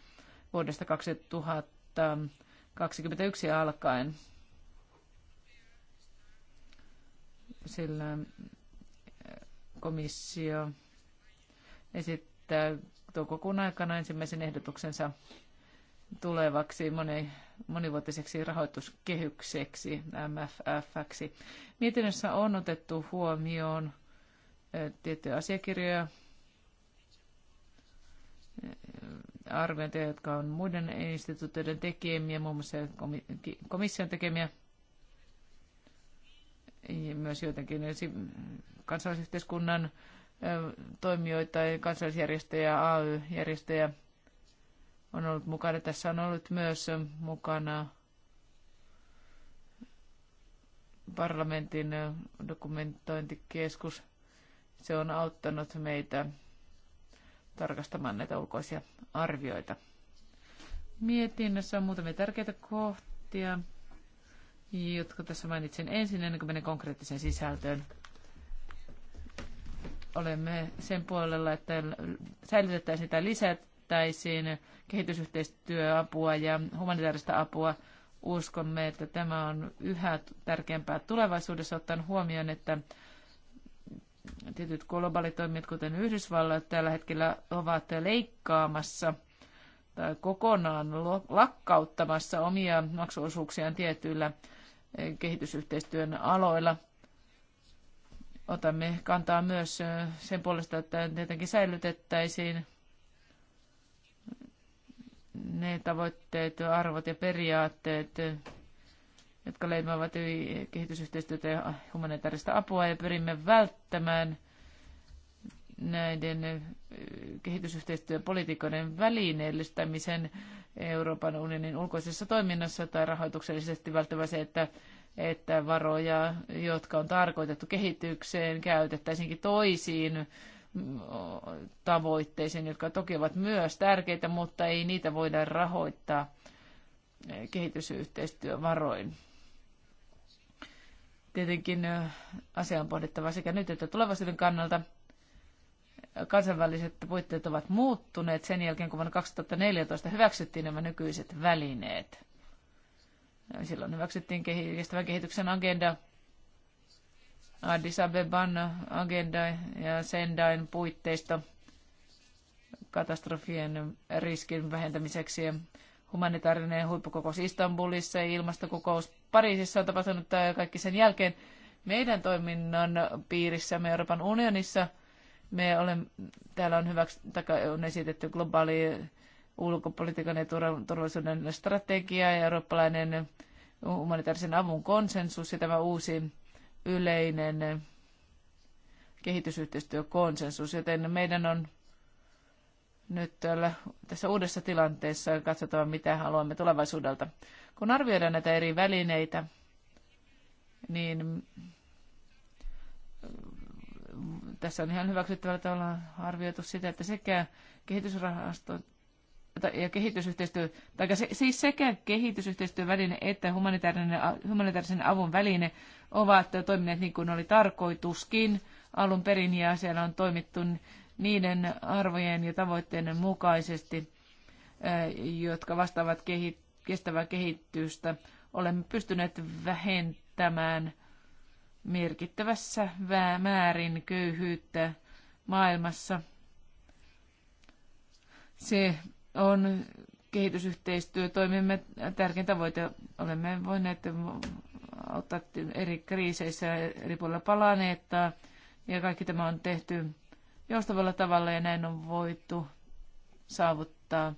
vuodesta 2021 alkaen. Sillä eh, komissio esittää toukokuun aikana ensimmäisen ehdotuksensa tulevaksi moni monivuotiseksi rahoituskehykseksi, MFFksi. Mietinnössä on otettu huomioon tiettyjä asiakirjoja, arviointeja, jotka on muiden instituutioiden tekemiä, muun muassa komission tekemiä, ja myös joitakin kansalaisyhteiskunnan toimijoita, kansalaisjärjestöjä, AY-järjestöjä, on ollut mukana. Tässä on ollut myös mukana parlamentin dokumentointikeskus. Se on auttanut meitä tarkastamaan näitä ulkoisia arvioita. Mietinnössä on muutamia tärkeitä kohtia, jotka tässä mainitsen ensin ennen kuin menen konkreettiseen sisältöön. Olemme sen puolella, että säilytettäisiin tai lisätään lisättäisiin kehitysyhteistyöapua ja humanitaarista apua. Uskomme, että tämä on yhä tärkeämpää tulevaisuudessa ottaen huomioon, että tietyt globaalitoimijat, kuten Yhdysvallat, tällä hetkellä ovat leikkaamassa tai kokonaan lakkauttamassa omia maksuosuuksiaan tietyillä eh, kehitysyhteistyön aloilla. Otamme kantaa myös eh, sen puolesta, että tietenkin säilytettäisiin ne tavoitteet, arvot ja periaatteet, jotka leimaavat kehitysyhteistyötä ja humanitaarista apua ja pyrimme välttämään näiden kehitysyhteistyöpolitiikoiden välineellistämisen Euroopan unionin ulkoisessa toiminnassa tai rahoituksellisesti välttämään se, että, että varoja, jotka on tarkoitettu kehitykseen, käytettäisiinkin toisiin tavoitteisiin, jotka toki ovat myös tärkeitä, mutta ei niitä voida rahoittaa kehitysyhteistyövaroin. Tietenkin asia on pohdittava sekä nyt että tulevaisuuden kannalta. Kansainväliset puitteet ovat muuttuneet sen jälkeen, kun vuonna 2014 hyväksyttiin nämä nykyiset välineet. Silloin hyväksyttiin kestävän kehityksen agenda Addis Abeban agenda ja Sendain puitteista katastrofien riskin vähentämiseksi. Humanitaarinen huippukokous Istanbulissa ja ilmastokokous Pariisissa on tapahtunut tämä kaikki sen jälkeen. Meidän toiminnan piirissä me Euroopan unionissa me olemme, täällä on, hyväks, on esitetty globaali ulkopolitiikan ja turvallisuuden strategia ja eurooppalainen humanitaarisen avun konsensus ja tämä uusi yleinen kehitysyhteistyökonsensus, joten meidän on nyt täällä, tässä uudessa tilanteessa katsotaan, mitä haluamme tulevaisuudelta. Kun arvioidaan näitä eri välineitä, niin tässä on ihan hyväksyttävällä tavalla arvioitu sitä, että sekä kehitysrahastot ja kehitysyhteistyö, tai se siis sekä kehitysyhteistyöväline että humanitaarinen, humanitaarisen avun väline ovat toimineet niin kuin oli tarkoituskin alun perin ja siellä on toimittu niiden arvojen ja tavoitteiden mukaisesti, eh, jotka vastaavat kehi- kestävää kehitystä. Olemme pystyneet vähentämään merkittävässä määrin köyhyyttä maailmassa. Se on kehitysyhteistyötoimimme tärkein tavoite. Olemme voineet auttaa eri kriiseissä eri puolilla palaneetta ja kaikki tämä on tehty joustavalla tavalla ja näin on voitu saavuttaa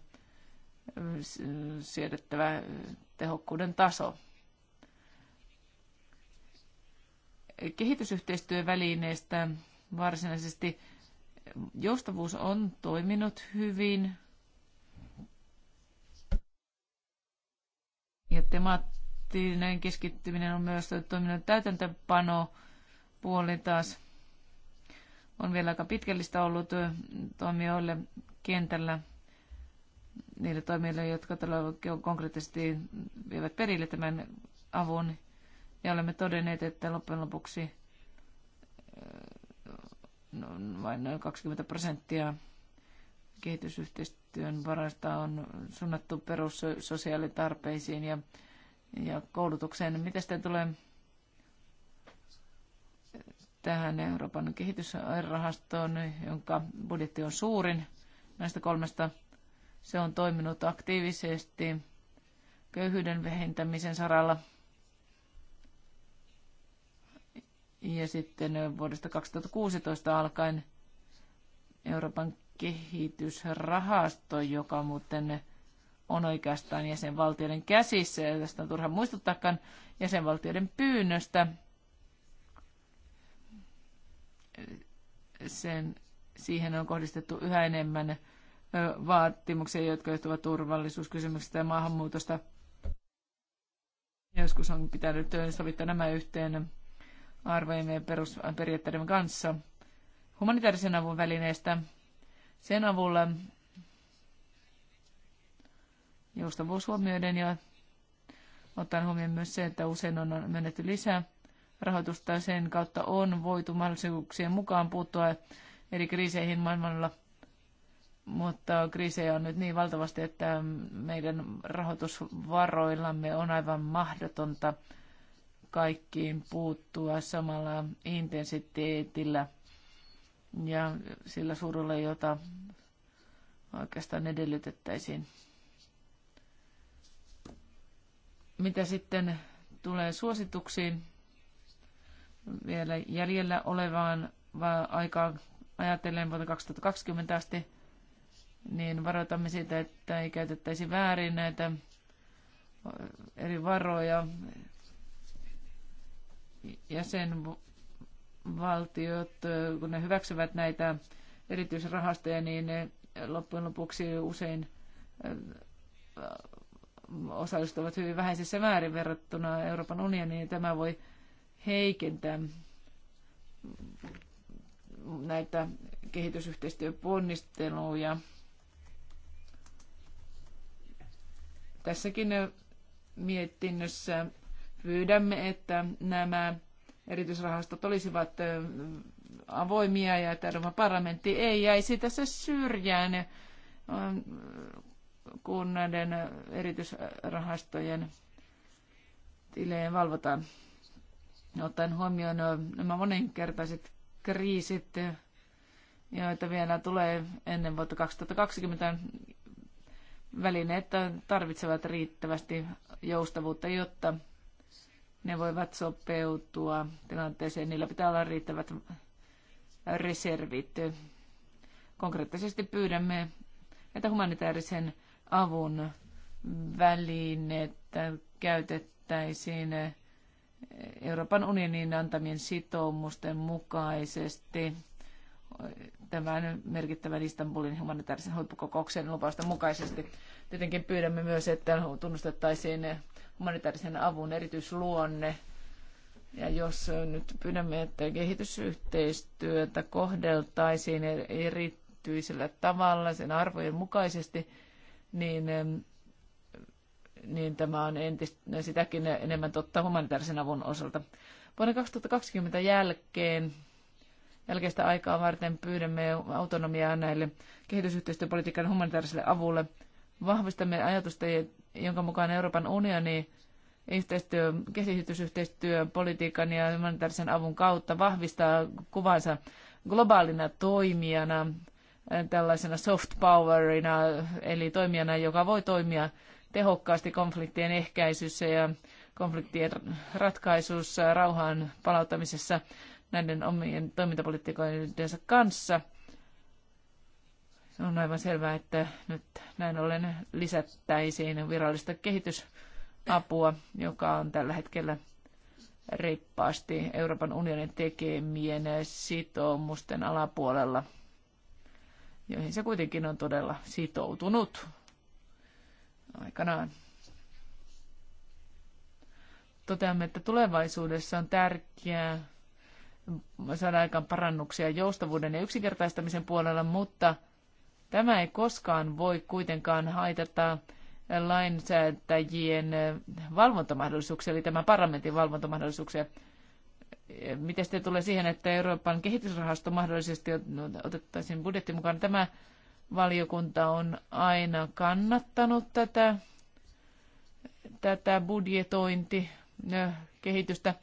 siedettävä tehokkuuden taso. Kehitysyhteistyövälineestä varsinaisesti joustavuus on toiminut hyvin temaattinen keskittyminen on myös toiminnan täytäntöpano puoli taas on vielä aika pitkällistä ollut toimijoille kentällä, niille toimijoille, jotka konkreettisesti vievät perille tämän avun. Ja olemme todenneet, että loppujen lopuksi no, vain noin 20 prosenttia kehitysyhteistyön varasta on suunnattu perussosiaalitarpeisiin ja, ja koulutukseen. Mitä sitten tulee tähän Euroopan kehitysrahastoon, jonka budjetti on suurin näistä kolmesta. Se on toiminut aktiivisesti köyhyyden vähentämisen saralla. Ja sitten vuodesta 2016 alkaen Euroopan kehitysrahasto, joka muuten on oikeastaan jäsenvaltioiden käsissä, ja tästä on turha muistuttaakaan jäsenvaltioiden pyynnöstä. Sen, siihen on kohdistettu yhä enemmän vaatimuksia, jotka johtuvat turvallisuuskysymyksistä ja maahanmuutosta. Joskus on pitänyt sovittaa nämä yhteen ja perusperiaatteiden kanssa. Humanitaarisen avun välineestä sen avulla joustavuus huomioiden ja ottaen huomioon myös se, että usein on myönnetty lisää rahoitusta sen kautta on voitu mahdollisuuksien mukaan puuttua eri kriiseihin maailmalla. Mutta kriisejä on nyt niin valtavasti, että meidän rahoitusvaroillamme on aivan mahdotonta kaikkiin puuttua samalla intensiteetillä – ja sillä surulla, jota oikeastaan edellytettäisiin. Mitä sitten tulee suosituksiin vielä jäljellä olevaan aikaan ajatellen vuotta 2020 asti, niin varoitamme siitä, että ei käytettäisi väärin näitä eri varoja jäsen valtiot, kun ne hyväksyvät näitä erityisrahastoja, niin ne loppujen lopuksi usein osallistuvat hyvin vähäisessä määrin verrattuna Euroopan unioniin, niin tämä voi heikentää näitä kehitysyhteistyöponnisteluja. Tässäkin mietinnössä pyydämme, että nämä erityisrahastot olisivat avoimia ja että Euroopan parlamentti ei jäisi tässä syrjään kun näiden erityisrahastojen tilejä valvotaan. Ottaen huomioon nämä moninkertaiset kriisit, joita vielä tulee ennen vuotta 2020, välineet tarvitsevat riittävästi joustavuutta, jotta ne voivat sopeutua tilanteeseen. Niillä pitää olla riittävät reservit. Konkreettisesti pyydämme, että humanitaarisen avun välineet käytettäisiin Euroopan unionin antamien sitoumusten mukaisesti tämän merkittävän Istanbulin humanitaarisen huippukokouksen lupausten mukaisesti. Tietenkin pyydämme myös, että tunnustettaisiin humanitaarisen avun erityisluonne. Ja jos nyt pyydämme, että kehitysyhteistyötä kohdeltaisiin erityisellä tavalla sen arvojen mukaisesti, niin, niin tämä on entistä, sitäkin enemmän totta humanitaarisen avun osalta. Vuoden 2020 jälkeen jälkeistä aikaa varten pyydämme autonomiaa näille kehitysyhteistyöpolitiikan humanitaariselle avulle – vahvistamme ajatusta, jonka mukaan Euroopan unioni yhteistyö, kehitysyhteistyö, politiikan ja humanitaarisen avun kautta vahvistaa kuvansa globaalina toimijana, eh, tällaisena soft powerina, eli toimijana, joka voi toimia tehokkaasti konfliktien ehkäisyssä ja konfliktien ratkaisussa, rauhaan palauttamisessa näiden omien toimintapolitiikoidensa kanssa – on aivan selvää, että nyt näin ollen lisättäisiin virallista kehitysapua, joka on tällä hetkellä reippaasti Euroopan unionin tekemien sitoumusten alapuolella, joihin se kuitenkin on todella sitoutunut aikanaan. Toteamme, että tulevaisuudessa on tärkeää saada aikaan parannuksia joustavuuden ja yksinkertaistamisen puolella, mutta Tämä ei koskaan voi kuitenkaan haitata lainsäätäjien valvontamahdollisuuksia, eli tämän parlamentin valvontamahdollisuuksia. Miten sitten tulee siihen, että Euroopan kehitysrahasto mahdollisesti otettaisiin budjetti mukaan? Tämä valiokunta on aina kannattanut tätä, tätä budjetointi kehitystä.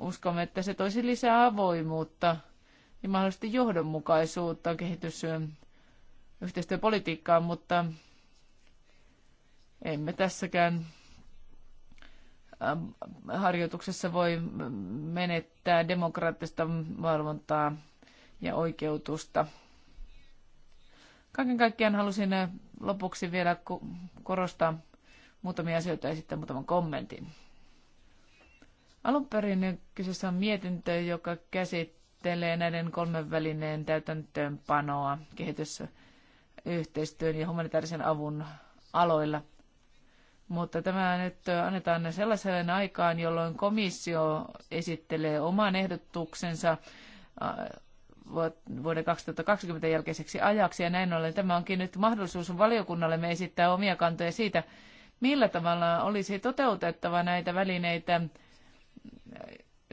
Uskomme, että se toisi lisää avoimuutta ja mahdollisesti johdonmukaisuutta kehitysyön Yhteistyöpolitiikkaan, mutta emme tässäkään ähm, harjoituksessa voi menettää demokraattista valvontaa ja oikeutusta. Kaiken kaikkiaan halusin äh, lopuksi vielä korostaa muutamia asioita ja sitten muutaman kommentin. Alun perin kyseessä on mietintö, joka käsittelee näiden kolmen välineen täytäntöönpanoa kehitysyhteistyössä yhteistyön ja humanitaarisen avun aloilla. Mutta tämä nyt annetaan sellaiselle aikaan, jolloin komissio esittelee oman ehdotuksensa vuoden 2020 jälkeiseksi ajaksi. Ja näin ollen tämä onkin nyt mahdollisuus me esittää omia kantoja siitä, millä tavalla olisi toteutettava näitä välineitä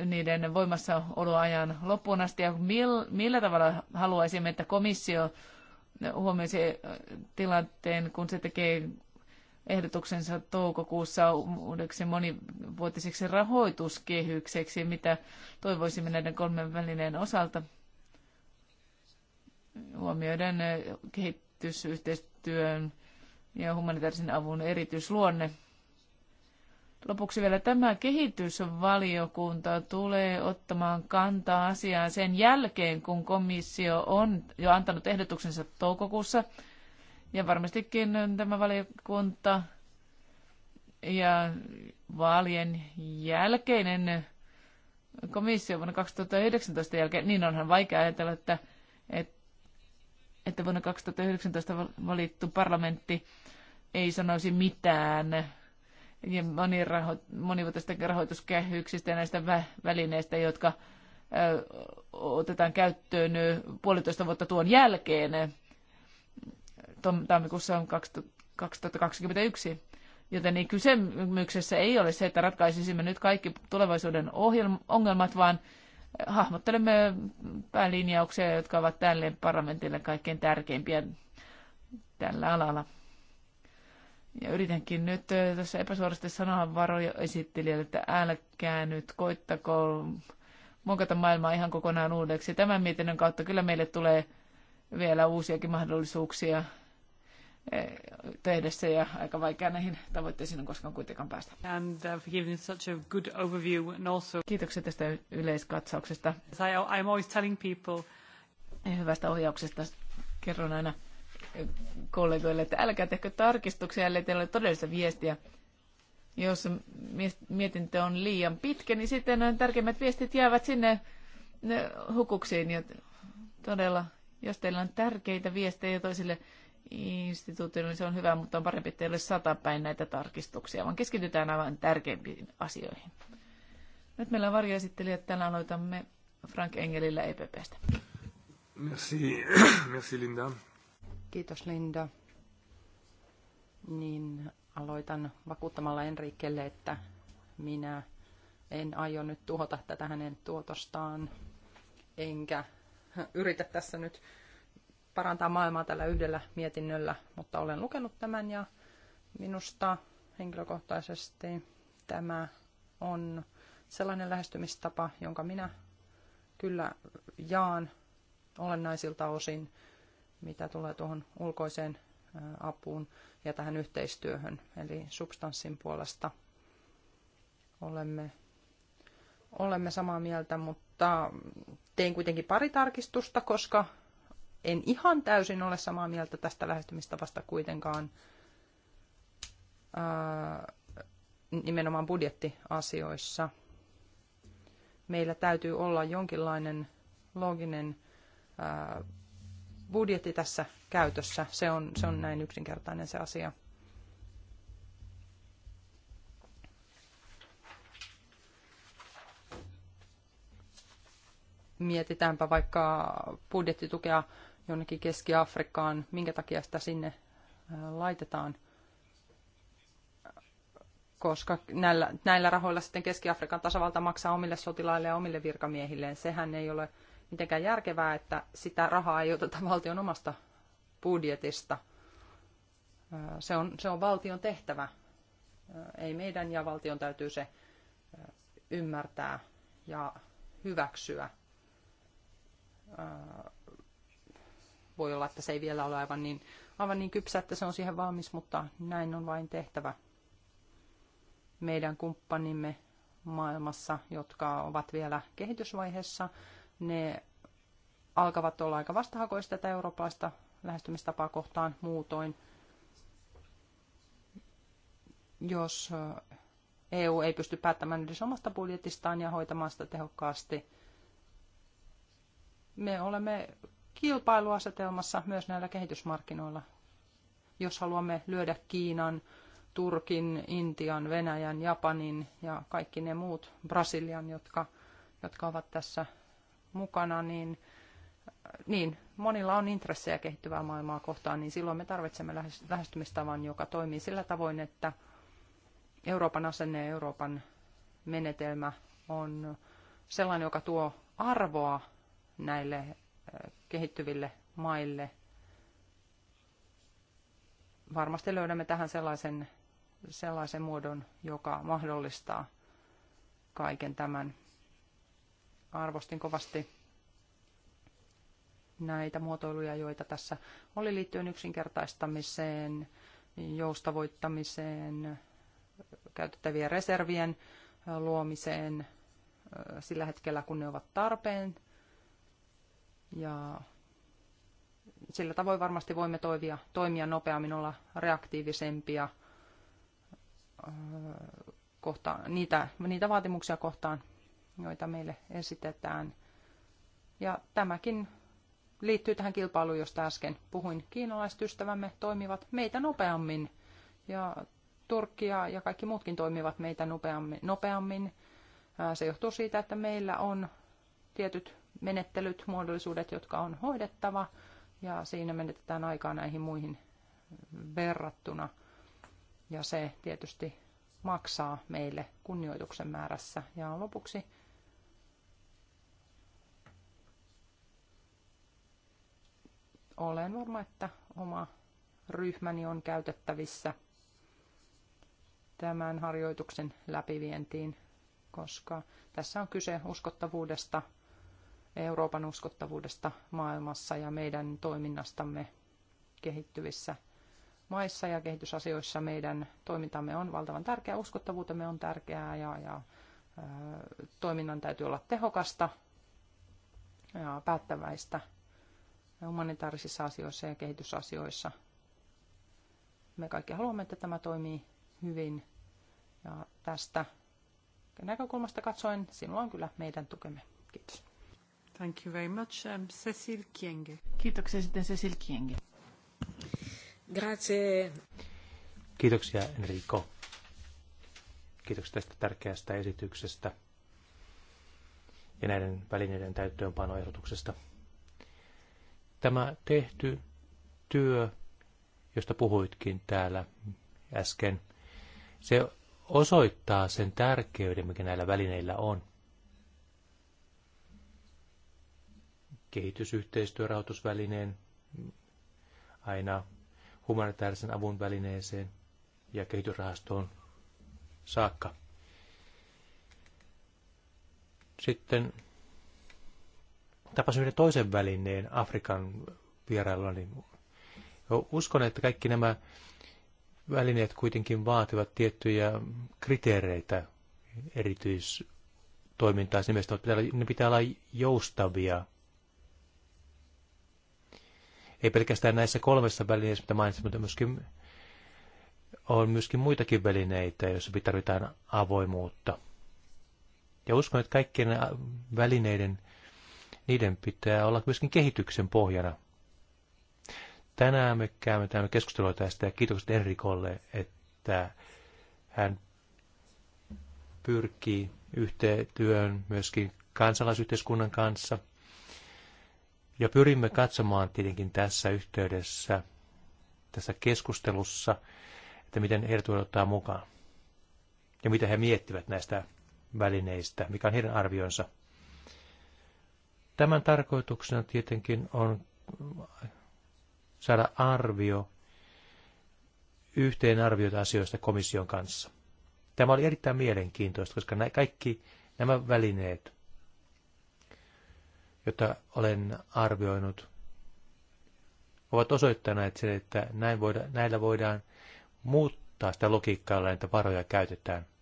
niiden voimassaoloajan loppuun asti ja millä tavalla haluaisimme, että komissio huomioi se äh, tilanteen, kun se tekee ehdotuksensa toukokuussa uudeksi monivuotiseksi rahoituskehykseksi, mitä toivoisimme näiden kolmen välineen osalta huomioiden äh, kehitysyhteistyön ja humanitaarisen avun erityisluonne. Lopuksi vielä tämä kehitysvaliokunta tulee ottamaan kantaa asiaan sen jälkeen, kun komissio on jo antanut ehdotuksensa toukokuussa. Ja varmastikin tämä valiokunta ja vaalien jälkeinen komissio vuonna 2019 jälkeen, niin onhan vaikea ajatella, että, että vuonna 2019 valittu parlamentti ei sanoisi mitään ja monivuotisista rahoituskehyksistä ja näistä välineistä, jotka otetaan käyttöön puolitoista vuotta tuon jälkeen tammikuussa on 2021. Joten niin kysymyksessä ei ole se, että ratkaisisimme nyt kaikki tulevaisuuden ongelmat, vaan hahmottelemme päälinjauksia, jotka ovat tälle parlamentille kaikkein tärkeimpiä tällä alalla. Ja yritänkin nyt tässä epäsuorasti sanoa varoja esittelijälle, että älkää nyt koittako muokata maailmaa ihan kokonaan uudeksi. Tämän mietinnön kautta kyllä meille tulee vielä uusiakin mahdollisuuksia tehdä se ja aika vaikea näihin tavoitteisiin on koskaan kuitenkaan päästä. And uh, for giving such a good overview and also... Kiitoksia tästä yleiskatsauksesta. I, I'm always telling people... hyvästä ohjauksesta kerron aina kollegoille, että älkää tehkö tarkistuksia, ellei teillä ole todellista viestiä. Jos mietintö on liian pitkä, niin sitten tärkeimmät viestit jäävät sinne hukuksiin. Ja todella, jos teillä on tärkeitä viestejä toisille instituutioille, niin se on hyvä, mutta on parempi, että ei päin satapäin näitä tarkistuksia, vaan keskitytään aivan tärkeimpiin asioihin. Nyt meillä on varjoesittelijät. Tänään aloitamme Frank Engelillä EPPstä. Merci, merci Linda. Kiitos Linda. Niin aloitan vakuuttamalla Enrikelle, että minä en aio nyt tuhota tätä hänen tuotostaan, enkä yritä tässä nyt parantaa maailmaa tällä yhdellä mietinnöllä, mutta olen lukenut tämän ja minusta henkilökohtaisesti tämä on sellainen lähestymistapa, jonka minä kyllä jaan olennaisilta osin mitä tulee tuohon ulkoiseen apuun ja tähän yhteistyöhön. Eli substanssin puolesta olemme, olemme samaa mieltä, mutta tein kuitenkin pari tarkistusta, koska en ihan täysin ole samaa mieltä tästä lähestymistavasta kuitenkaan ää, nimenomaan budjettiasioissa. Meillä täytyy olla jonkinlainen looginen ää, budjetti tässä käytössä. Se on, se on näin yksinkertainen se asia. Mietitäänpä vaikka budjettitukea jonnekin Keski-Afrikkaan, minkä takia sitä sinne laitetaan – koska näillä, näillä rahoilla sitten Keski-Afrikan tasavalta maksaa omille sotilaille ja omille virkamiehilleen. Sehän ei ole mitenkään järkevää, että sitä rahaa ei oteta valtion omasta budjetista. Se on, se on valtion tehtävä. Ei meidän ja valtion täytyy se ymmärtää ja hyväksyä. Voi olla, että se ei vielä ole aivan niin, aivan niin kypsä, että se on siihen valmis, mutta näin on vain tehtävä. Meidän kumppanimme maailmassa, jotka ovat vielä kehitysvaiheessa, ne alkavat olla aika vastahakoista tätä eurooppalaista lähestymistapaa kohtaan muutoin. Jos EU ei pysty päättämään edes omasta budjetistaan ja hoitamaan sitä tehokkaasti, me olemme kilpailuasetelmassa myös näillä kehitysmarkkinoilla. Jos haluamme lyödä Kiinan, Turkin, Intian, Venäjän, Japanin ja kaikki ne muut, Brasilian, jotka, jotka ovat tässä mukana, niin, niin monilla on intressejä kehittyvää maailmaa kohtaan, niin silloin me tarvitsemme lähestymistavan, joka toimii sillä tavoin, että Euroopan asenne ja Euroopan menetelmä on sellainen, joka tuo arvoa näille kehittyville maille. Varmasti löydämme tähän sellaisen, sellaisen muodon, joka mahdollistaa kaiken tämän arvostin kovasti näitä muotoiluja, joita tässä oli liittyen yksinkertaistamiseen, joustavoittamiseen, käytettävien reservien luomiseen sillä hetkellä, kun ne ovat tarpeen. Ja sillä tavoin varmasti voimme toimia, toimia nopeammin, olla reaktiivisempia kohtaan, niitä, niitä vaatimuksia kohtaan, joita meille esitetään. Ja tämäkin liittyy tähän kilpailuun, josta äsken puhuin. Kiinalaiset ystävämme toimivat meitä nopeammin ja Turkkia ja kaikki muutkin toimivat meitä nopeammin. nopeammin. Se johtuu siitä, että meillä on tietyt menettelyt, muodollisuudet, jotka on hoidettava ja siinä menetetään aikaa näihin muihin verrattuna. Ja se tietysti maksaa meille kunnioituksen määrässä. Ja lopuksi olen varma, että oma ryhmäni on käytettävissä tämän harjoituksen läpivientiin, koska tässä on kyse uskottavuudesta, Euroopan uskottavuudesta maailmassa ja meidän toiminnastamme kehittyvissä maissa ja kehitysasioissa meidän toimintamme on valtavan tärkeää, uskottavuutemme on tärkeää ja, ja ää, toiminnan täytyy olla tehokasta ja päättäväistä humanitaarisissa asioissa ja kehitysasioissa. Me kaikki haluamme, että tämä toimii hyvin. Ja tästä näkökulmasta katsoen sinulla on kyllä meidän tukemme. Kiitos. Thank you very much. Um, Cecil Kienge. Kiitoksia sitten Cecil Kienge. Grazie. Kiitoksia Enrico. Kiitoksia tästä tärkeästä esityksestä ja näiden välineiden täyttöönpanoehdotuksesta. ehdotuksesta. Tämä tehty työ, josta puhuitkin täällä äsken, se osoittaa sen tärkeyden, mikä näillä välineillä on. Kehitysyhteistyörahoitusvälineen aina humanitaarisen avun välineeseen ja kehitysrahastoon saakka. Sitten tapasin yhden toisen välineen Afrikan vierailla, niin uskon, että kaikki nämä välineet kuitenkin vaativat tiettyjä kriteereitä erityistoimintaa pitää, olla, ne pitää olla joustavia. Ei pelkästään näissä kolmessa välineessä, mitä mainitsin, mutta myöskin on myöskin muitakin välineitä, joissa tarvitaan avoimuutta. Ja uskon, että kaikkien välineiden niiden pitää olla myöskin kehityksen pohjana. Tänään me käymme tämän keskustelua tästä ja kiitokset Enrikolle, että hän pyrkii yhteistyön myöskin kansalaisyhteiskunnan kanssa. Ja pyrimme katsomaan tietenkin tässä yhteydessä, tässä keskustelussa, että miten heidät ottaa mukaan. Ja mitä he miettivät näistä välineistä, mikä on heidän arvionsa. Tämän tarkoituksena tietenkin on saada arvio, yhteen arvioita asioista komission kanssa. Tämä oli erittäin mielenkiintoista, koska kaikki nämä välineet, joita olen arvioinut, ovat osoittaneet sen, että näin voida, näillä voidaan muuttaa sitä logiikkaa, että varoja käytetään –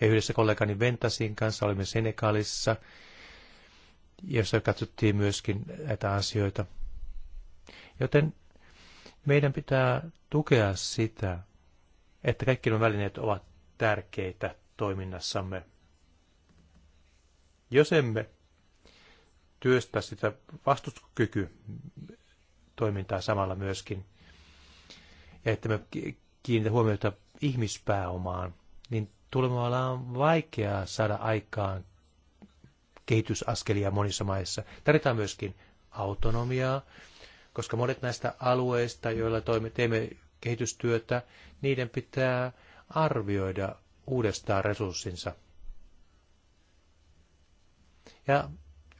Ja yhdessä kollegani Ventasin kanssa olimme Senegalissa, jossa katsottiin myöskin näitä asioita. Joten meidän pitää tukea sitä, että kaikki nuo välineet ovat tärkeitä toiminnassamme. Jos emme työstä sitä vastuskyky toimintaa samalla myöskin, ja että me kiinnitä huomiota ihmispääomaan, niin tulemalla on vaikeaa saada aikaan kehitysaskelia monissa maissa. Tarvitaan myöskin autonomiaa, koska monet näistä alueista, joilla toimme, teemme kehitystyötä, niiden pitää arvioida uudestaan resurssinsa. Ja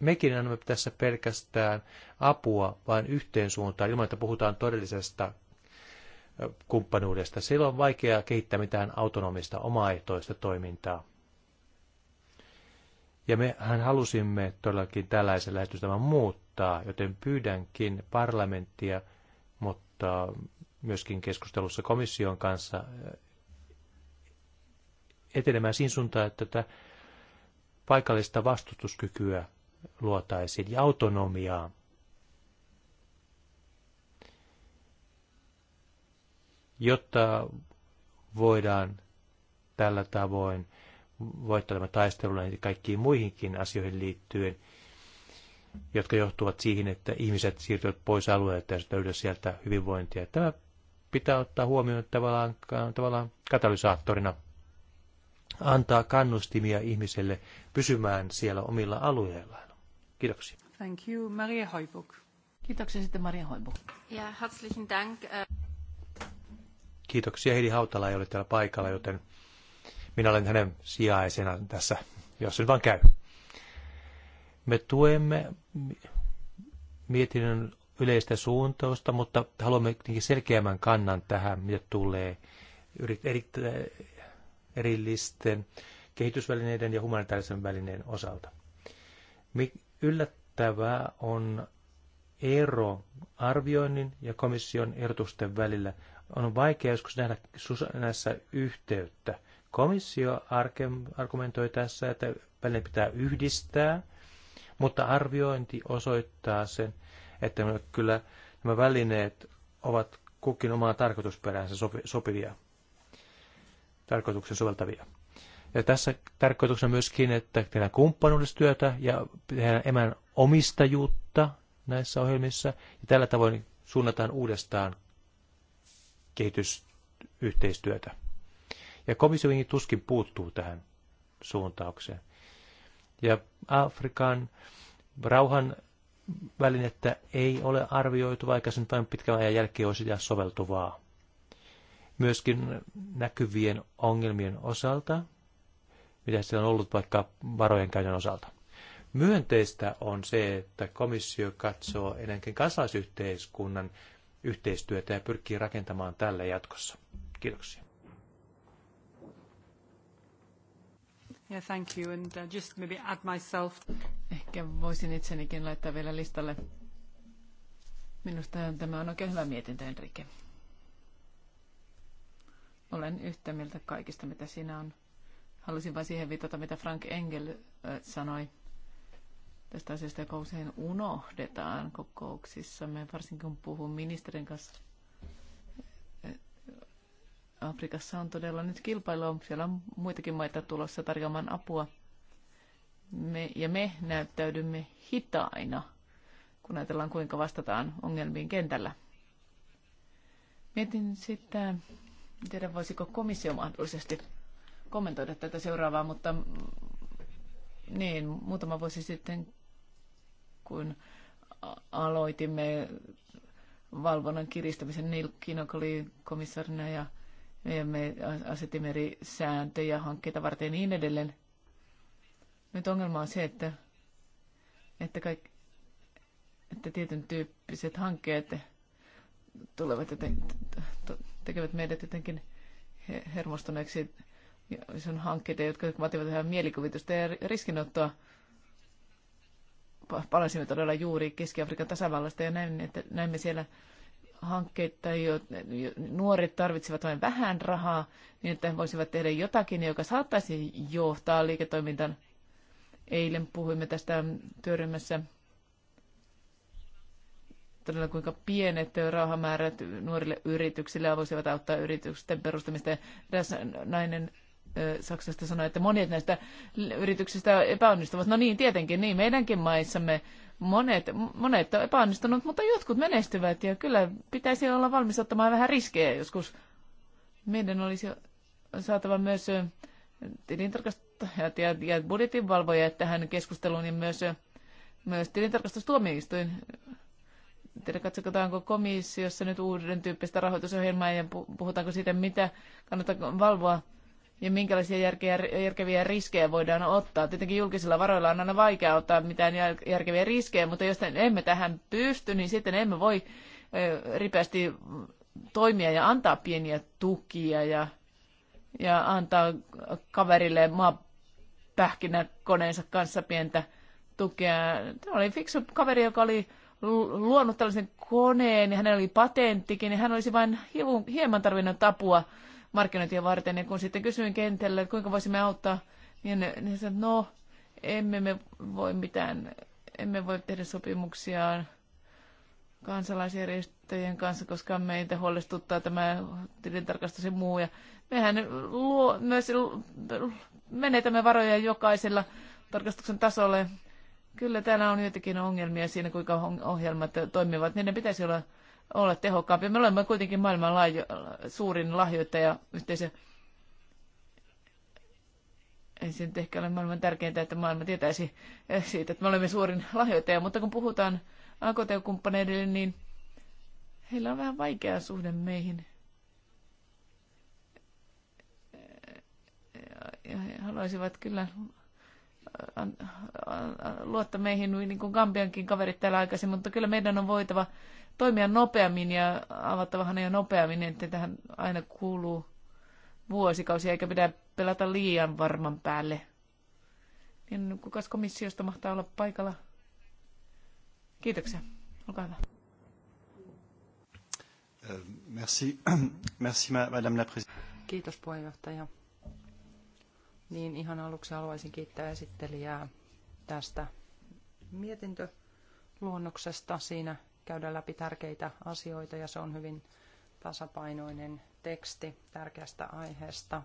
mekin annamme tässä pelkästään apua vain yhteen suuntaan, ilman että puhutaan todellisesta kumppanuudesta. Silloin on vaikea kehittää mitään autonomista omaehtoista toimintaa. Ja mehän halusimme todellakin tällaisen lähestymistavan muuttaa, joten pyydänkin parlamenttia, mutta myöskin keskustelussa komission kanssa eh, etenemään siinä suuntaan, että tätä paikallista vastustuskykyä luotaisiin ja autonomiaa jotta voidaan tällä tavoin voittaa tämä taistelu näihin kaikkiin muihinkin asioihin liittyen, jotka johtuvat siihen, että ihmiset siirtyvät pois alueelta ja sitä yhdessä sieltä hyvinvointia. Tämä pitää ottaa huomioon tavallaan, tavallaan katalysaattorina, antaa kannustimia ihmiselle pysymään siellä omilla alueillaan. Kiitoksia. Thank you, Maria Hoibuk. Kiitoksia sitten Maria Hoibuk. Ja, herzlichen Dank. Äh, Kiitoksia. Heidi Hautala ei ole täällä paikalla, joten minä olen hänen sijaisena tässä, jos se vaan käy. Me tuemme mietinnön yleistä suuntausta, mutta haluamme selkeämmän kannan tähän, mitä tulee eri, erillisten kehitysvälineiden ja humanitaarisen välineen osalta. Yllättävää on ero arvioinnin ja komission ehdotusten välillä on vaikea joskus nähdä näissä yhteyttä. Komissio argumentoi tässä, että väline pitää yhdistää, mutta arviointi osoittaa sen, että kyllä nämä välineet ovat kukin omaa tarkoitusperäänsä sopivia, tarkoituksen soveltavia. Ja tässä tarkoituksena myöskin, että tehdään kumppanuudistyötä ja tehdään emän omistajuutta näissä ohjelmissa, ja tällä tavoin suunnataan uudestaan kehitysyhteistyötä. Ja komissio tuskin puuttuu tähän suuntaukseen. Ja Afrikan rauhan välinettä ei ole arvioitu, vaikka sen vain pitkän ajan jälkeen olisi soveltuvaa. Myöskin näkyvien ongelmien osalta, mitä siellä on ollut vaikka varojen käytön osalta. Myönteistä on se, että komissio katsoo ennenkin kansalaisyhteiskunnan yhteistyötä ja pyrkii rakentamaan tälle jatkossa. Kiitoksia. Yeah, thank you. And uh, just maybe add myself. Ehkä voisin itsenikin laittaa vielä listalle. Minusta tämä on oikein hyvä mietintö, Enrique. Olen yhtä mieltä kaikista, mitä siinä on. Halusin vain siihen viitata, mitä Frank Engel sanoi tästä asiasta, joka usein unohdetaan kokouksissamme, varsinkin kun puhun ministerin kanssa. Afrikassa on todella nyt kilpailua. Siellä on muitakin maita tulossa tarjoamaan apua. Me, ja me näyttäydymme hitaina, kun ajatellaan kuinka vastataan ongelmiin kentällä. Mietin sitten, en tiedä voisiko komissio mahdollisesti kommentoida tätä seuraavaa, mutta niin, muutama vuosi sitten kun aloitimme valvonnan kiristämisen. Neil oli komissarina ja me asetimme eri sääntöjä hankkeita varten ja niin edelleen. Nyt ongelma on se, että, että, kaik, että tietyn tyyppiset hankkeet tulevat joten, tekevät meidät jotenkin hermostuneeksi. Se on hankkeita, jotka vaativat ihan mielikuvitusta ja riskinottoa palasimme todella juuri Keski-Afrikan tasavallasta ja näimme, että näimme siellä hankkeita, jo, nuoret tarvitsivat vain vähän rahaa, niin että he voisivat tehdä jotakin, joka saattaisi johtaa liiketoimintaan. Eilen puhuimme tästä työryhmässä todella kuinka pienet rahamäärät nuorille yrityksille voisivat auttaa yritysten perustamista. Tässä nainen Saksasta sanoi, että monet näistä yrityksistä epäonnistuvat. No niin, tietenkin, niin meidänkin maissamme monet, monet on epäonnistunut, mutta jotkut menestyvät ja kyllä pitäisi olla valmis ottamaan vähän riskejä joskus. Meidän olisi saatava myös tilintarkastajat ja, ja budjetinvalvojat tähän keskusteluun ja myös, myös tilintarkastustuomioistuin. Tiedä, katsotaanko komissiossa nyt uuden tyyppistä rahoitusohjelmaa ja puhutaanko siitä, mitä kannattaa valvoa ja minkälaisia järkeä, järkeviä riskejä voidaan ottaa. Tietenkin julkisilla varoilla on aina vaikea ottaa mitään järkeviä riskejä, mutta jos emme tähän pysty, niin sitten emme voi ripeästi toimia ja antaa pieniä tukia ja, ja antaa kaverille koneensa kanssa pientä tukea. Tämä oli fiksu kaveri, joka oli luonut tällaisen koneen, ja hänellä oli patenttikin, ja hän olisi vain hieman tarvinnut apua markkinointia varten. Ja kun sitten kysyin kentällä, että kuinka voisimme auttaa, niin ne, ne sanoivat, no, emme me voi mitään, emme voi tehdä sopimuksia kansalaisjärjestöjen kanssa, koska meitä huolestuttaa tämä tilintarkastus ja muu. Ja mehän luo, myös menetämme varoja jokaisella tarkastuksen tasolle. Kyllä täällä on joitakin ongelmia siinä, kuinka ohjelmat toimivat. Niiden pitäisi olla olla tehokkaampia. Me olemme kuitenkin maailman laajo, suurin lahjoittaja yhteisö. Ei se nyt ehkä ole maailman tärkeintä, että maailma tietäisi eh, siitä, että me olemme suurin lahjoittaja, mutta kun puhutaan AKT-kumppaneille, niin heillä on vähän vaikea suhde meihin. Eh, ja he haluaisivat kyllä eh, luottaa meihin, niin kuin Gambiankin kaverit täällä aikaisemmin, mutta kyllä meidän on voitava toimia nopeammin ja avattava ja nopeammin, niin että tähän aina kuuluu vuosikausia, eikä pidä pelata liian varman päälle. Niin kukas komissiosta mahtaa olla paikalla? Kiitoksia. Olkaa hyvä. Euh, merci. Merci, madame la Kiitos puheenjohtaja. Niin ihan aluksi haluaisin kiittää esittelijää tästä mietintöluonnoksesta. Siinä käydä läpi tärkeitä asioita ja se on hyvin tasapainoinen teksti tärkeästä aiheesta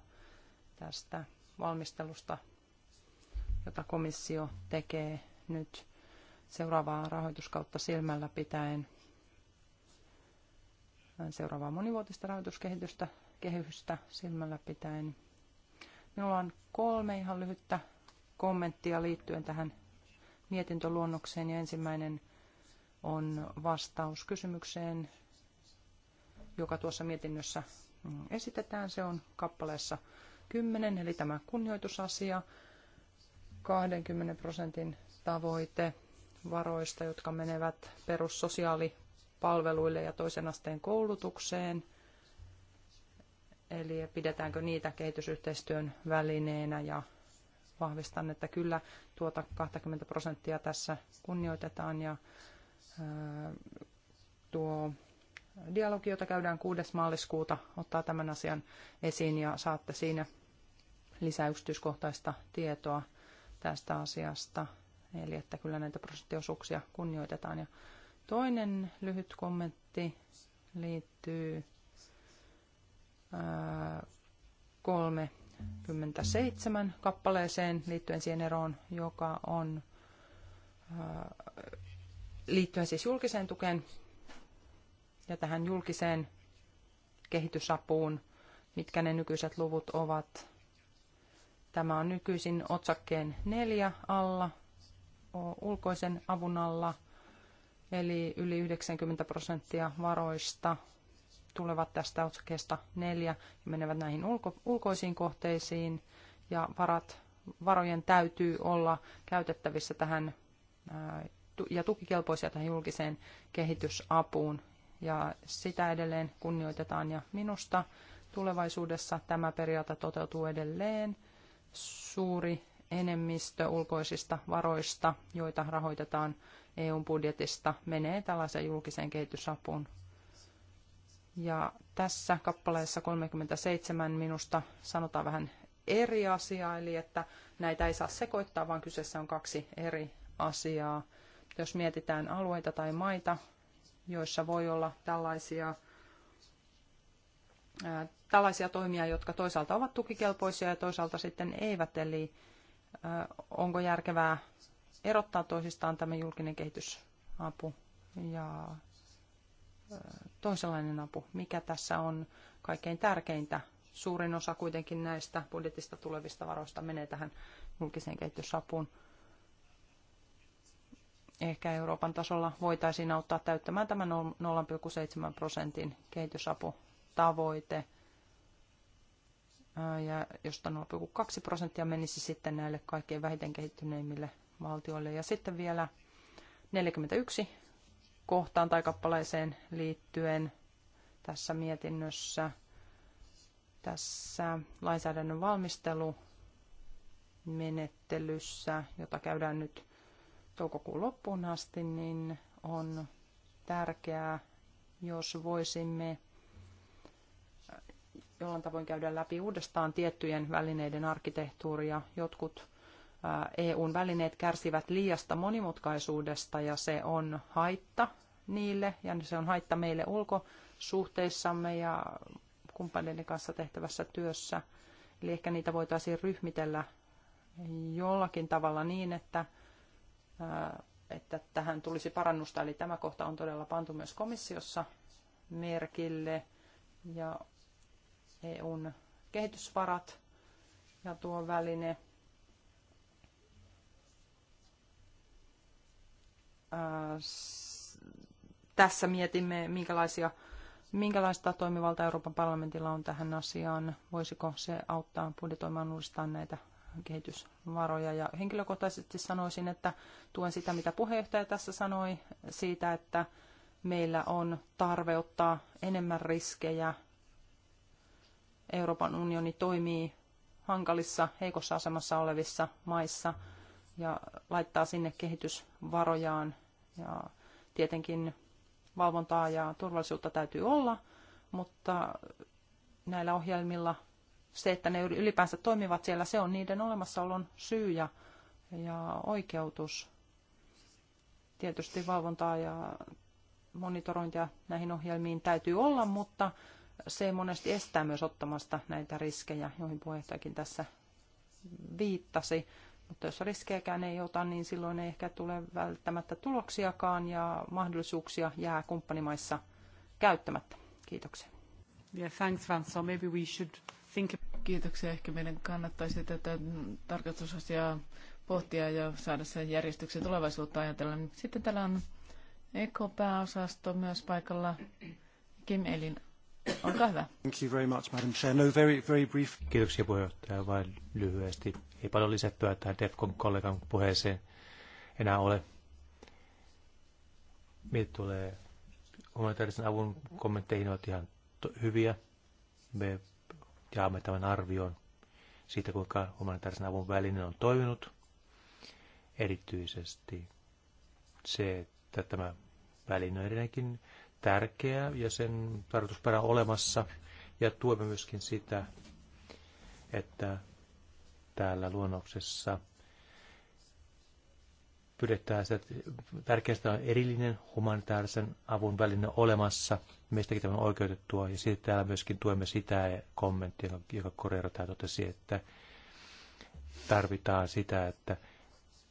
tästä valmistelusta, jota komissio tekee nyt seuraavaa rahoituskautta silmällä pitäen seuraavaa monivuotista rahoituskehitystä kehystä silmällä pitäen. Minulla on kolme ihan lyhyttä kommenttia liittyen tähän mietintöluonnokseen ja ensimmäinen on vastaus kysymykseen, joka tuossa mietinnössä mm, esitetään. Se on kappaleessa 10, eli tämä kunnioitusasia, 20 prosentin tavoite varoista, jotka menevät perussosiaalipalveluille ja toisen asteen koulutukseen. Eli pidetäänkö niitä kehitysyhteistyön välineenä ja vahvistan, että kyllä tuota 20 prosenttia tässä kunnioitetaan ja tuo dialogi, jota käydään 6. maaliskuuta, ottaa tämän asian esiin ja saatte siinä lisää yksityiskohtaista tietoa tästä asiasta. Eli että kyllä näitä prosenttiosuuksia kunnioitetaan. Ja toinen lyhyt kommentti liittyy 37 äh, kappaleeseen liittyen siihen eroon, joka on äh, liittyen siis julkiseen tukeen ja tähän julkiseen kehitysapuun, mitkä ne nykyiset luvut ovat. Tämä on nykyisin otsakkeen neljä alla, ulkoisen avun alla, eli yli 90 prosenttia varoista tulevat tästä otsakkeesta neljä ja menevät näihin ulko, ulkoisiin kohteisiin, ja varat, varojen täytyy olla käytettävissä tähän ja tukikelpoisia tähän julkiseen kehitysapuun. Ja sitä edelleen kunnioitetaan ja minusta tulevaisuudessa tämä periaate toteutuu edelleen. Suuri enemmistö ulkoisista varoista, joita rahoitetaan eu budjetista, menee tällaiseen julkiseen kehitysapuun. Ja tässä kappaleessa 37 minusta sanotaan vähän eri asiaa, eli että näitä ei saa sekoittaa, vaan kyseessä on kaksi eri asiaa. Jos mietitään alueita tai maita, joissa voi olla tällaisia, ää, tällaisia toimia, jotka toisaalta ovat tukikelpoisia ja toisaalta sitten eivät, eli ää, onko järkevää erottaa toisistaan tämä julkinen kehitysapu ja toisenlainen apu, mikä tässä on kaikkein tärkeintä. Suurin osa kuitenkin näistä budjetista tulevista varoista menee tähän julkiseen kehitysapuun ehkä Euroopan tasolla voitaisiin auttaa täyttämään tämä 0,7 prosentin kehitysaputavoite. Ja josta 0,2 prosenttia menisi sitten näille kaikkein vähiten kehittyneimmille valtioille. Ja sitten vielä 41 kohtaan tai kappaleeseen liittyen tässä mietinnössä. Tässä lainsäädännön valmistelu menettelyssä, jota käydään nyt toukokuun loppuun asti, niin on tärkeää, jos voisimme äh, jollain tavoin käydä läpi uudestaan tiettyjen välineiden arkkitehtuuria. Jotkut äh, EUn välineet kärsivät liiasta monimutkaisuudesta ja se on haitta niille ja se on haitta meille ulkosuhteissamme ja kumppaneiden kanssa tehtävässä työssä. Eli ehkä niitä voitaisiin ryhmitellä jollakin tavalla niin, että Äh, että tähän tulisi parannusta. Eli tämä kohta on todella pantu myös komissiossa merkille ja EUn kehitysvarat ja tuo väline. Äh, tässä mietimme, minkälaisia, minkälaista toimivalta Euroopan parlamentilla on tähän asiaan. Voisiko se auttaa budjetoimaan uudestaan näitä kehitysvaroja. Ja henkilökohtaisesti sanoisin, että tuen sitä, mitä puheenjohtaja tässä sanoi, siitä, että meillä on tarve ottaa enemmän riskejä. Euroopan unioni toimii hankalissa, heikossa asemassa olevissa maissa ja laittaa sinne kehitysvarojaan. Ja tietenkin valvontaa ja turvallisuutta täytyy olla, mutta näillä ohjelmilla – se, että ne ylipäänsä toimivat siellä, se on niiden olemassaolon syy ja, ja oikeutus. Tietysti valvontaa ja monitorointia näihin ohjelmiin täytyy olla, mutta se monesti estää myös ottamasta näitä riskejä, joihin puheenjohtajakin tässä viittasi. Mutta jos riskejäkään ei ota, niin silloin ei ehkä tule välttämättä tuloksiakaan ja mahdollisuuksia jää kumppanimaissa käyttämättä. Kiitoksia. Yeah, thanks Maybe we should think... Kiitoksia. Ehkä meidän kannattaisi tätä tarkastusasiaa pohtia ja saada sen järjestyksen tulevaisuutta ajatellen. Sitten täällä on ekopääosasto myös paikalla. Kim Elin, olkaa hyvä. Thank you very much, Madam Chair. No, very, very brief. Kiitoksia puheenjohtaja, vain lyhyesti. Ei paljon lisättyä tähän DEFCON kollegan puheeseen enää ole. Mitä tulee humanitaarisen avun kommentteihin, ovat ihan hyviä. Me jaamme tämän arvion siitä, kuinka humanitaarisen avun väline on toiminut. Erityisesti se, että tämä väline on edelleenkin tärkeä ja sen tarkoitusperä olemassa. Ja tuemme myöskin sitä, että täällä luonnoksessa pyydetään sitä, että tärkeästä on erillinen humanitaarisen avun väline olemassa, meistäkin tämä on oikeutettua, ja sitten täällä myöskin tuemme sitä kommenttia, joka Korero täällä totesi, että tarvitaan sitä, että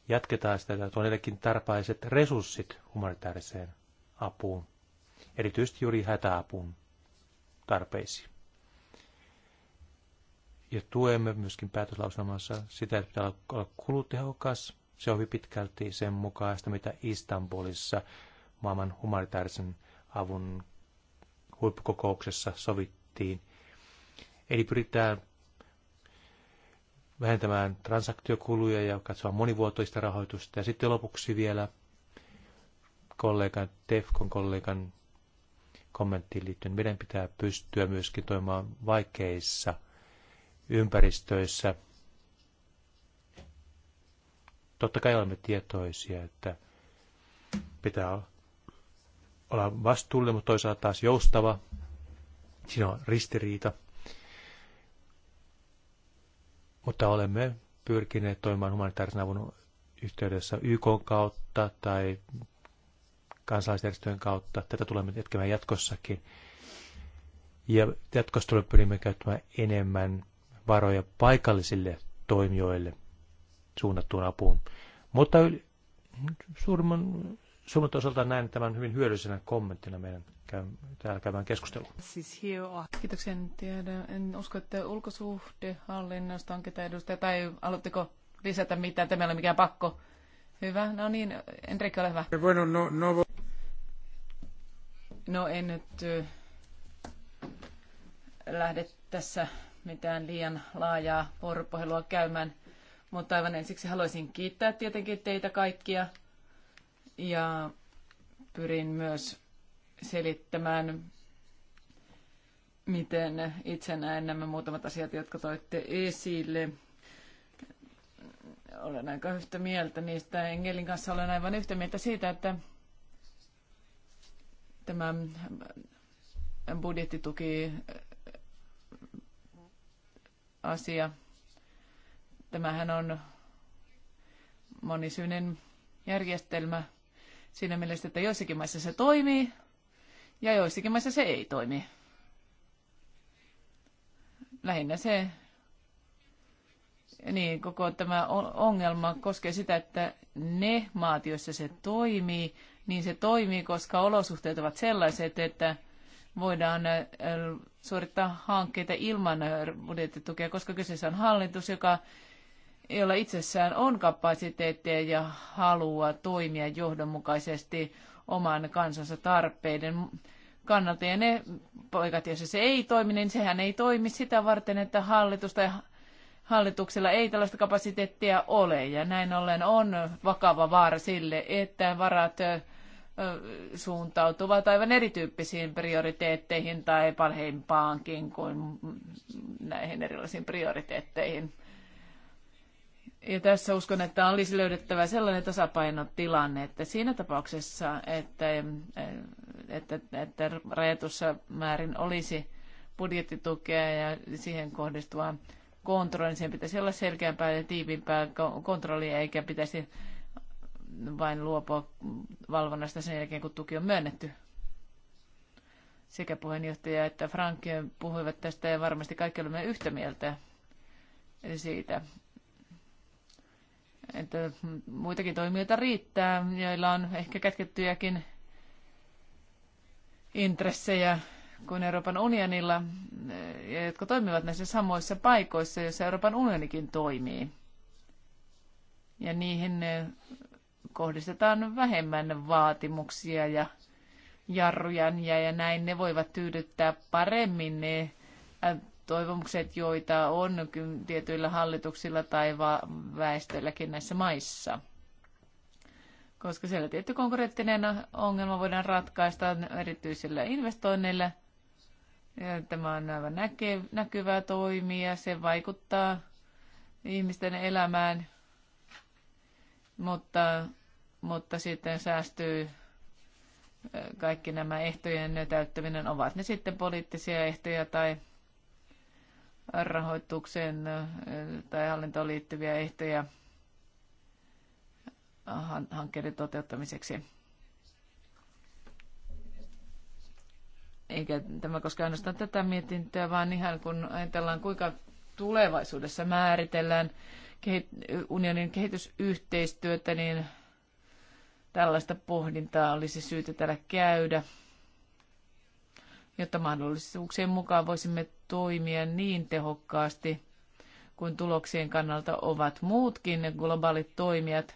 jatketaan sitä, että on edellekin tarpaiset resurssit humanitaariseen apuun, erityisesti juuri hätäapun tarpeisiin. Ja tuemme myöskin päätöslausunnossa sitä, että pitää olla kulutehokas, se on hyvin pitkälti sen mukaista, mitä Istanbulissa maailman humanitaarisen avun huippukokouksessa sovittiin. Eli pyritään vähentämään transaktiokuluja ja katsoa monivuotoista rahoitusta. Ja sitten lopuksi vielä kollegan, Tefkon kollegan kommenttiin liittyen, meidän pitää pystyä myöskin toimimaan vaikeissa ympäristöissä – Totta kai olemme tietoisia, että pitää olla vastuullinen, mutta toisaalta taas joustava. Siinä on ristiriita. Mutta olemme pyrkineet toimimaan humanitaarisen avun yhteydessä YK kautta tai kansalaisjärjestöjen kautta. Tätä tulemme jatkamaan jatkossakin. Ja jatkossa tulemme pyrimme käyttämään enemmän varoja paikallisille toimijoille – suunnattuun apuun. Mutta suurimman, suurimman osalta näen tämän hyvin hyödyllisenä kommenttina meidän täällä käymään keskusteluun. Siis Kiitoksia. En tiedä. En usko, että ulkosuhdehallinnosta on ketä edustaja. Tai haluatteko lisätä mitään? Tämä ei ole mikään pakko. Hyvä. No niin, Enrik, ole hyvä. Bueno, no, no... no en nyt lähde tässä mitään liian laajaa vuoropuhelua käymään. Mutta aivan ensiksi haluaisin kiittää tietenkin teitä kaikkia ja pyrin myös selittämään, miten itse näen nämä muutamat asiat, jotka toitte esille. Olen aika yhtä mieltä niistä. Engelin kanssa olen aivan yhtä mieltä siitä, että tämä budjettituki asia – Tämähän on monisyinen järjestelmä siinä mielessä, että joissakin maissa se toimii ja joissakin maissa se ei toimi. Lähinnä se, niin koko tämä ongelma koskee sitä, että ne maat, joissa se toimii, niin se toimii, koska olosuhteet ovat sellaiset, että voidaan äh, suorittaa hankkeita ilman budjettitukea, koska kyseessä on hallitus, joka jolla itsessään on kapasiteettia ja halua toimia johdonmukaisesti oman kansansa tarpeiden kannalta. Ja ne poikat, jos se ei toimi, niin sehän ei toimi sitä varten, että hallitus tai hallituksella ei tällaista kapasiteettia ole. Ja näin ollen on vakava vaara sille, että varat suuntautuvat aivan erityyppisiin prioriteetteihin tai parhaimpaankin kuin näihin erilaisiin prioriteetteihin. Ja tässä uskon, että olisi löydettävä sellainen tasapainotilanne, että siinä tapauksessa, että, että, että rajatussa määrin olisi budjettitukea ja siihen kohdistuvaa kontrolli, niin sen pitäisi olla selkeämpää ja tiiviimpää kontrollia, eikä pitäisi vain luopua valvonnasta sen jälkeen, kun tuki on myönnetty. Sekä puheenjohtaja että Frank puhuivat tästä ja varmasti kaikki olemme yhtä mieltä siitä, että muitakin toimijoita riittää, joilla on ehkä kätkettyjäkin intressejä kuin Euroopan unionilla, jotka toimivat näissä samoissa paikoissa, joissa Euroopan unionikin toimii. Ja niihin eh, kohdistetaan vähemmän vaatimuksia ja jarrujan ja näin ne voivat tyydyttää paremmin ne eh, toivomukset, joita on tietyillä hallituksilla tai väestölläkin näissä maissa. Koska siellä tietty konkreettinen ongelma voidaan ratkaista erityisillä investoinneilla. Ja tämä on aivan näke, toimia, se vaikuttaa ihmisten elämään, mutta, mutta sitten säästyy kaikki nämä ehtojen täyttäminen, ovat ne sitten poliittisia ehtoja tai rahoitukseen tai hallintoon liittyviä ehtoja hankkeiden toteuttamiseksi. Eikä tämä koskaan ainoastaan tätä mietintöä, vaan ihan kun ajatellaan, kuinka tulevaisuudessa määritellään unionin kehitysyhteistyötä, niin tällaista pohdintaa olisi syytä täällä käydä jotta mahdollisuuksien mukaan voisimme toimia niin tehokkaasti kuin tuloksien kannalta ovat muutkin globaalit toimijat,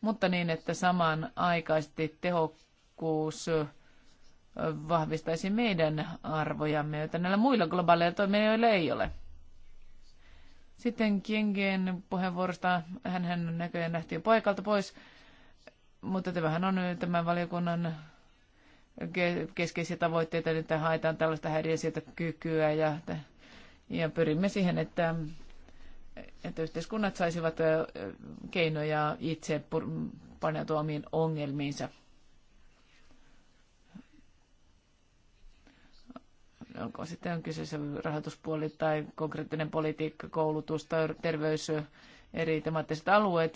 mutta niin, että samanaikaisesti tehokkuus vahvistaisi meidän arvojamme, joita näillä muilla globaaleilla toimijoilla ei ole. Sitten Kiengen puheenvuorosta, hän näköjään lähti jo paikalta pois, mutta tämähän on tämän valiokunnan keskeisiä tavoitteita, että haetaan tällaista kykyä ja, ja pyrimme siihen, että, että yhteiskunnat saisivat keinoja itse paneutua omiin ongelmiinsa. Onko sitten kyseessä rahoituspuoli tai konkreettinen politiikka, koulutus tai terveys, eri temaattiset alueet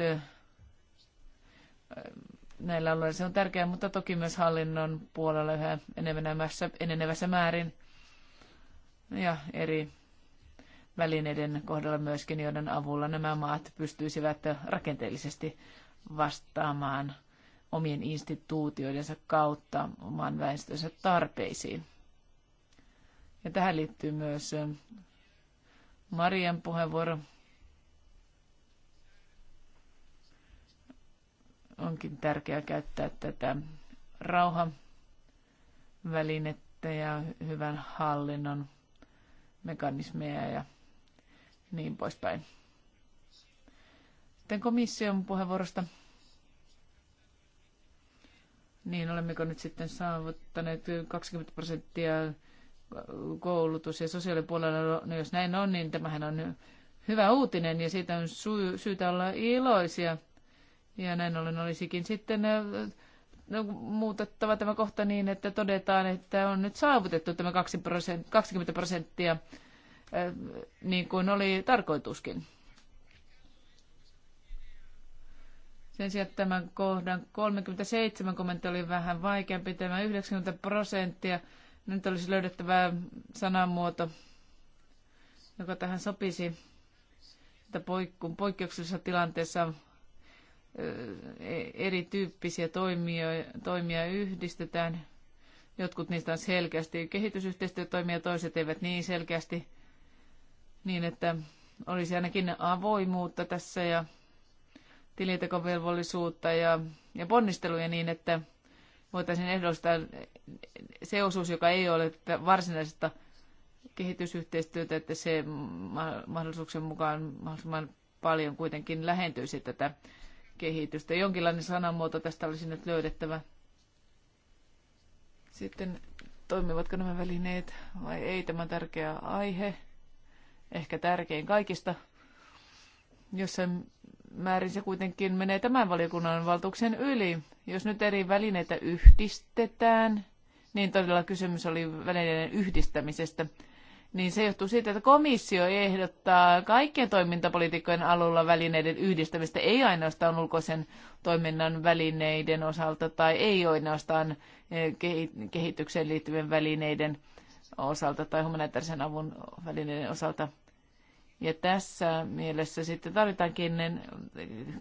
näillä alueilla. Se on tärkeää, mutta toki myös hallinnon puolella yhä enenevässä, enenevässä määrin ja eri välineiden kohdalla myöskin, joiden avulla nämä maat pystyisivät rakenteellisesti vastaamaan omien instituutioidensa kautta oman väestönsä tarpeisiin. Ja tähän liittyy myös Marian puheenvuoro Onkin tärkeää käyttää tätä rauhavälinettä ja hyvän hallinnon mekanismeja ja niin poispäin. Sitten komission puheenvuorosta. Niin, olemmeko nyt sitten saavuttaneet 20 prosenttia koulutus- ja sosiaalipuolella, no jos näin on, niin tämähän on hyvä uutinen ja siitä on sy- syytä olla iloisia. Ja näin ollen olisikin sitten no, muutettava tämä kohta niin, että todetaan, että on nyt saavutettu tämä 20 prosenttia, niin kuin oli tarkoituskin. Sen sijaan tämän kohdan 37 kommentti oli vähän vaikeampi, tämä 90 prosenttia. Nyt olisi löydettävä sanamuoto, joka tähän sopisi, että poik- kun poikkeuksellisessa tilanteessa E- erityyppisiä toimia, toimia yhdistetään. Jotkut niistä on selkeästi kehitysyhteistyötoimia, toiset eivät niin selkeästi niin, että olisi ainakin avoimuutta tässä ja tilintekovelvollisuutta ja, ja ponnisteluja niin, että voitaisiin ehdollistaa se osuus, joka ei ole varsinaisesta kehitysyhteistyötä, että se mahdollisuuksien mukaan mahdollisimman paljon kuitenkin lähentyisi tätä kehitystä. Jonkinlainen sanamuoto tästä olisi nyt löydettävä. Sitten toimivatko nämä välineet vai ei tämä tärkeä aihe? Ehkä tärkein kaikista. Jossain määrin se kuitenkin menee tämän valiokunnan valtuuksen yli. Jos nyt eri välineitä yhdistetään, niin todella kysymys oli välineiden yhdistämisestä niin se johtuu siitä, että komissio ehdottaa kaikkien toimintapolitiikkojen alulla välineiden yhdistämistä, ei ainoastaan ulkoisen toiminnan välineiden osalta tai ei ainoastaan eh, kehitykseen liittyvien välineiden osalta tai humanitaarisen avun välineiden osalta. Ja tässä mielessä sitten tarvitaankin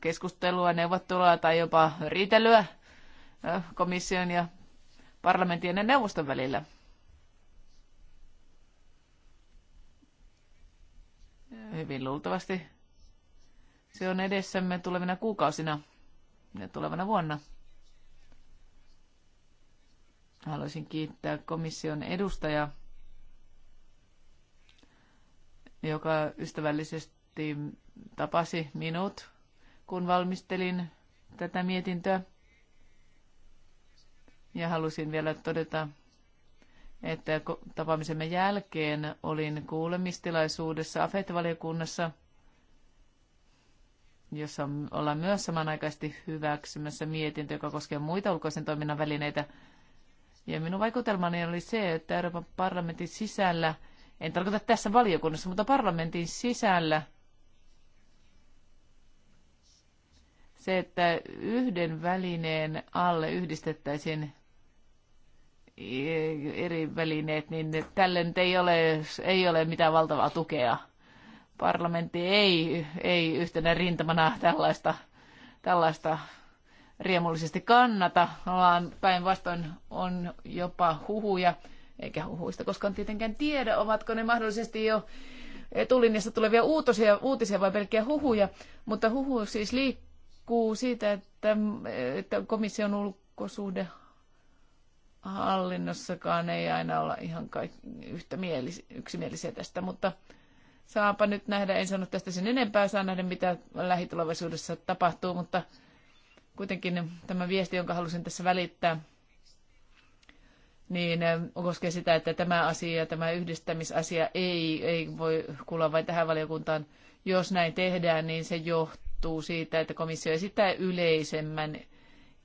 keskustelua, neuvottelua tai jopa riitelyä eh, komission ja parlamentin ja neuvoston välillä. Hyvin luultavasti se on edessämme tulevina kuukausina ja tulevana vuonna. Haluaisin kiittää komission edustajaa, joka ystävällisesti tapasi minut, kun valmistelin tätä mietintöä. Ja halusin vielä todeta että tapaamisemme jälkeen olin kuulemistilaisuudessa afeettivaliokunnassa, jossa ollaan myös samanaikaisesti hyväksymässä mietintö, joka koskee muita ulkoisen toiminnan välineitä. Ja minun vaikutelmani oli se, että Euroopan parlamentin sisällä, en tarkoita tässä valiokunnassa, mutta parlamentin sisällä – se, että yhden välineen alle yhdistettäisiin eri välineet, niin tälle nyt ei ole, ei ole mitään valtavaa tukea. Parlamentti ei, ei yhtenä rintamana tällaista, tällaista riemullisesti kannata, vaan päinvastoin on jopa huhuja, eikä huhuista koskaan tietenkään tiedä, ovatko ne mahdollisesti jo etulinjassa tulevia uutisia, uutisia vai pelkkiä huhuja, mutta huhu siis liikkuu siitä, että, että komission ulkosuhde hallinnossakaan ei aina olla ihan yhtä mielis, yksimielisiä tästä, mutta saapa nyt nähdä, en sano tästä sen enempää, saa nähdä mitä lähitulevaisuudessa tapahtuu, mutta kuitenkin tämä viesti, jonka halusin tässä välittää, niin eh, koskee sitä, että tämä asia, tämä yhdistämisasia ei, ei voi kuulla vain tähän valiokuntaan. Jos näin tehdään, niin se johtuu siitä, että komissio esittää yleisemmän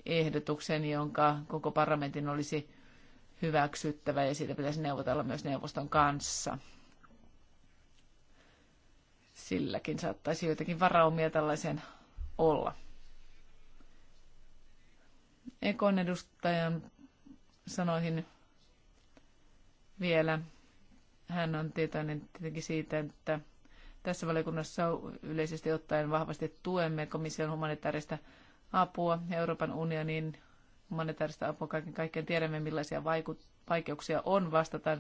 ehdotuksen, jonka koko parlamentin olisi hyväksyttävä ja siitä pitäisi neuvotella myös neuvoston kanssa. Silläkin saattaisi joitakin varaumia tällaisen olla. Ekon edustajan sanoihin vielä. Hän on tietoinen tietenkin siitä, että tässä valiokunnassa yleisesti ottaen vahvasti tuemme komission humanitaarista apua Euroopan unionin humanitaarista apua kaiken kaikkiaan. Tiedämme, millaisia vaikeuksia on vastata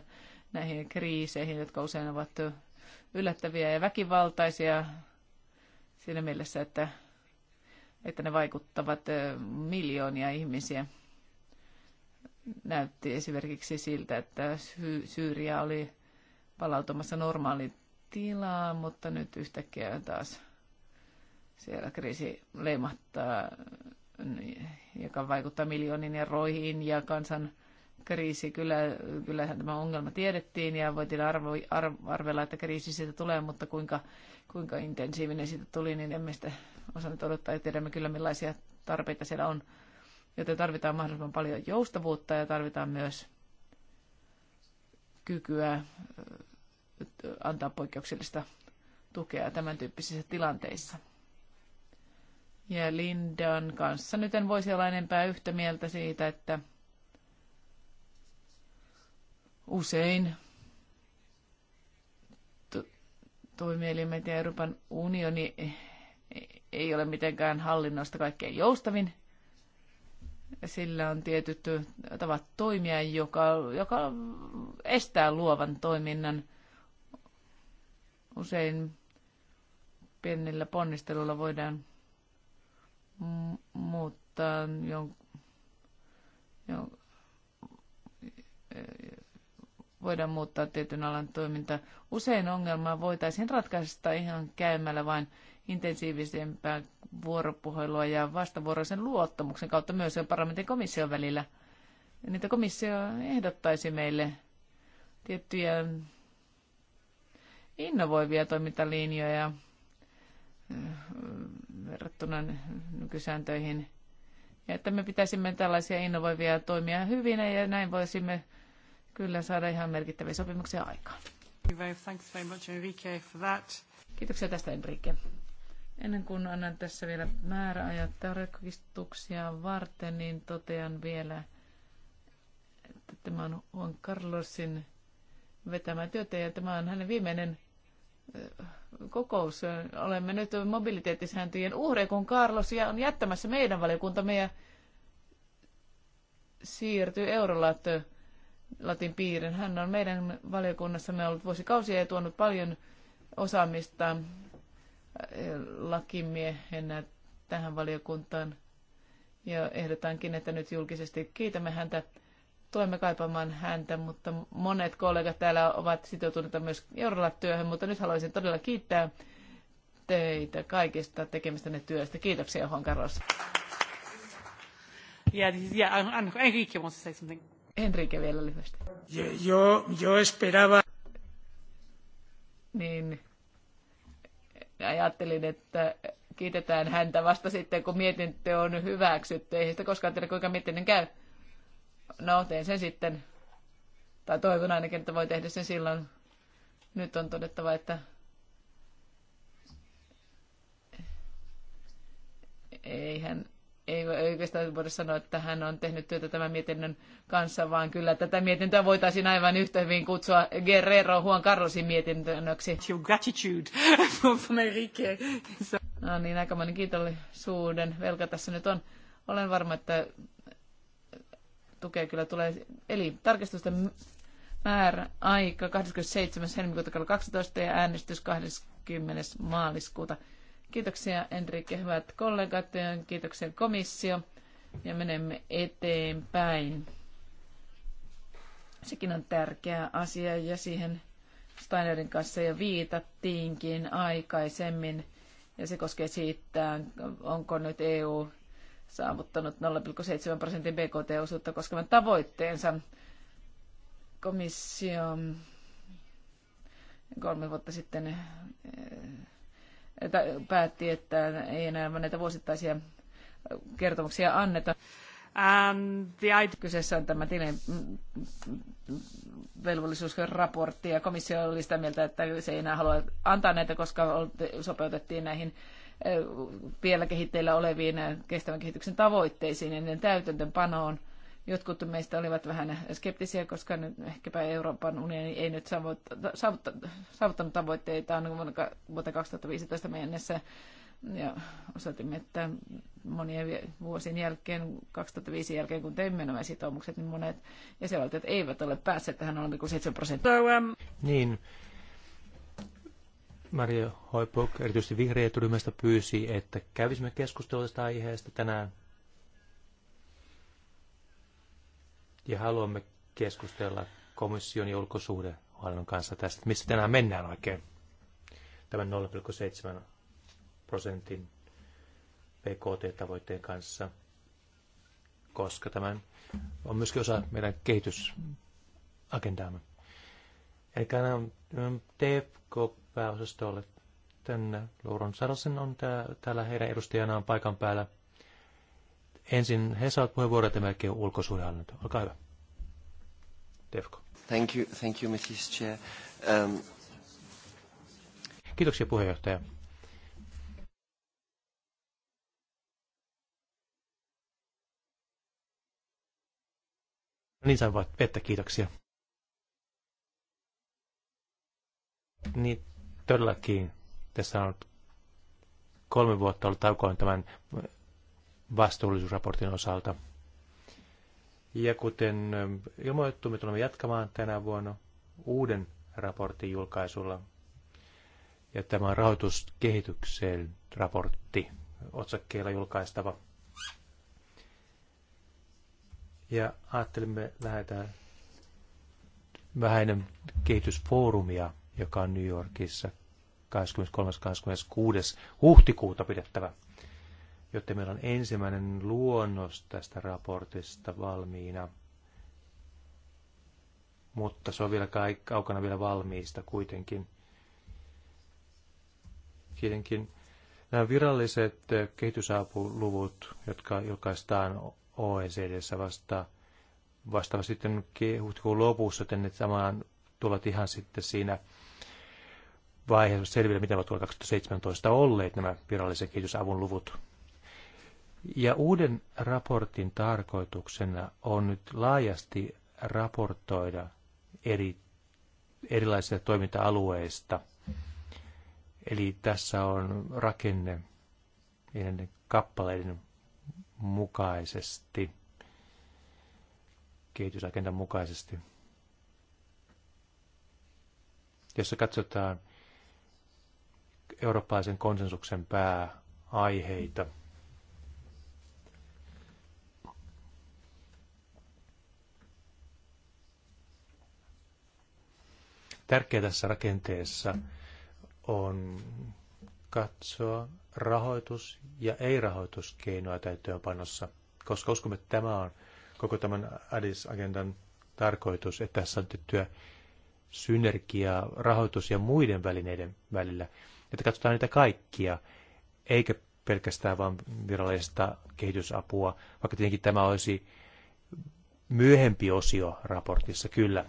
näihin kriiseihin, jotka usein ovat yllättäviä ja väkivaltaisia siinä mielessä, että, että ne vaikuttavat miljoonia ihmisiä. Näytti esimerkiksi siltä, että Sy- Syyria oli palautumassa normaaliin tilaan, mutta nyt yhtäkkiä taas siellä kriisi leimahtaa, joka vaikuttaa miljoonin ja roihin ja kansan kriisi. Kyllä, kyllähän tämä ongelma tiedettiin ja voitiin arvo, arv, arvella, että kriisi siitä tulee, mutta kuinka, kuinka intensiivinen siitä tuli, niin emme sitä osannut odottaa ja tiedämme kyllä millaisia tarpeita siellä on. Joten tarvitaan mahdollisimman paljon joustavuutta ja tarvitaan myös kykyä antaa poikkeuksellista tukea tämän tyyppisissä tilanteissa ja Lindan kanssa. Nyt en voisi olla enempää yhtä mieltä siitä, että usein toimielimet ja Euroopan unioni ei ole mitenkään hallinnosta kaikkein joustavin. Sillä on tietyt tavat toimia, joka, joka estää luovan toiminnan. Usein pienillä ponnistelulla voidaan muuttaa jon, jon, voidaan muuttaa tietyn alan toiminta. Usein ongelmaa voitaisiin ratkaista ihan käymällä vain intensiivisempää vuoropuhelua ja vastavuoroisen luottamuksen kautta myös parlamentin komission välillä. Niitä komissio ehdottaisi meille tiettyjä innovoivia toimintalinjoja verrattuna nykysääntöihin. Ja että me pitäisimme tällaisia innovoivia toimia hyvin ja näin voisimme kyllä saada ihan merkittäviä sopimuksia aikaan. very much, Enrique, for that. Kiitoksia tästä Enrique. Ennen kuin annan tässä vielä määräajat tarkistuksia varten, niin totean vielä, että tämä on Juan Carlosin vetämä työtä ja tämä on hänen viimeinen kokous. Olemme nyt mobiliteettisääntöjen uhreja, kun Carlos on jättämässä meidän valiokuntamme ja siirtyy Eurolatin Latin piirin. Hän on meidän valiokunnassamme ollut vuosikausia ja tuonut paljon osaamista eh, lakimiehenä tähän valiokuntaan. Ja ehdotankin, että nyt julkisesti kiitämme häntä tulemme kaipaamaan häntä, mutta monet kollegat täällä ovat sitoutuneet myös Eurolat-työhön, mutta nyt haluaisin todella kiittää teitä kaikista tekemistänne työstä. Kiitoksia, Juan Carlos. Enrique vielä lyhyesti. Yo, yo esperaba... Niin, ajattelin, että kiitetään häntä vasta sitten, kun mietintö on hyväksytty. Ei sitä koskaan tiedä, kuinka mietinnön käy. No, teen sen sitten. Tai toivon ainakin, että voi tehdä sen silloin. Nyt on todettava, että hän ei oikeastaan voida sanoa, että hän on tehnyt työtä tämän mietinnön kanssa, vaan kyllä tätä mietintöä voitaisiin aivan yhtä hyvin kutsua Guerrero Juan Carlosin mietinnöksi. Your gratitude from Enrique. No niin, monen kiitollisuuden velka tässä nyt on. Olen varma, että tukea kyllä tulee. Eli tarkistusten määrä aika 27. helmikuuta kello 12 ja äänestys 20. maaliskuuta. Kiitoksia Enrique, hyvät kollegat ja kiitoksia komissio ja menemme eteenpäin. Sekin on tärkeä asia ja siihen Steinerin kanssa jo viitattiinkin aikaisemmin ja se koskee siitä, onko nyt EU saavuttanut 0,7 prosentin BKT-osuutta koskevan tavoitteensa. Komissio kolme vuotta sitten eh, päätti, että ei enää näitä vuosittaisia kertomuksia anneta. Um, the idea... Kyseessä on tämä tilin velvollisuusraportti ja komissio oli sitä mieltä, että se ei enää halua antaa näitä, koska sopeutettiin näihin vielä kehitteillä oleviin äh, kestävän kehityksen tavoitteisiin ja täytäntöpanoon. Jotkut meistä olivat vähän skeptisiä, koska nyt ehkäpä Euroopan unioni ei nyt saavuttanut tavoitteitaan vuonna 2015 mennessä. Ja osoitimme, että monien vuosien jälkeen, 2005 jälkeen, kun teimme nämä sitoumukset, niin monet jäsenvaltiot eivät ole päässeet tähän 0,7 prosenttia. Um, niin, Maria Hoipok, erityisesti vihreät ryhmästä, pyysi, että kävisimme keskustelua tästä aiheesta tänään. Ja haluamme keskustella komission ja ulkosuhdehallinnon kanssa tästä, missä tänään mennään oikein tämän 0,7 prosentin PKT-tavoitteen kanssa, koska tämän on myöskin osa meidän kehitysagendaamme. Eli nämä TFK pääosastolle tänne. Lauron Sarasen on tää, täällä heidän edustajanaan paikan päällä. Ensin he saavat puheenvuorot tämän jälkeen ulkosuhdehallinto. Olkaa hyvä. Defko. Thank you, thank you, Mrs. Chair. Um... Kiitoksia puheenjohtaja. Niin sain vettä, kiitoksia. Niin, todellakin tässä on kolme vuotta ollut taukoon tämän vastuullisuusraportin osalta. Ja kuten ähm, ilmoitettu, me tulemme jatkamaan tänä vuonna uuden raportin julkaisulla. Ja tämä on rahoituskehitykseen raportti, otsakkeella julkaistava. Ja ajattelimme lähetään vähäinen kehitysfoorumia, joka on New Yorkissa 23.26. huhtikuuta pidettävä. Joten meillä on ensimmäinen luonnos tästä raportista valmiina. Mutta se on vielä kaukana vielä valmiista kuitenkin. Kuitenkin nämä viralliset kehitysapuluvut, jotka julkaistaan OECDssä vasta, vasta sitten huhtikuun lopussa, joten ne samaan tulevat ihan sitten siinä vaiheessa selville, mitä ovat vuonna 2017 olleet nämä virallisen kehitysavun luvut. Ja uuden raportin tarkoituksena on nyt laajasti raportoida eri, erilaisista toiminta-alueista. Eli tässä on rakenne kappaleiden mukaisesti, kehitysagendan mukaisesti, jossa katsotaan eurooppalaisen konsensuksen pääaiheita. Tärkeää tässä rakenteessa on katsoa rahoitus- ja ei-rahoituskeinoja täyttöönpanossa, koska uskomme, että tämä on koko tämän ADIS-agendan tarkoitus, että tässä on tiettyä synergiaa rahoitus- ja muiden välineiden välillä että katsotaan niitä kaikkia, eikä pelkästään vain virallista kehitysapua, vaikka tietenkin tämä olisi myöhempi osio raportissa, kyllä.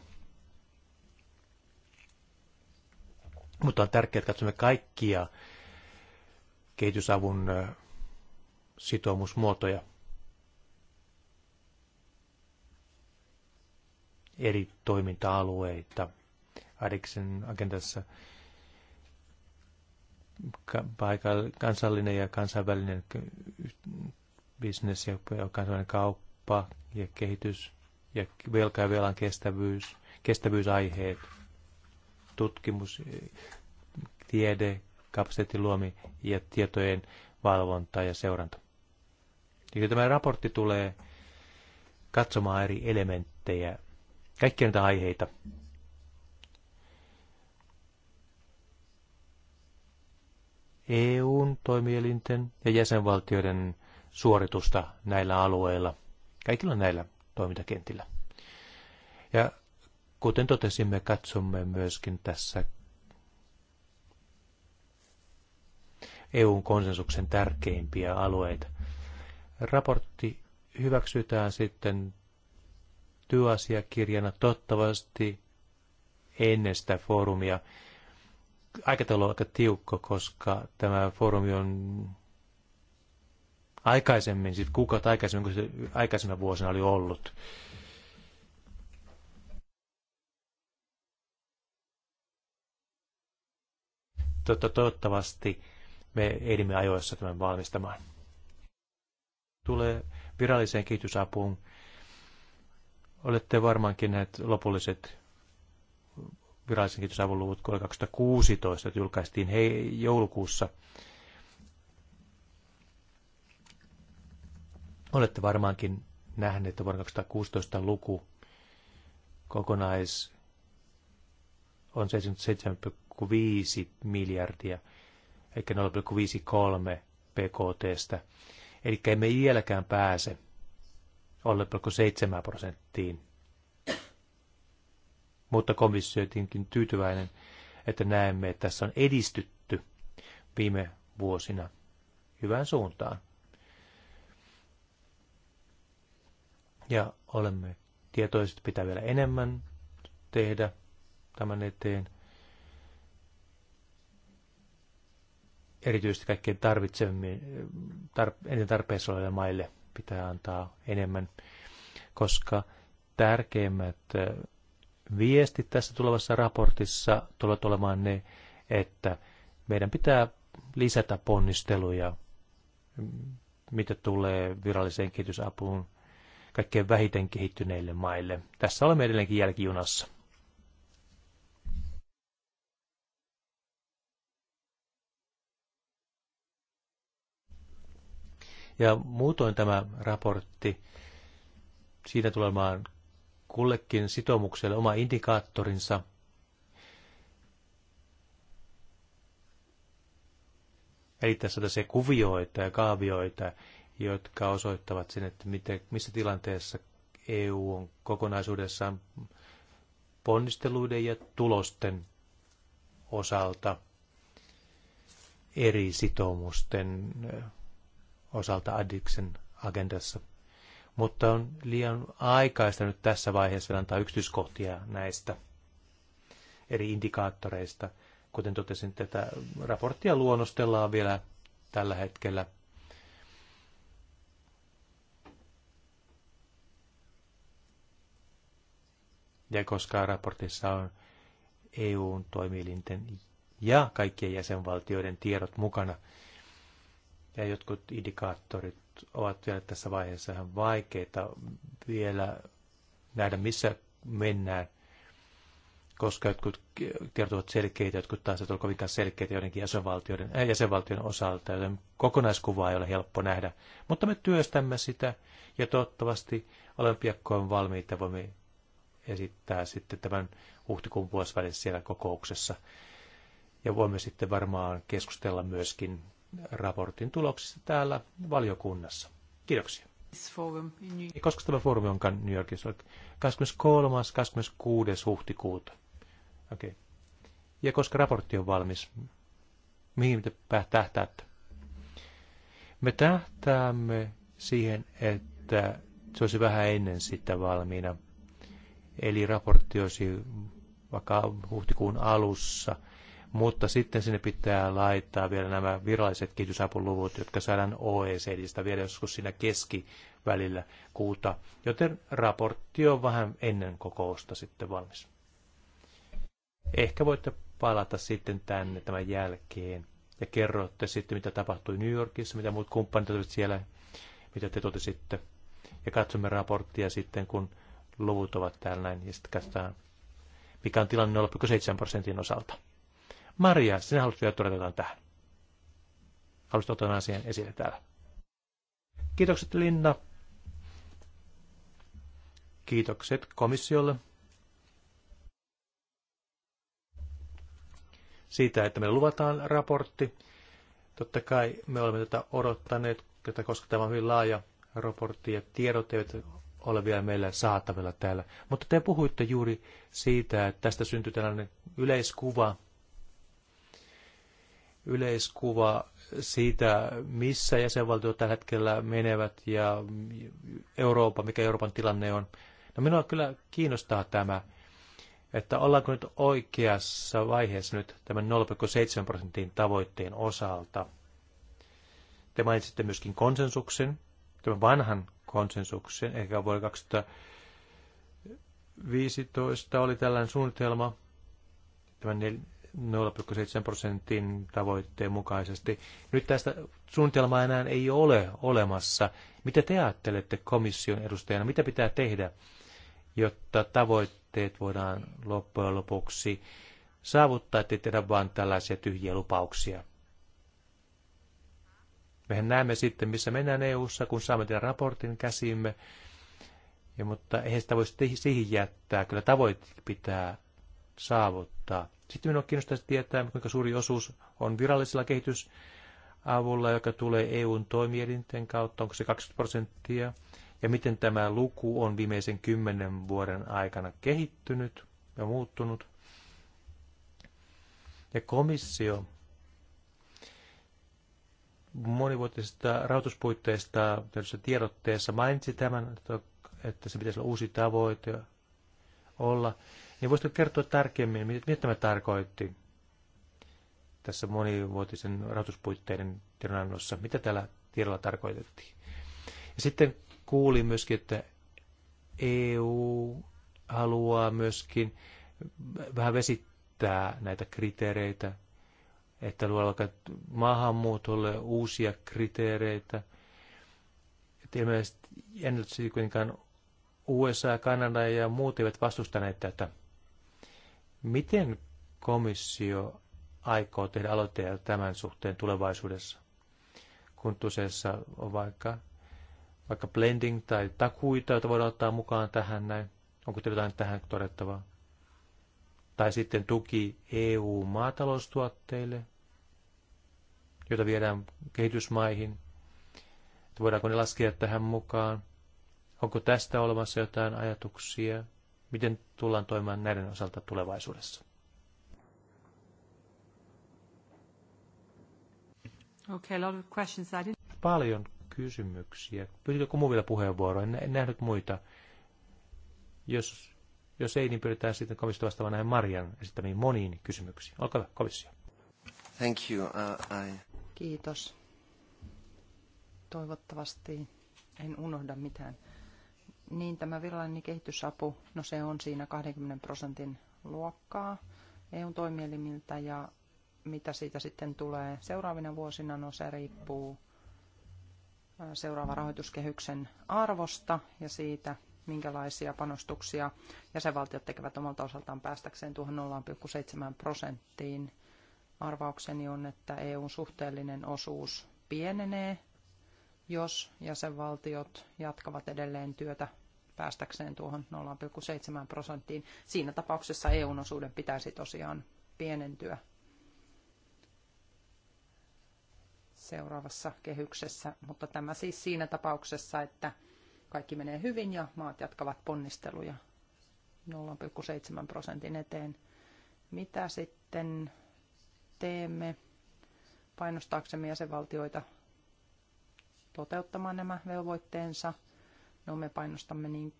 Mutta on tärkeää, että katsomme kaikkia kehitysavun sitoumusmuotoja. eri toiminta-alueita Adiksen agendassa – kansallinen ja kansainvälinen bisnes ja kansainvälinen kauppa ja kehitys ja velka ja velan kestävyys, kestävyysaiheet, tutkimus, e, tiede, kapasiteetin luomi ja tietojen valvonta ja seuranta. Ja tämä raportti tulee katsomaan eri elementtejä, kaikkia näitä aiheita, EUn toimielinten ja jäsenvaltioiden suoritusta näillä alueilla, kaikilla näillä toimintakentillä. Ja kuten totesimme, katsomme myöskin tässä EUn konsensuksen tärkeimpiä alueita. Raportti hyväksytään sitten työasiakirjana tottavasti ennen sitä foorumia, aikataulu on aika tiukko, koska tämä foorumi on aikaisemmin, siis kuukautta aikaisemmin kuin se aikaisemmin vuosina oli ollut. Totta, toivottavasti me ehdimme ajoissa tämän valmistamaan. Tulee viralliseen kehitysapuun. Olette varmaankin näet lopulliset virallisen kehitysavun luvut 2016, että julkaistiin hei, joulukuussa. Olette varmaankin nähneet, että vuonna 2016 luku kokonais on 77,5 miljardia, eli 0,53 PKTstä. Eli emme vieläkään pääse 0,7 prosenttiin mutta komissio on tyytyväinen, että näemme, että tässä on edistytty viime vuosina hyvään suuntaan. Ja olemme tietoiset, että pitää vielä enemmän tehdä tämän eteen. Erityisesti kaikkein tarvitsemmin, tar, tarpeessa oleville maille pitää antaa enemmän, koska tärkeimmät viestit tässä tulevassa raportissa tulevat olemaan ne, että meidän pitää lisätä ponnisteluja, mitä tulee viralliseen kehitysapuun kaikkein vähiten kehittyneille maille. Tässä olemme edelleenkin jälkijunassa. Ja muutoin tämä raportti, siitä tulemaan kullekin sitoumukselle oma indikaattorinsa. Eli tässä on se kuvioita ja kaavioita, jotka osoittavat sen, että miten, missä tilanteessa EU on kokonaisuudessaan ponnisteluiden ja tulosten osalta eri sitoumusten osalta Addiksen agendassa mutta on liian aikaista nyt tässä vaiheessa antaa yksityiskohtia näistä eri indikaattoreista. Kuten totesin, tätä raporttia luonnostellaan vielä tällä hetkellä. Ja koska raportissa on EUn toimielinten ja kaikkien jäsenvaltioiden tiedot mukana, ja jotkut indikaattorit ovat vielä tässä vaiheessa ihan vaikeita vielä nähdä, missä mennään, koska jotkut tiedot ovat selkeitä, jotkut taas ovat kovinkaan selkeitä joidenkin jäsenvaltioiden, äh, jäsenvaltioiden osalta, joten kokonaiskuvaa ei ole helppo nähdä. Mutta me työstämme sitä ja toivottavasti olemme on valmiita, voimme esittää sitten tämän huhtikuun puolivälissä siellä kokouksessa. Ja voimme sitten varmaan keskustella myöskin raportin tuloksista täällä valiokunnassa. Kiitoksia. Koska tämä foorumi onkaan New Yorkissa? 23. 26. huhtikuuta. Okei. Okay. Ja koska raportti on valmis, mihin te tähtäätte? Me tähtäämme siihen, että se olisi vähän ennen sitä valmiina. Eli raportti olisi vaikka huhtikuun alussa – mutta sitten sinne pitää laittaa vielä nämä viralliset kehitysapuluvut, jotka saadaan OECDstä vielä joskus siinä keskivälillä kuuta, joten raportti on vähän ennen kokousta sitten valmis. Ehkä voitte palata sitten tänne tämän jälkeen ja kerrotte sitten, mitä tapahtui New Yorkissa, mitä muut kumppanit olivat siellä, mitä te totesitte. Ja katsomme raporttia sitten, kun luvut ovat täällä näin, ja sitten katsotaan, mikä on tilanne 0,7 prosentin osalta. Maria, sinä haluat vielä todeta jotain tähän. Haluaisit ottaa asian esille täällä. Kiitokset Linna. Kiitokset komissiolle. Siitä, että me luvataan raportti. Totta kai me olemme tätä odottaneet, koska tämä on hyvin laaja raportti ja tiedot eivät ole vielä meillä saatavilla täällä. Mutta te puhuitte juuri siitä, että tästä syntyi tällainen yleiskuva yleiskuva siitä, missä jäsenvaltiot tällä hetkellä menevät ja Eurooppa, mikä Euroopan tilanne on. No minua kyllä kiinnostaa tämä, että ollaanko nyt oikeassa vaiheessa nyt tämän 0,7 prosentin tavoitteen osalta. Te mainitsitte myöskin konsensuksen, tämän vanhan konsensuksen, ehkä vuonna 2015 oli tällainen suunnitelma, tämän 0,7 prosentin tavoitteen mukaisesti. Nyt tästä suunnitelmaa enää ei ole olemassa. Mitä te ajattelette komission edustajana? Mitä pitää tehdä, jotta tavoitteet voidaan loppujen lopuksi saavuttaa, ettei tehdä vain tällaisia tyhjiä lupauksia? Mehän näemme sitten, missä mennään EU-ssa, kun saamme tämän raportin käsimme. Ja, mutta eihän sitä voisi siihen jättää. Kyllä tavoitteet pitää saavuttaa. Sitten minua kiinnostaisi tietää, kuinka suuri osuus on virallisella kehitysavulla, joka tulee EUn toimielinten kautta, onko se 20 prosenttia, ja miten tämä luku on viimeisen kymmenen vuoden aikana kehittynyt ja muuttunut. Ja komissio monivuotisesta rahoituspuitteista tiedotteessa mainitsi tämän, että se pitäisi olla uusi tavoite olla. Niin voisitko kertoa tarkemmin, mitä tämä tarkoitti tässä monivuotisen rahoituspuitteiden tiedonannossa? Mitä tällä tiedolla tarkoitettiin? Ja sitten kuulin myöskin, että EU haluaa myöskin vähän vesittää näitä kriteereitä, että luo vaikka maahanmuutolle uusia kriteereitä. Että ilmeisesti kuitenkaan USA, Kanada ja muut eivät vastustaneet tätä. Miten komissio aikoo tehdä aloitteita tämän suhteen tulevaisuudessa? Kun tuseessa on vaikka, vaikka blending tai takuita, joita voidaan ottaa mukaan tähän näin. Onko teillä jotain tähän todettavaa? Tai sitten tuki EU-maataloustuotteille, joita viedään kehitysmaihin. Että voidaanko ne laskea tähän mukaan? Onko tästä olemassa jotain ajatuksia? miten tullaan toimimaan näiden osalta tulevaisuudessa? Okay, a lot of questions. I didn't... Paljon kysymyksiä. Pyytikö joku muu vielä puheenvuoroa? En, en nähnyt muita. Jos, jos ei, niin pyydetään sitten komissio vastaamaan näihin Marian esittämiin moniin kysymyksiin. Olkaa hyvä, komissio. Thank you. Uh, I... Kiitos. Toivottavasti en unohda mitään niin tämä virallinen kehitysapu, no se on siinä 20 prosentin luokkaa eu toimielimiltä ja mitä siitä sitten tulee seuraavina vuosina, no se riippuu seuraava rahoituskehyksen arvosta ja siitä, minkälaisia panostuksia jäsenvaltiot tekevät omalta osaltaan päästäkseen tuohon 0,7 prosenttiin. Arvaukseni on, että EUn suhteellinen osuus pienenee, jos jäsenvaltiot jatkavat edelleen työtä päästäkseen tuohon 0,7 prosenttiin. Siinä tapauksessa EUn osuuden pitäisi tosiaan pienentyä seuraavassa kehyksessä, mutta tämä siis siinä tapauksessa, että kaikki menee hyvin ja maat jatkavat ponnisteluja 0,7 prosentin eteen. Mitä sitten teemme painostaaksemme jäsenvaltioita toteuttamaan nämä velvoitteensa – Joo, no, me painostamme niin,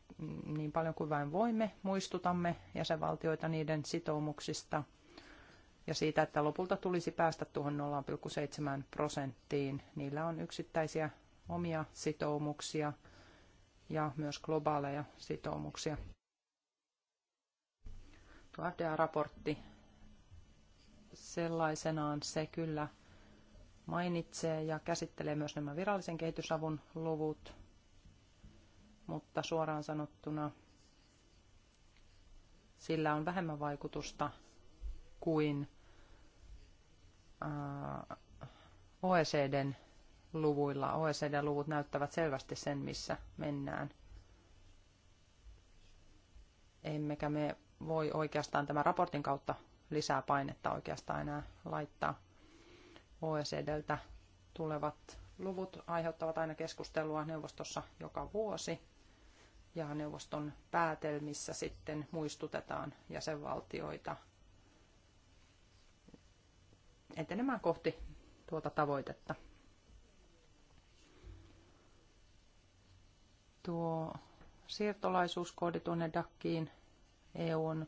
niin paljon kuin vain voimme, muistutamme jäsenvaltioita niiden sitoumuksista ja siitä, että lopulta tulisi päästä tuohon 0,7 prosenttiin. Niillä on yksittäisiä omia sitoumuksia ja myös globaaleja sitoumuksia. Tuo FDA-raportti sellaisenaan se kyllä mainitsee ja käsittelee myös nämä virallisen kehitysavun luvut, mutta suoraan sanottuna sillä on vähemmän vaikutusta kuin äh, OECDn luvuilla. OECDn luvut näyttävät selvästi sen, missä mennään. Emmekä me voi oikeastaan tämän raportin kautta lisää painetta oikeastaan enää laittaa. OECDltä tulevat luvut aiheuttavat aina keskustelua neuvostossa joka vuosi ja neuvoston päätelmissä sitten muistutetaan jäsenvaltioita etenemään kohti tuota tavoitetta. Tuo siirtolaisuuskoodi tuonne DACkiin EU on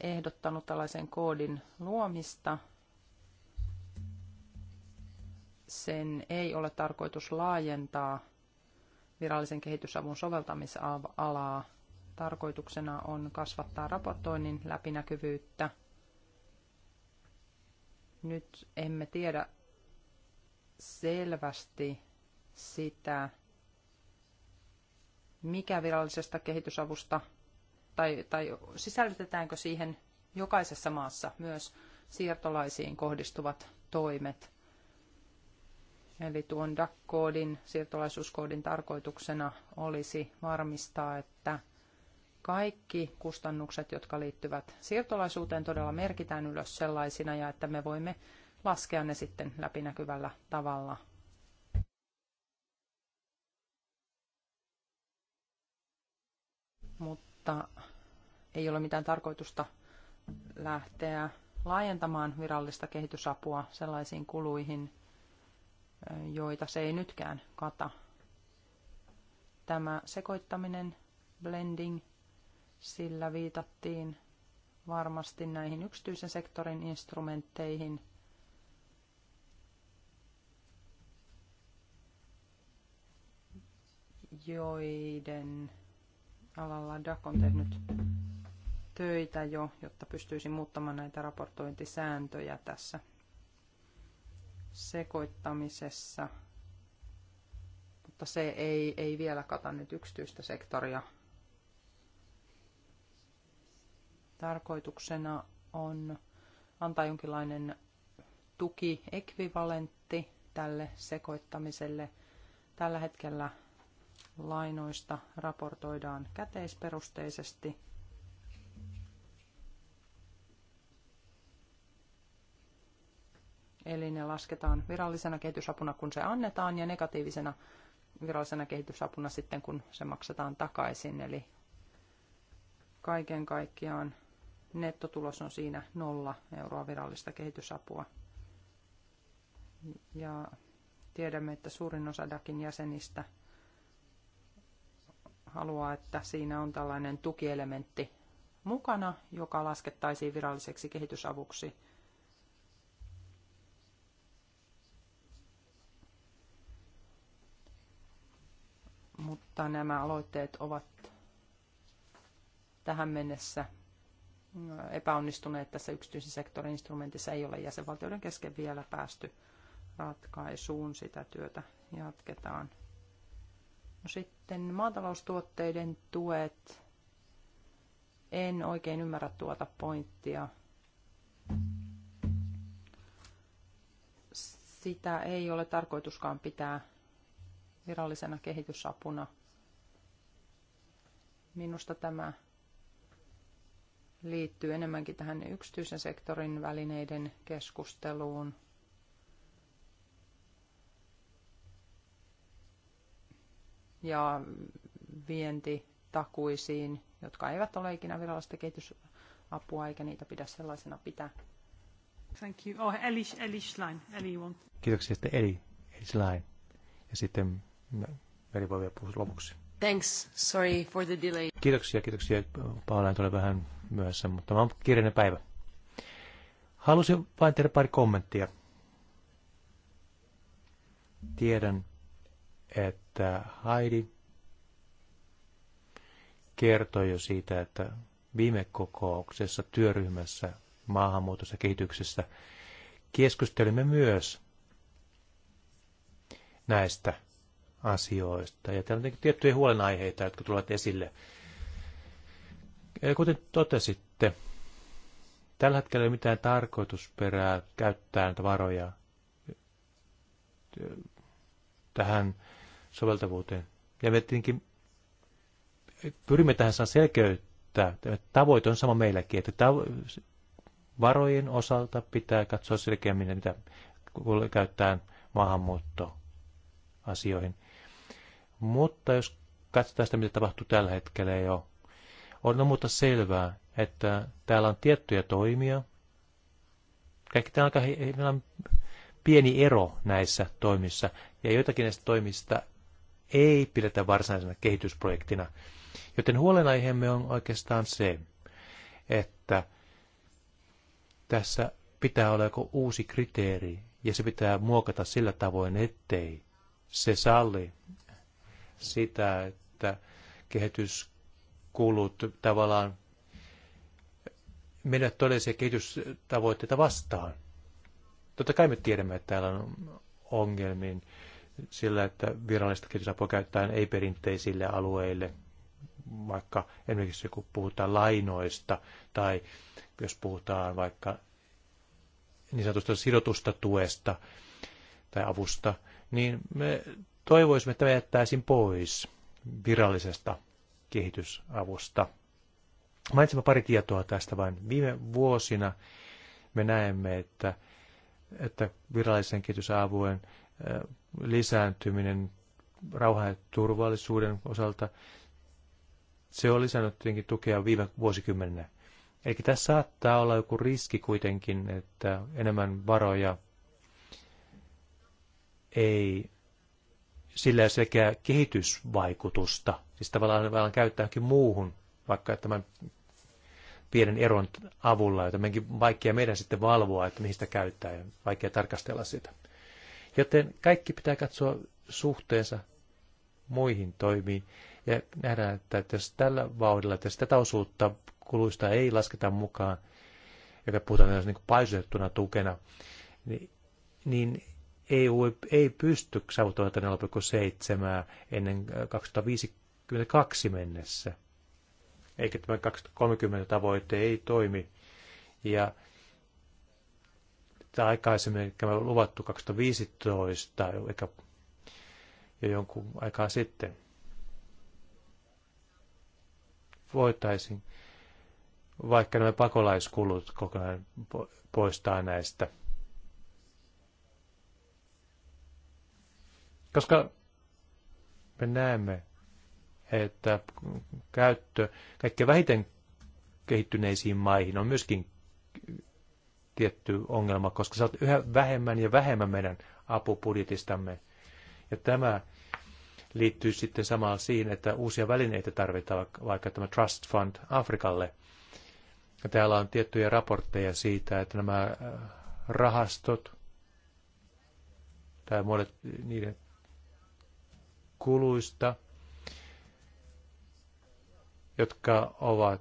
ehdottanut tällaisen koodin luomista. Sen ei ole tarkoitus laajentaa virallisen kehitysavun soveltamisalaa. Tarkoituksena on kasvattaa raportoinnin läpinäkyvyyttä. Nyt emme tiedä selvästi sitä, mikä virallisesta kehitysavusta tai, tai sisällytetäänkö siihen jokaisessa maassa myös siirtolaisiin kohdistuvat toimet. Eli tuon DAC-koodin, siirtolaisuuskoodin tarkoituksena olisi varmistaa, että kaikki kustannukset, jotka liittyvät siirtolaisuuteen, todella merkitään ylös sellaisina ja että me voimme laskea ne sitten läpinäkyvällä tavalla. Mutta ei ole mitään tarkoitusta lähteä laajentamaan virallista kehitysapua sellaisiin kuluihin – joita se ei nytkään kata. Tämä sekoittaminen, blending, sillä viitattiin varmasti näihin yksityisen sektorin instrumentteihin. joiden alalla DAC on tehnyt töitä jo, jotta pystyisi muuttamaan näitä raportointisääntöjä tässä sekoittamisessa, mutta se ei, ei vielä kata nyt yksityistä sektoria. Tarkoituksena on antaa jonkinlainen tuki ekvivalentti tälle sekoittamiselle. Tällä hetkellä lainoista raportoidaan käteisperusteisesti – Eli ne lasketaan virallisena kehitysapuna, kun se annetaan, ja negatiivisena virallisena kehitysapuna sitten, kun se maksetaan takaisin. Eli kaiken kaikkiaan nettotulos on siinä nolla euroa virallista kehitysapua. Ja tiedämme, että suurin osa DAKin jäsenistä haluaa, että siinä on tällainen tukielementti mukana, joka laskettaisiin viralliseksi kehitysavuksi – mutta nämä aloitteet ovat tähän mennessä mm, epäonnistuneet tässä yksityisen sektorin instrumentissa. Ei ole jäsenvaltioiden kesken vielä päästy ratkaisuun. Sitä työtä jatketaan. No sitten maataloustuotteiden tuet. En oikein ymmärrä tuota pointtia. Sitä ei ole tarkoituskaan pitää virallisena kehitysapuna. Minusta tämä liittyy enemmänkin tähän yksityisen sektorin välineiden keskusteluun. Ja vientitakuisiin, jotka eivät ole ikinä virallista kehitysapua, eikä niitä pidä sellaisena pitää. Thank you. Oh, Elish, Elish Line. Eli Kiitoksia että Eli, Eli Line. Ja sitten Meri voi lopuksi. Thanks, sorry for the delay. Kiitoksia, kiitoksia. Paula tulee vähän myöhässä, mutta tämä on kiireinen päivä. Halusin vain tehdä pari kommenttia. Tiedän, että Heidi kertoi jo siitä, että viime kokouksessa työryhmässä maahanmuutossa kehityksessä keskustelimme myös näistä asioista. Ja täällä on tiettyjä huolenaiheita, jotka tulevat esille. Kuten totesitte, tällä hetkellä ei ole mitään tarkoitusperää käyttää näitä varoja tähän soveltavuuteen. Ja me tietenkin pyrimme tähän saa selkeyttää. Tavoite on sama meilläkin, että varojen osalta pitää katsoa selkeämmin, mitä käyttää maahanmuuttoasioihin. Mutta jos katsotaan sitä, mitä tapahtuu tällä hetkellä jo, on muuta selvää, että täällä on tiettyjä toimia. Kaikki tämä on aika, meillä on pieni ero näissä toimissa, ja joitakin näistä toimista ei pidetä varsinaisena kehitysprojektina. Joten huolenaiheemme on oikeastaan se, että tässä pitää olla joku uusi kriteeri, ja se pitää muokata sillä tavoin, ettei se salli sitä, että kehityskulut tavallaan mennä todellisia kehitystavoitteita vastaan. Totta kai me tiedämme, että täällä on ongelmiin sillä, että virallista kehitysapua käytetään ei-perinteisille alueille, vaikka esimerkiksi kun puhutaan lainoista tai jos puhutaan vaikka niin sanotusta sidotusta tuesta tai avusta, niin me toivoisimme, että jättäisin pois virallisesta kehitysavusta. Mainitsemme pari tietoa tästä vain. Viime vuosina me näemme, että, että virallisen kehitysavun lisääntyminen rauhan ja turvallisuuden osalta, se on lisännyt tietenkin tukea viime vuosikymmenenä. Eli tässä saattaa olla joku riski kuitenkin, että enemmän varoja ei sillä sekä kehitysvaikutusta, siis tavallaan, tavallaan käyttääkin muuhun, vaikka tämän pienen eron avulla, jota meidänkin vaikea meidän sitten valvoa, että mihin sitä käyttää ja vaikea tarkastella sitä. Joten kaikki pitää katsoa suhteensa muihin toimiin ja nähdään, että jos tällä vauhdilla, että tätä osuutta kuluista ei lasketa mukaan, joka puhutaan niin paisutettuna tukena, niin, niin EU ei pysty saavuttamaan tätä 0,7 ennen 2052 mennessä. Eikä tämä 2030 tavoite ei toimi. Ja tämä aikaisemmin, mikä on luvattu 2015, eikä jo jonkun aikaa sitten, voitaisiin vaikka nämä pakolaiskulut kokonaan poistaa näistä Koska me näemme, että käyttö kaikkein vähiten kehittyneisiin maihin on myöskin tietty ongelma, koska se yhä vähemmän ja vähemmän meidän apupudjetistamme. Ja tämä liittyy sitten samalla siihen, että uusia välineitä tarvitaan, vaikka tämä Trust Fund Afrikalle. Ja täällä on tiettyjä raportteja siitä, että nämä äh, rahastot tai muodot, niiden kuluista, jotka ovat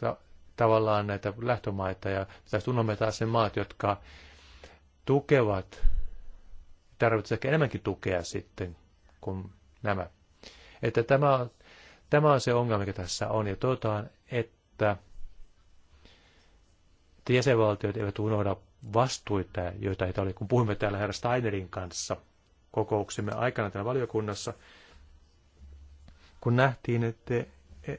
ta- tavallaan näitä lähtömaita ja pitäisi tunnomme taas ne maat, jotka tukevat, tarvitsevat ehkä enemmänkin tukea sitten kuin nämä. Että tämä, tämä on se ongelma, mikä tässä on ja toivotaan, että, että jäsenvaltiot eivät unohda vastuita, joita heitä oli, kun puhumme täällä herra Steinerin kanssa – kokouksemme aikana täällä valiokunnassa, kun nähtiin, että e-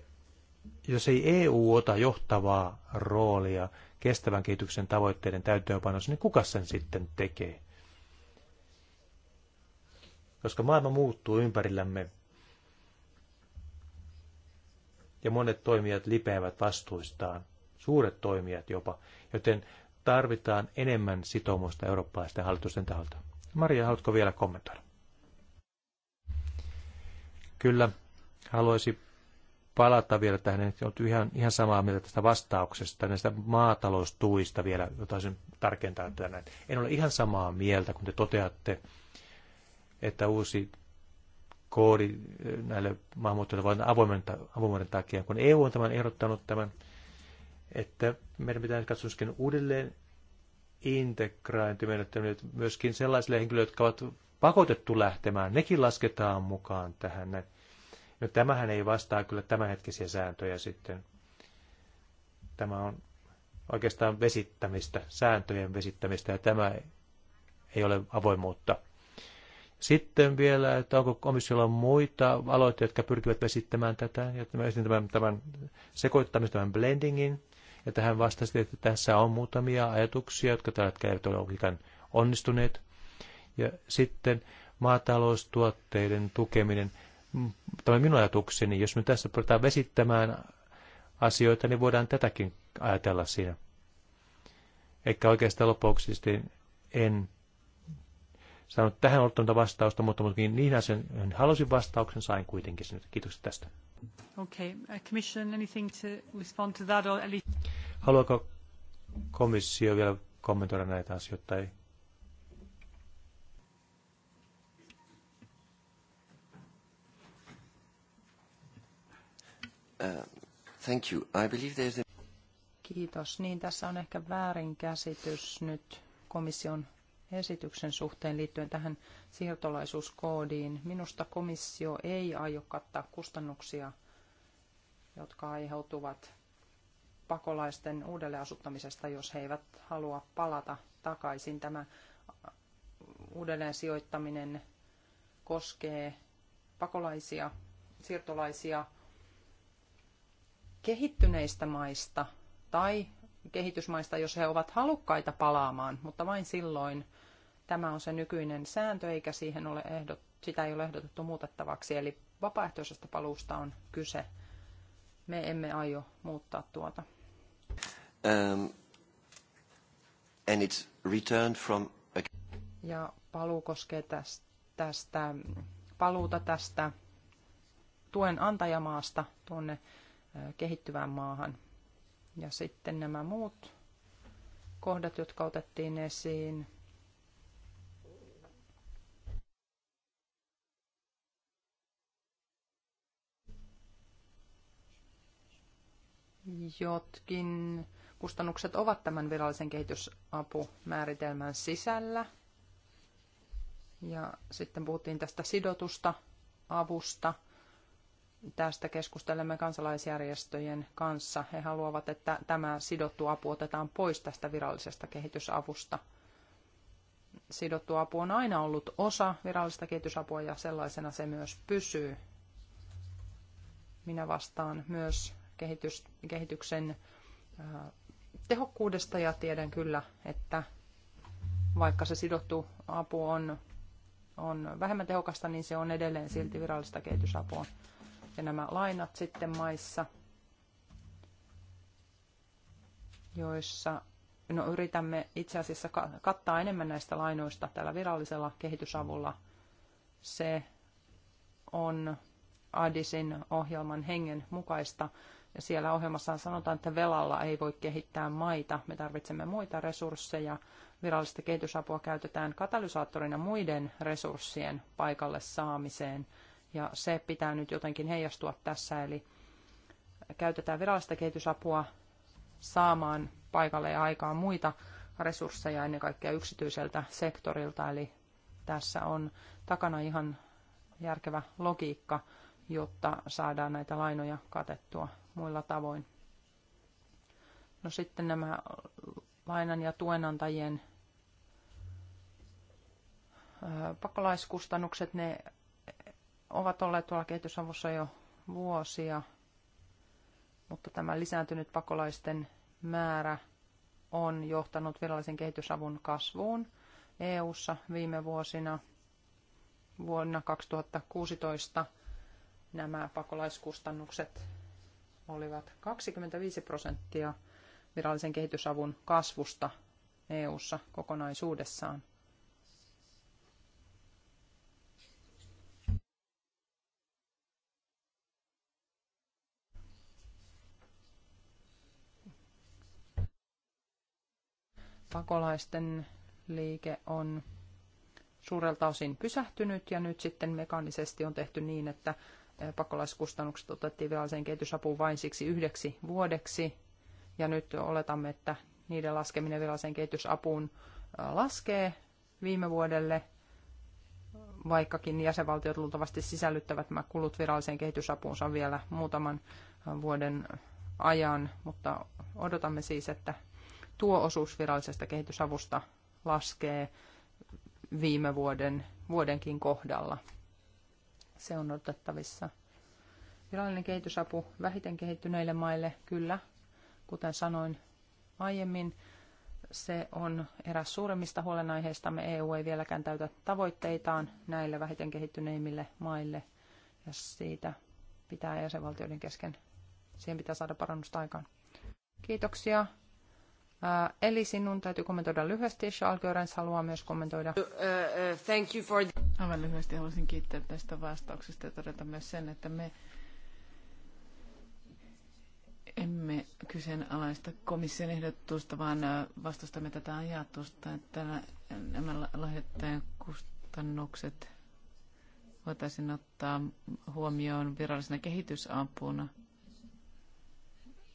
jos ei EU ota johtavaa roolia kestävän kehityksen tavoitteiden täytäntöönpanossa, niin kuka sen sitten tekee? Koska maailma muuttuu ympärillämme ja monet toimijat lipeävät vastuistaan, suuret toimijat jopa, joten tarvitaan enemmän sitoumusta eurooppalaisten hallitusten taholta. Maria, haluatko vielä kommentoida? Kyllä, haluaisi palata vielä tähän, että olet ihan, ihan samaa mieltä tästä vastauksesta, näistä maataloustuista vielä, jota olisin tarkentaa tänään. En ole ihan samaa mieltä, kun te toteatte, että uusi koodi eh, näille maahanmuuttajille voi avoimen, avoimuuden takia, kun EU on tämän ehdottanut tämän, että meidän pitää katsoa uudelleen integrointimenettelyt myöskin sellaisille henkilöille, jotka ovat pakotettu lähtemään, nekin lasketaan mukaan tähän. No tämähän ei vastaa kyllä tämänhetkisiä sääntöjä sitten. Tämä on oikeastaan vesittämistä, sääntöjen vesittämistä, ja tämä ei ole avoimuutta. Sitten vielä, että onko komissiolla muita aloitteita, jotka pyrkivät vesittämään tätä, ja tämän, tämän, tämän tämän blendingin. Ja tähän vastasi, että tässä on muutamia ajatuksia, jotka tällä hetkellä eivät ole onnistuneet. Ja sitten maataloustuotteiden tukeminen. Mm, tämä on minun ajatukseni. Jos me tässä pyritään vesittämään asioita, niin voidaan tätäkin ajatella siinä. Eikä oikeastaan lopuksi en saanut tähän ottanut vastausta, mutta niihin asioihin halusin vastauksen, sain kuitenkin sen. Kiitos tästä. Okay. Uh, commission, anything to respond to that or at least... Haluaako komissio vielä kommentoida näitä asioita? Ei. Uh, thank you. I believe there's a... Kiitos. Niin tässä on ehkä väärinkäsitys nyt komission esityksen suhteen liittyen tähän siirtolaisuuskoodiin. Minusta komissio ei aio kattaa kustannuksia, jotka aiheutuvat pakolaisten uudelleenasuttamisesta, jos he eivät halua palata takaisin. Tämä uudelleen sijoittaminen koskee pakolaisia, siirtolaisia kehittyneistä maista tai kehitysmaista, jos he ovat halukkaita palaamaan, mutta vain silloin, Tämä on se nykyinen sääntö, eikä siihen ole ehdot, sitä ei ole ehdotettu muutettavaksi, eli vapaaehtoisesta paluusta on kyse. Me emme aio muuttaa tuota. Um, and it's returned from... Ja paluu koskee tästä, tästä paluuta tästä tuen antajamaasta tuonne kehittyvään maahan. Ja sitten nämä muut kohdat, jotka otettiin esiin, jotkin kustannukset ovat tämän virallisen kehitysapumääritelmän sisällä. Ja sitten puhuttiin tästä sidotusta avusta. Tästä keskustelemme kansalaisjärjestöjen kanssa. He haluavat, että tämä sidottu apu otetaan pois tästä virallisesta kehitysavusta. Sidottu apu on aina ollut osa virallista kehitysapua ja sellaisena se myös pysyy. Minä vastaan myös kehitys, kehityksen tehokkuudesta ja tiedän kyllä, että vaikka se sidottu apu on, on vähemmän tehokasta, niin se on edelleen silti virallista kehitysapua. Ja nämä lainat sitten maissa, joissa no, yritämme itse asiassa kattaa enemmän näistä lainoista tällä virallisella kehitysavulla. Se on Adisin ohjelman hengen mukaista. Ja siellä ohjelmassaan sanotaan, että velalla ei voi kehittää maita. Me tarvitsemme muita resursseja. Virallista kehitysapua käytetään katalysaattorina muiden resurssien paikalle saamiseen. Ja se pitää nyt jotenkin heijastua tässä. Eli käytetään virallista kehitysapua saamaan paikalle ja aikaan muita resursseja ennen kaikkea yksityiseltä sektorilta. Eli tässä on takana ihan järkevä logiikka jotta saadaan näitä lainoja katettua muilla tavoin. No sitten nämä lainan ja tuenantajien pakolaiskustannukset, ne ovat olleet tuolla kehitysavussa jo vuosia, mutta tämä lisääntynyt pakolaisten määrä on johtanut virallisen kehitysavun kasvuun EU:ssa viime vuosina. Vuonna 2016 nämä pakolaiskustannukset olivat 25 prosenttia virallisen kehitysavun kasvusta EU:ssa kokonaisuudessaan. Pakolaisten liike on suurelta osin pysähtynyt ja nyt sitten mekaanisesti on tehty niin, että pakolaiskustannukset otettiin viralliseen kehitysapuun vain siksi yhdeksi vuodeksi. Ja nyt oletamme, että niiden laskeminen viralliseen kehitysapuun laskee viime vuodelle, vaikkakin jäsenvaltiot luultavasti sisällyttävät nämä kulut viralliseen kehitysapuunsa vielä muutaman vuoden ajan, mutta odotamme siis, että tuo osuus virallisesta kehitysavusta laskee viime vuoden, vuodenkin kohdalla se on odotettavissa. Virallinen kehitysapu vähiten kehittyneille maille, kyllä, kuten sanoin aiemmin, se on eräs suuremmista Me EU ei vieläkään täytä tavoitteitaan näille vähiten kehittyneimmille maille, ja siitä pitää jäsenvaltioiden kesken, siihen pitää saada parannusta aikaan. Kiitoksia. Eli sinun täytyy kommentoida lyhyesti. Charles Görens haluaa myös kommentoida. Uh, uh, thank you for Aivan lyhyesti haluaisin kiittää tästä vastauksesta ja todeta myös sen, että me emme kyseenalaista komission ehdotusta, vaan vastustamme tätä ajatusta, että nämä lahjoittajan kustannukset voitaisiin ottaa huomioon virallisena kehitysapuna.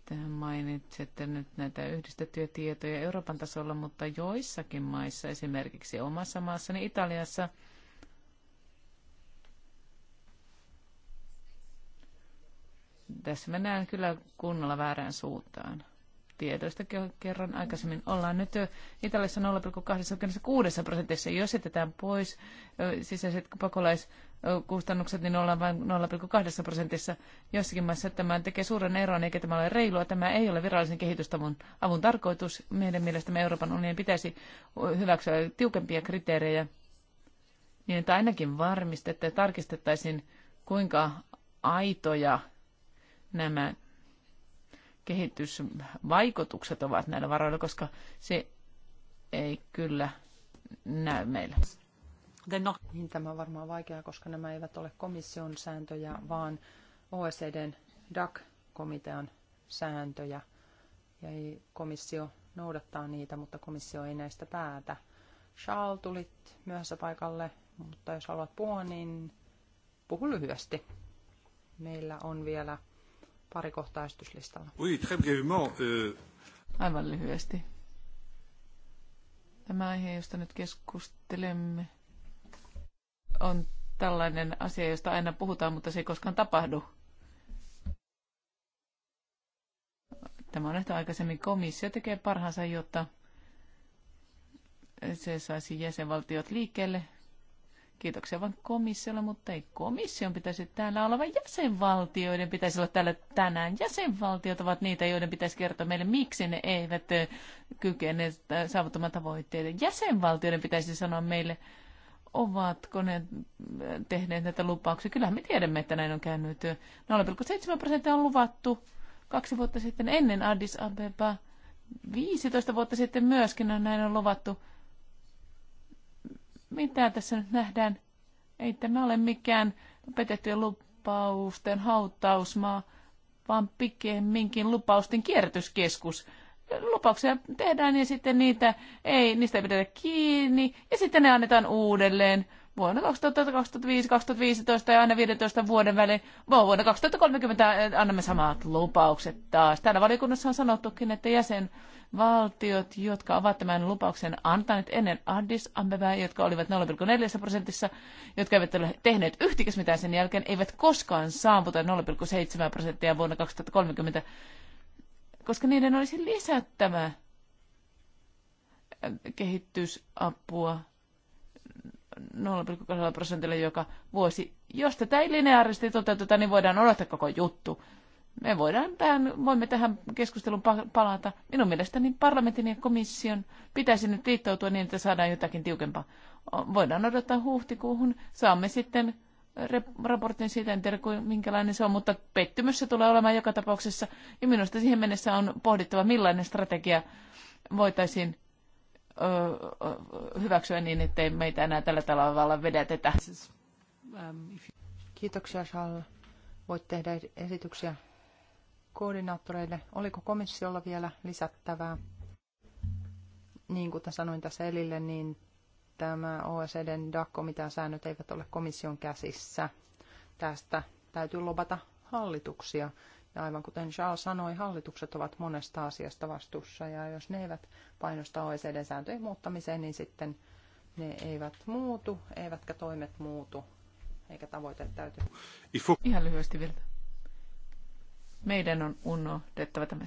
Tähän mainitsette nyt näitä yhdistettyjä tietoja Euroopan tasolla, mutta joissakin maissa, esimerkiksi omassa maassani Italiassa, tässä mennään kyllä kunnolla väärään suuntaan. Tiedoista kerran aikaisemmin ollaan nyt Italiassa 0,26 prosentissa. Jos jätetään pois sisäiset pakolaiskustannukset, niin ollaan vain 0,2 prosentissa. Jossakin maissa tämä tekee suuren eron, eikä tämä ole reilua. Tämä ei ole virallisen kehitystavun avun tarkoitus. Meidän mielestämme Euroopan unionin pitäisi hyväksyä tiukempia kriteerejä, niin että ainakin varmistettaisiin, tarkistettaisiin, kuinka aitoja nämä kehitysvaikutukset ovat näillä varoilla, koska se ei kyllä näy meillä. Niin, tämä on varmaan vaikeaa, koska nämä eivät ole komission sääntöjä, vaan OECDn DAC-komitean sääntöjä. Ja ei komissio noudattaa niitä, mutta komissio ei näistä päätä. Charles, tulit myöhässä paikalle, mutta jos haluat puhua, niin puhu lyhyesti. Meillä on vielä pari kohtaa esityslistalla. Oui, très brièvement, euh... Aivan lyhyesti. Tämä aihe, josta nyt keskustelemme, on tällainen asia, josta aina puhutaan, mutta se ei koskaan tapahdu. Tämä on nähty aikaisemmin. Komissio tekee parhaansa, jotta se saisi jäsenvaltiot liikkeelle kiitoksia vain komissiolle, mutta ei komission pitäisi täällä olla, vaan jäsenvaltioiden pitäisi olla täällä tänään. Jäsenvaltiot ovat niitä, joiden pitäisi kertoa meille, miksi ne eivät kykene saavuttamaan tavoitteita. Jäsenvaltioiden pitäisi sanoa meille, ovatko ne tehneet näitä lupauksia. Kyllähän me tiedämme, että näin on käynyt. 0,7 prosenttia on luvattu kaksi vuotta sitten ennen Addis Abeba. 15 vuotta sitten myöskin on näin on luvattu mitä tässä nyt nähdään? Ei tämä ole mikään petettyjen lupausten hautausmaa, vaan pikemminkin lupausten kierrätyskeskus. Lupauksia tehdään ja sitten niitä ei, niistä ei pidetä kiinni ja sitten ne annetaan uudelleen vuonna 2025, 2015 ja aina 15 vuoden välein. Vuonna 2030 annamme samat lupaukset taas. Täällä valiokunnassa on sanottukin, että jäsenvaltiot, jotka ovat tämän lupauksen antaneet ennen Addis Abebaa, jotka olivat 0,4 prosentissa, jotka eivät ole tehneet yhtikäs mitään sen jälkeen, eivät koskaan saavuta 0,7 prosenttia vuonna 2030, koska niiden olisi lisättävä kehitysapua 0,2 prosentille joka vuosi. Jos tätä ei lineaarisesti toteuteta, niin voidaan odottaa koko juttu. Me voidaan tähän, voimme tähän keskusteluun palata. Minun mielestäni parlamentin ja komission pitäisi nyt liittoutua niin, että saadaan jotakin tiukempaa. Voidaan odottaa huhtikuuhun. Saamme sitten raportin siitä, en tiedä minkälainen se on, mutta pettymys se tulee olemaan joka tapauksessa. Ja minusta siihen mennessä on pohdittava, millainen strategia voitaisiin hyväksyä niin, ettei meitä enää tällä tavalla vedätetä. Kiitoksia, Charles. Voit tehdä esityksiä koordinaattoreille. Oliko komissiolla vielä lisättävää? Niin kuin sanoin tässä Elille, niin tämä OECDn DAC-komitean säännöt eivät ole komission käsissä. Tästä täytyy lobata hallituksia. Ja aivan kuten Charles sanoi, hallitukset ovat monesta asiasta vastuussa ja jos ne eivät painosta OECD-sääntöjen muuttamiseen, niin sitten ne eivät muutu, eivätkä toimet muutu, eikä tavoite täyty. Ihan lyhyesti vielä. Meidän on unohdettava tämä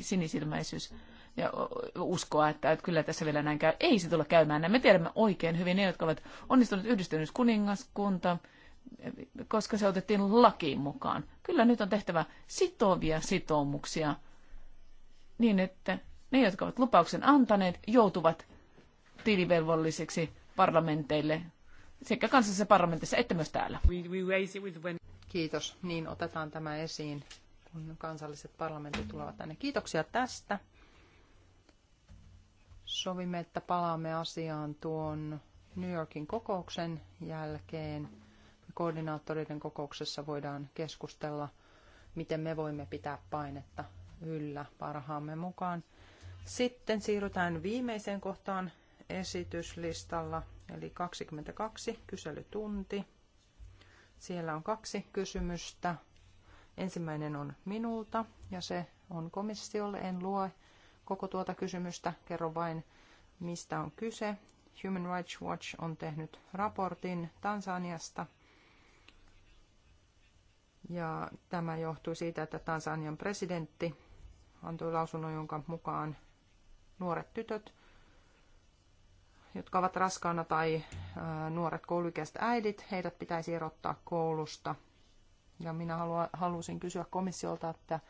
sinisilmäisyys ja uskoa, että, kyllä tässä vielä näin käy. Ei se tule käymään näin. Me tiedämme oikein hyvin ne, jotka ovat onnistuneet yhdistynyt kuningaskunta, koska se otettiin lakiin mukaan. Kyllä nyt on tehtävä sitovia sitoumuksia niin, että ne, jotka ovat lupauksen antaneet, joutuvat tilivelvollisiksi parlamenteille sekä kansallisessa parlamentissa että myös täällä. Kiitos. Niin otetaan tämä esiin, kun kansalliset parlamentit tulevat tänne. Kiitoksia tästä. Sovimme, että palaamme asiaan tuon New Yorkin kokouksen jälkeen koordinaattoreiden kokouksessa voidaan keskustella, miten me voimme pitää painetta yllä parhaamme mukaan. Sitten siirrytään viimeiseen kohtaan esityslistalla, eli 22 kyselytunti. Siellä on kaksi kysymystä. Ensimmäinen on minulta ja se on komissiolle. En lue koko tuota kysymystä, kerro vain mistä on kyse. Human Rights Watch on tehnyt raportin Tansaniasta ja tämä johtui siitä, että Tansanian presidentti antoi lausunnon, jonka mukaan nuoret tytöt, jotka ovat raskaana tai nuoret kouluikäiset äidit, heidät pitäisi erottaa koulusta. Ja minä halusin kysyä komissiolta, että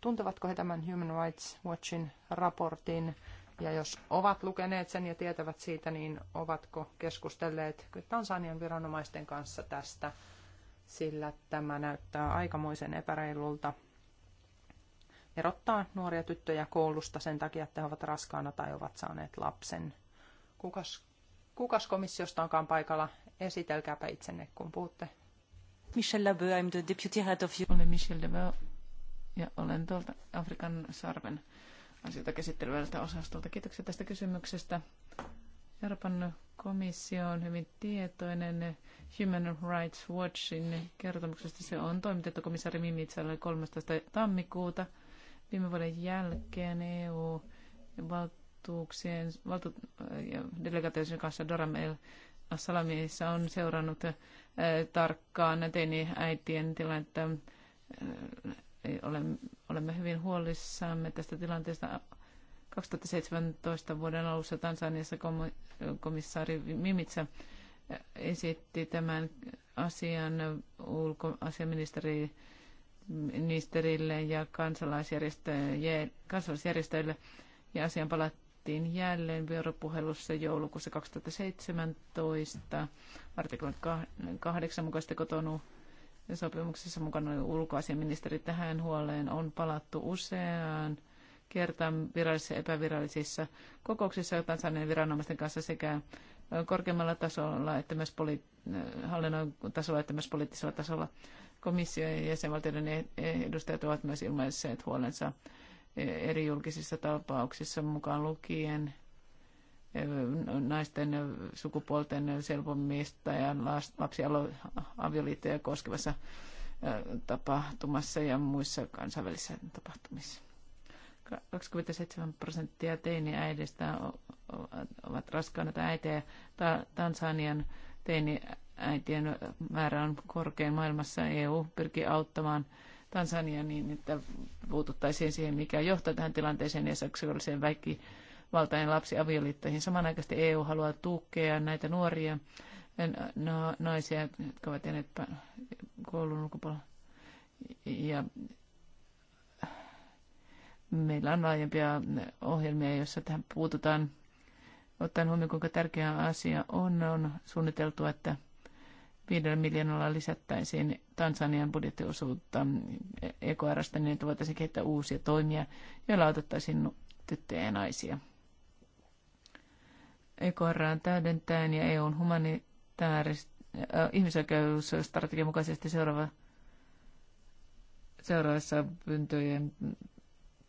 tuntevatko he tämän Human Rights Watchin raportin, ja jos ovat lukeneet sen ja tietävät siitä, niin ovatko keskustelleet Tansanian viranomaisten kanssa tästä sillä tämä näyttää aikamoisen epäreilulta erottaa nuoria tyttöjä koulusta sen takia, että he ovat raskaana tai ovat saaneet lapsen. Kukas, kukas komissiosta onkaan paikalla? Esitelkääpä itsenne, kun puhutte. Michel Labeu, I'm the deputy head of... Olen Michel Labeu ja olen tuolta Afrikan sarven asioita käsittelevältä osastolta. Kiitoksia tästä kysymyksestä. Euroopan komissio on hyvin tietoinen Human Rights Watchin kertomuksesta. Se on toimitettu komissaari Mimitsalle 13. tammikuuta viime vuoden jälkeen EU-valtuuksien valtu- ja delegaatioiden kanssa Dora Salamissa on seurannut äh, tarkkaan teini-äitien tilannetta. Äh, olemme hyvin huolissamme tästä tilanteesta 2017 vuoden alussa Tansaniassa komissaari Mimitsa esitti tämän asian ulkoasiaministerille ja kansalaisjärjestöille, ja asian palattiin jälleen vuoropuhelussa joulukuussa 2017 artiklan 8 mukaista kotonu sopimuksessa mukana ulkoasiaministeri. Tähän huoleen on palattu useaan kertaan virallisissa ja epävirallisissa kokouksissa Tansanian viranomaisten kanssa sekä korkeammalla tasolla että myös poli- hallinnon tasolla että myös poliittisella tasolla. Komissio ja jäsenvaltioiden e-, edustajat ovat myös ilmaisseet huolensa e, eri julkisissa tapauksissa mukaan lukien e, naisten sukupuolten selvomista ja lapsiavioliittoja koskevassa tapahtumassa ja muissa kansainvälisissä tapahtumissa. 27 prosenttia teiniäidistä ovat raskaana tai äitejä. Tansanian teiniäitien määrä on korkein maailmassa. EU pyrkii auttamaan Tansania niin, että puututtaisiin siihen, mikä johtaa tähän tilanteeseen ja seksuaaliseen väkivaltainen avioliittoihin. Samanaikaisesti EU haluaa tukea näitä nuoria no, naisia, jotka ovat jääneet koulun ulkopuolella ja Meillä on laajempia ohjelmia, joissa tähän puututaan. Ottaen huomioon, kuinka tärkeä asia on, on suunniteltu, että viidellä miljoonalla lisättäisiin Tansanian budjettiosuutta EKRstä, niin että voitaisiin kehittää uusia toimia, joilla autettaisiin tyttöjä ja naisia. on e täydentäen ja EUn humanitaarista äh, ihmisoikeusstrategian mukaisesti seuraava, seuraavassa pyyntöjen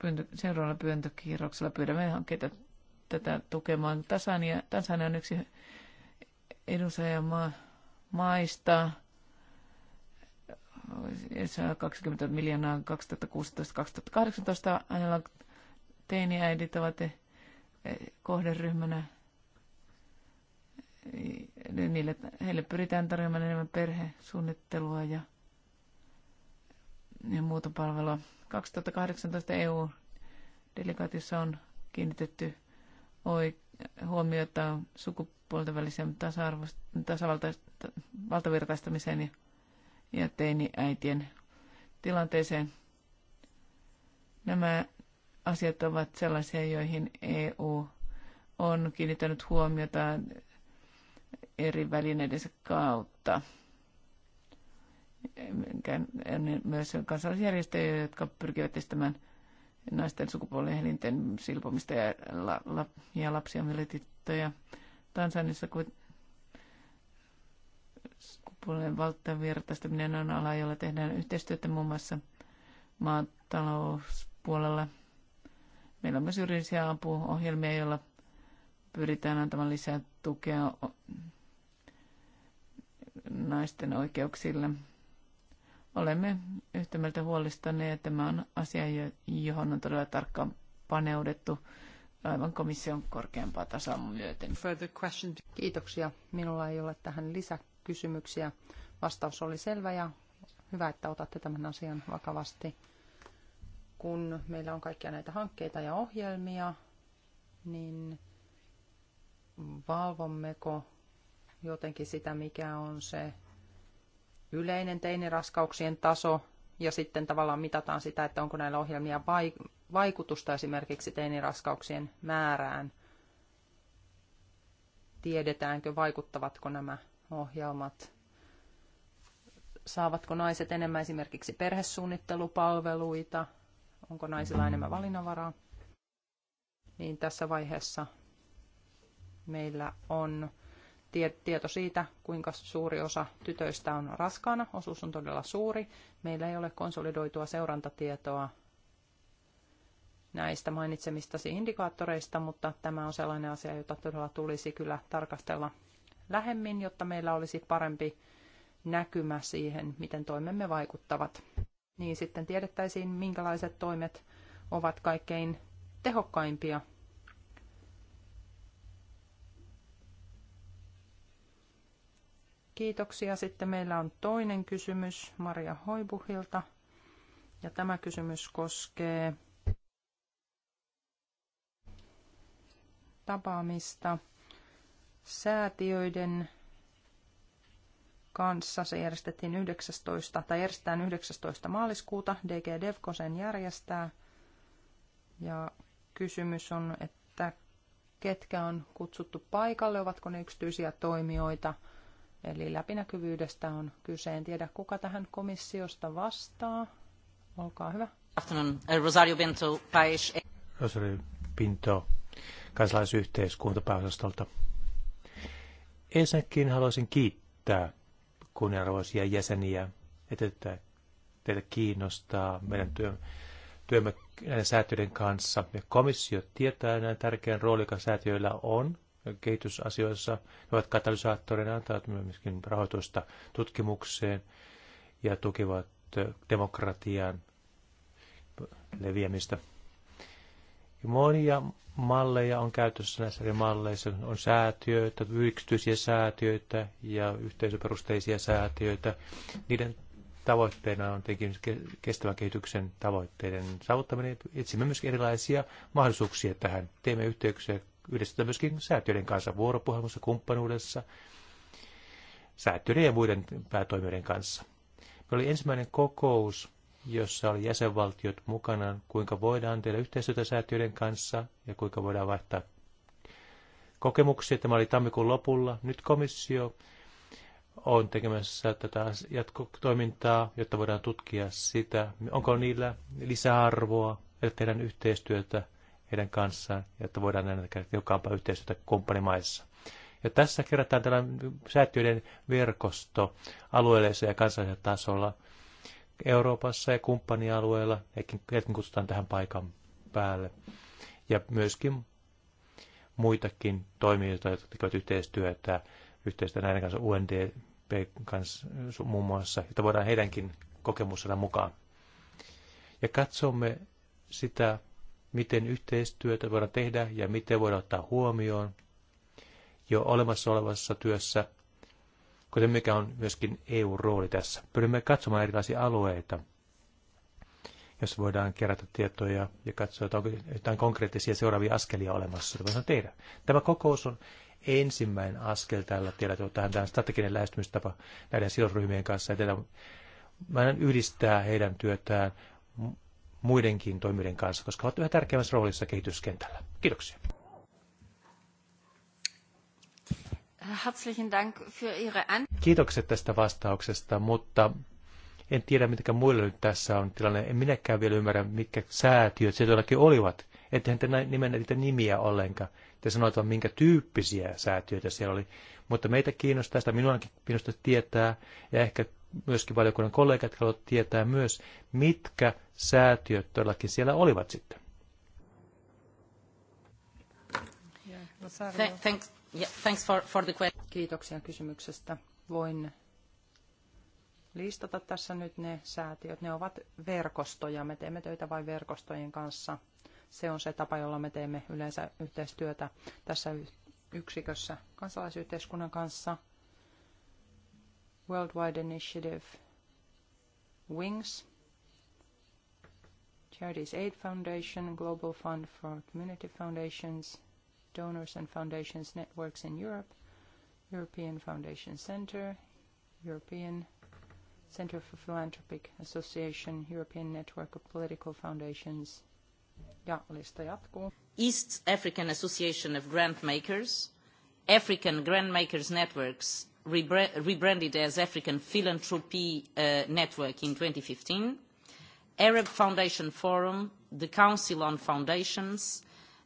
pyyntö, seuraavalla pyyntökierroksella pyydämme hankkeita tätä tukemaan. Tasania, Tasania on yksi edunsaajamaa maista. Se on 20 miljoonaa 2016-2018. Hänellä teiniäidit ovat eh, kohderyhmänä. Niille, heille pyritään tarjoamaan enemmän perhesuunnittelua ja ja muuta palvelua. 2018 EU-delegaatiossa on kiinnitetty huomiota sukupuolten välisen tasavaltavirtaistamiseen ja, ja teini-äitien tilanteeseen. Nämä asiat ovat sellaisia, joihin EU on kiinnittänyt huomiota eri välineidensä kautta myös kansalaisjärjestöjä, jotka pyrkivät estämään naisten sukupuolielinten silpomista ja, la, la, ja lapsia mielityttöjä. Tansanissa kuin sukupuolen valtavirtaistaminen on ala, jolla tehdään yhteistyötä muun muassa maatalouspuolella. Meillä on myös yrityksiä apuohjelmia, joilla pyritään antamaan lisää tukea naisten oikeuksille olemme yhtä mieltä huolestaneet, ja tämä on asia, johon on todella tarkkaan paneudettu aivan komission korkeampaa tasoa myöten. Kiitoksia. Minulla ei ole tähän lisäkysymyksiä. Vastaus oli selvä ja hyvä, että otatte tämän asian vakavasti. Kun meillä on kaikkia näitä hankkeita ja ohjelmia, niin valvommeko jotenkin sitä, mikä on se yleinen teiniraskauksien taso ja sitten tavallaan mitataan sitä, että onko näillä ohjelmia vaikutusta esimerkiksi teiniraskauksien määrään. Tiedetäänkö, vaikuttavatko nämä ohjelmat, saavatko naiset enemmän esimerkiksi perhesuunnittelupalveluita, onko naisilla enemmän valinnanvaraa. Niin tässä vaiheessa meillä on tieto siitä, kuinka suuri osa tytöistä on raskaana. Osuus on todella suuri. Meillä ei ole konsolidoitua seurantatietoa näistä mainitsemistasi indikaattoreista, mutta tämä on sellainen asia, jota todella tulisi kyllä tarkastella lähemmin, jotta meillä olisi parempi näkymä siihen, miten toimemme vaikuttavat. Niin sitten tiedettäisiin, minkälaiset toimet ovat kaikkein tehokkaimpia Kiitoksia. Sitten meillä on toinen kysymys Maria Hoibuhilta. Ja tämä kysymys koskee tapaamista säätiöiden kanssa. Se järjestettiin 19, tai järjestetään 19. maaliskuuta. DG Devko sen järjestää. Ja kysymys on, että ketkä on kutsuttu paikalle, ovatko ne yksityisiä toimijoita – Eli läpinäkyvyydestä on kyse. En tiedä, kuka tähän komissiosta vastaa. Olkaa hyvä. Afternoon. Eh, Rosario Pinto, Paes. Rosario Pinto, kansalaisyhteiskuntapääosastolta. Ensinnäkin haluaisin kiittää kunnianarvoisia jäseniä, että teitä kiinnostaa meidän työ, työmme näiden säätiöiden kanssa. Ja komissio tietää näin tärkeän roolin, joka säätiöillä on kehitysasioissa. Ne ovat katalysaattoreina, antavat myöskin rahoitusta tutkimukseen ja tukevat demokratian leviämistä. Monia malleja on käytössä näissä eri malleissa. On säätiöitä, yksityisiä säätiöitä ja yhteisöperusteisia säätiöitä. Niiden tavoitteena on tietenkin kestävän kehityksen tavoitteiden saavuttaminen. Etsimme myös erilaisia mahdollisuuksia tähän. Teemme yhteyksiä yhdistetään myöskin säätiöiden kanssa vuoropuhelussa, kumppanuudessa, säätiöiden ja muiden päätoimijoiden kanssa. Me oli ensimmäinen kokous, jossa oli jäsenvaltiot mukana, kuinka voidaan tehdä yhteistyötä säätiöiden kanssa ja kuinka voidaan vaihtaa kokemuksia. Tämä oli tammikuun lopulla. Nyt komissio on tekemässä tätä jatkotoimintaa, jotta voidaan tutkia sitä, onko niillä lisäarvoa, että tehdään yhteistyötä heidän kanssaan, jotta voidaan näin tehdä tiukkaampaa yhteistyötä kumppanimaissa. Ja tässä kerätään tällainen säätiöiden verkosto alueellisella ja kansallisella tasolla Euroopassa ja kumppanialueella, heidät kutsutaan tähän paikan päälle. Ja myöskin muitakin toimijoita, jotka tekevät yhteistyötä, yhteistyötä näiden kanssa, UNDP kanssa muun muassa, jotta voidaan heidänkin kokemus mukaan. Ja katsomme sitä, miten yhteistyötä voidaan tehdä ja miten voidaan ottaa huomioon jo olemassa olevassa työssä, kuten mikä on myöskin EU-rooli tässä. Pyrimme katsomaan erilaisia alueita, jos voidaan kerätä tietoja ja katsoa, että onko jotain konkreettisia seuraavia askelia olemassa, joita voidaan tehdä. Tämä kokous on ensimmäinen askel tällä tiellä, tähän, tämä, strateginen lähestymistapa näiden sidosryhmien kanssa. mä yhdistää heidän työtään muidenkin toimijoiden kanssa, koska ovat yhä tärkeämmässä roolissa kehityskentällä. Kiitoksia. Kiitokset tästä vastauksesta, mutta en tiedä, mitkä muille nyt tässä on tilanne. En minäkään vielä ymmärrä, mitkä säätiöt se todellakin olivat. Ettehän te nimenne niitä nimiä ollenkaan. Te sanoitte vaan, minkä tyyppisiä säätiöitä siellä oli. Mutta meitä kiinnostaa sitä, minuakin kiinnostaa tietää, ja ehkä myöskin valiokunnan kollegat haluavat tietää myös, mitkä säätiöt todellakin siellä olivat sitten. Kiitoksia kysymyksestä. Voin listata tässä nyt ne säätiöt. Ne ovat verkostoja. Me teemme töitä vain verkostojen kanssa. Se on se tapa, jolla me teemme yleensä yhteistyötä tässä yksikössä kansalaisyhteiskunnan kanssa – Worldwide Initiative WINGS, Charities Aid Foundation, Global Fund for Community Foundations, Donors and Foundations Networks in Europe, European Foundation Center, European Center for Philanthropic Association, European Network of Political Foundations. Ja, lista jatkuu. East African Association of Grantmakers, African Grantmakers Networks rebranded as African Philanthropy uh, Network in 2015, Arab Foundation Forum, the Council on Foundations,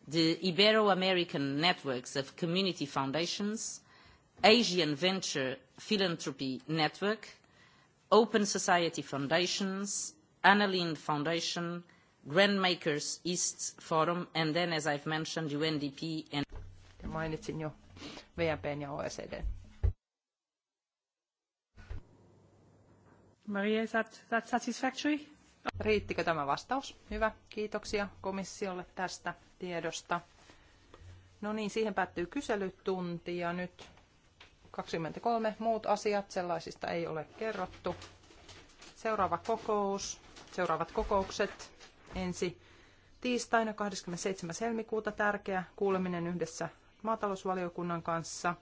the Ibero-American Networks of Community Foundations, Asian Venture Philanthropy Network, Open Society Foundations, Annalyn Foundation, Grandmakers East Forum, and then, as I've mentioned, UNDP and... Mainitsin jo VMPn ja OECDn Maria, is that, that satisfactory? Riittikö tämä vastaus? Hyvä, kiitoksia komissiolle tästä tiedosta. No niin, siihen päättyy kyselytunti ja nyt 23 muut asiat, sellaisista ei ole kerrottu. Seuraava kokous, seuraavat kokoukset ensi tiistaina 27. helmikuuta tärkeä kuuleminen yhdessä maatalousvaliokunnan kanssa,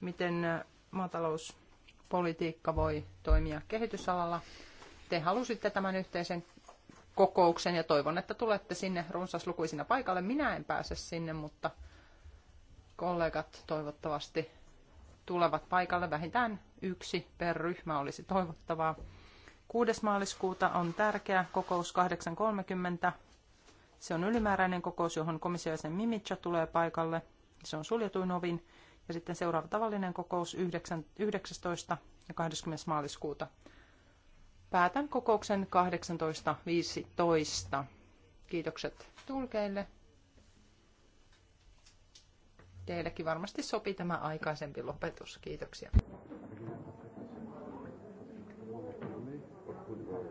miten äh, maatalous politiikka voi toimia kehitysalalla. Te halusitte tämän yhteisen kokouksen ja toivon, että tulette sinne runsaslukuisina paikalle. Minä en pääse sinne, mutta kollegat toivottavasti tulevat paikalle. Vähintään yksi per ryhmä olisi toivottavaa. 6. maaliskuuta on tärkeä kokous 8.30. Se on ylimääräinen kokous, johon komissiojäsen Mimitsa tulee paikalle. Se on suljetuin ovin. Ja sitten seuraava tavallinen kokous 9, 19. ja 20. maaliskuuta. Päätän kokouksen 18.15. Kiitokset tulkeille. Teillekin varmasti sopii tämä aikaisempi lopetus. Kiitoksia.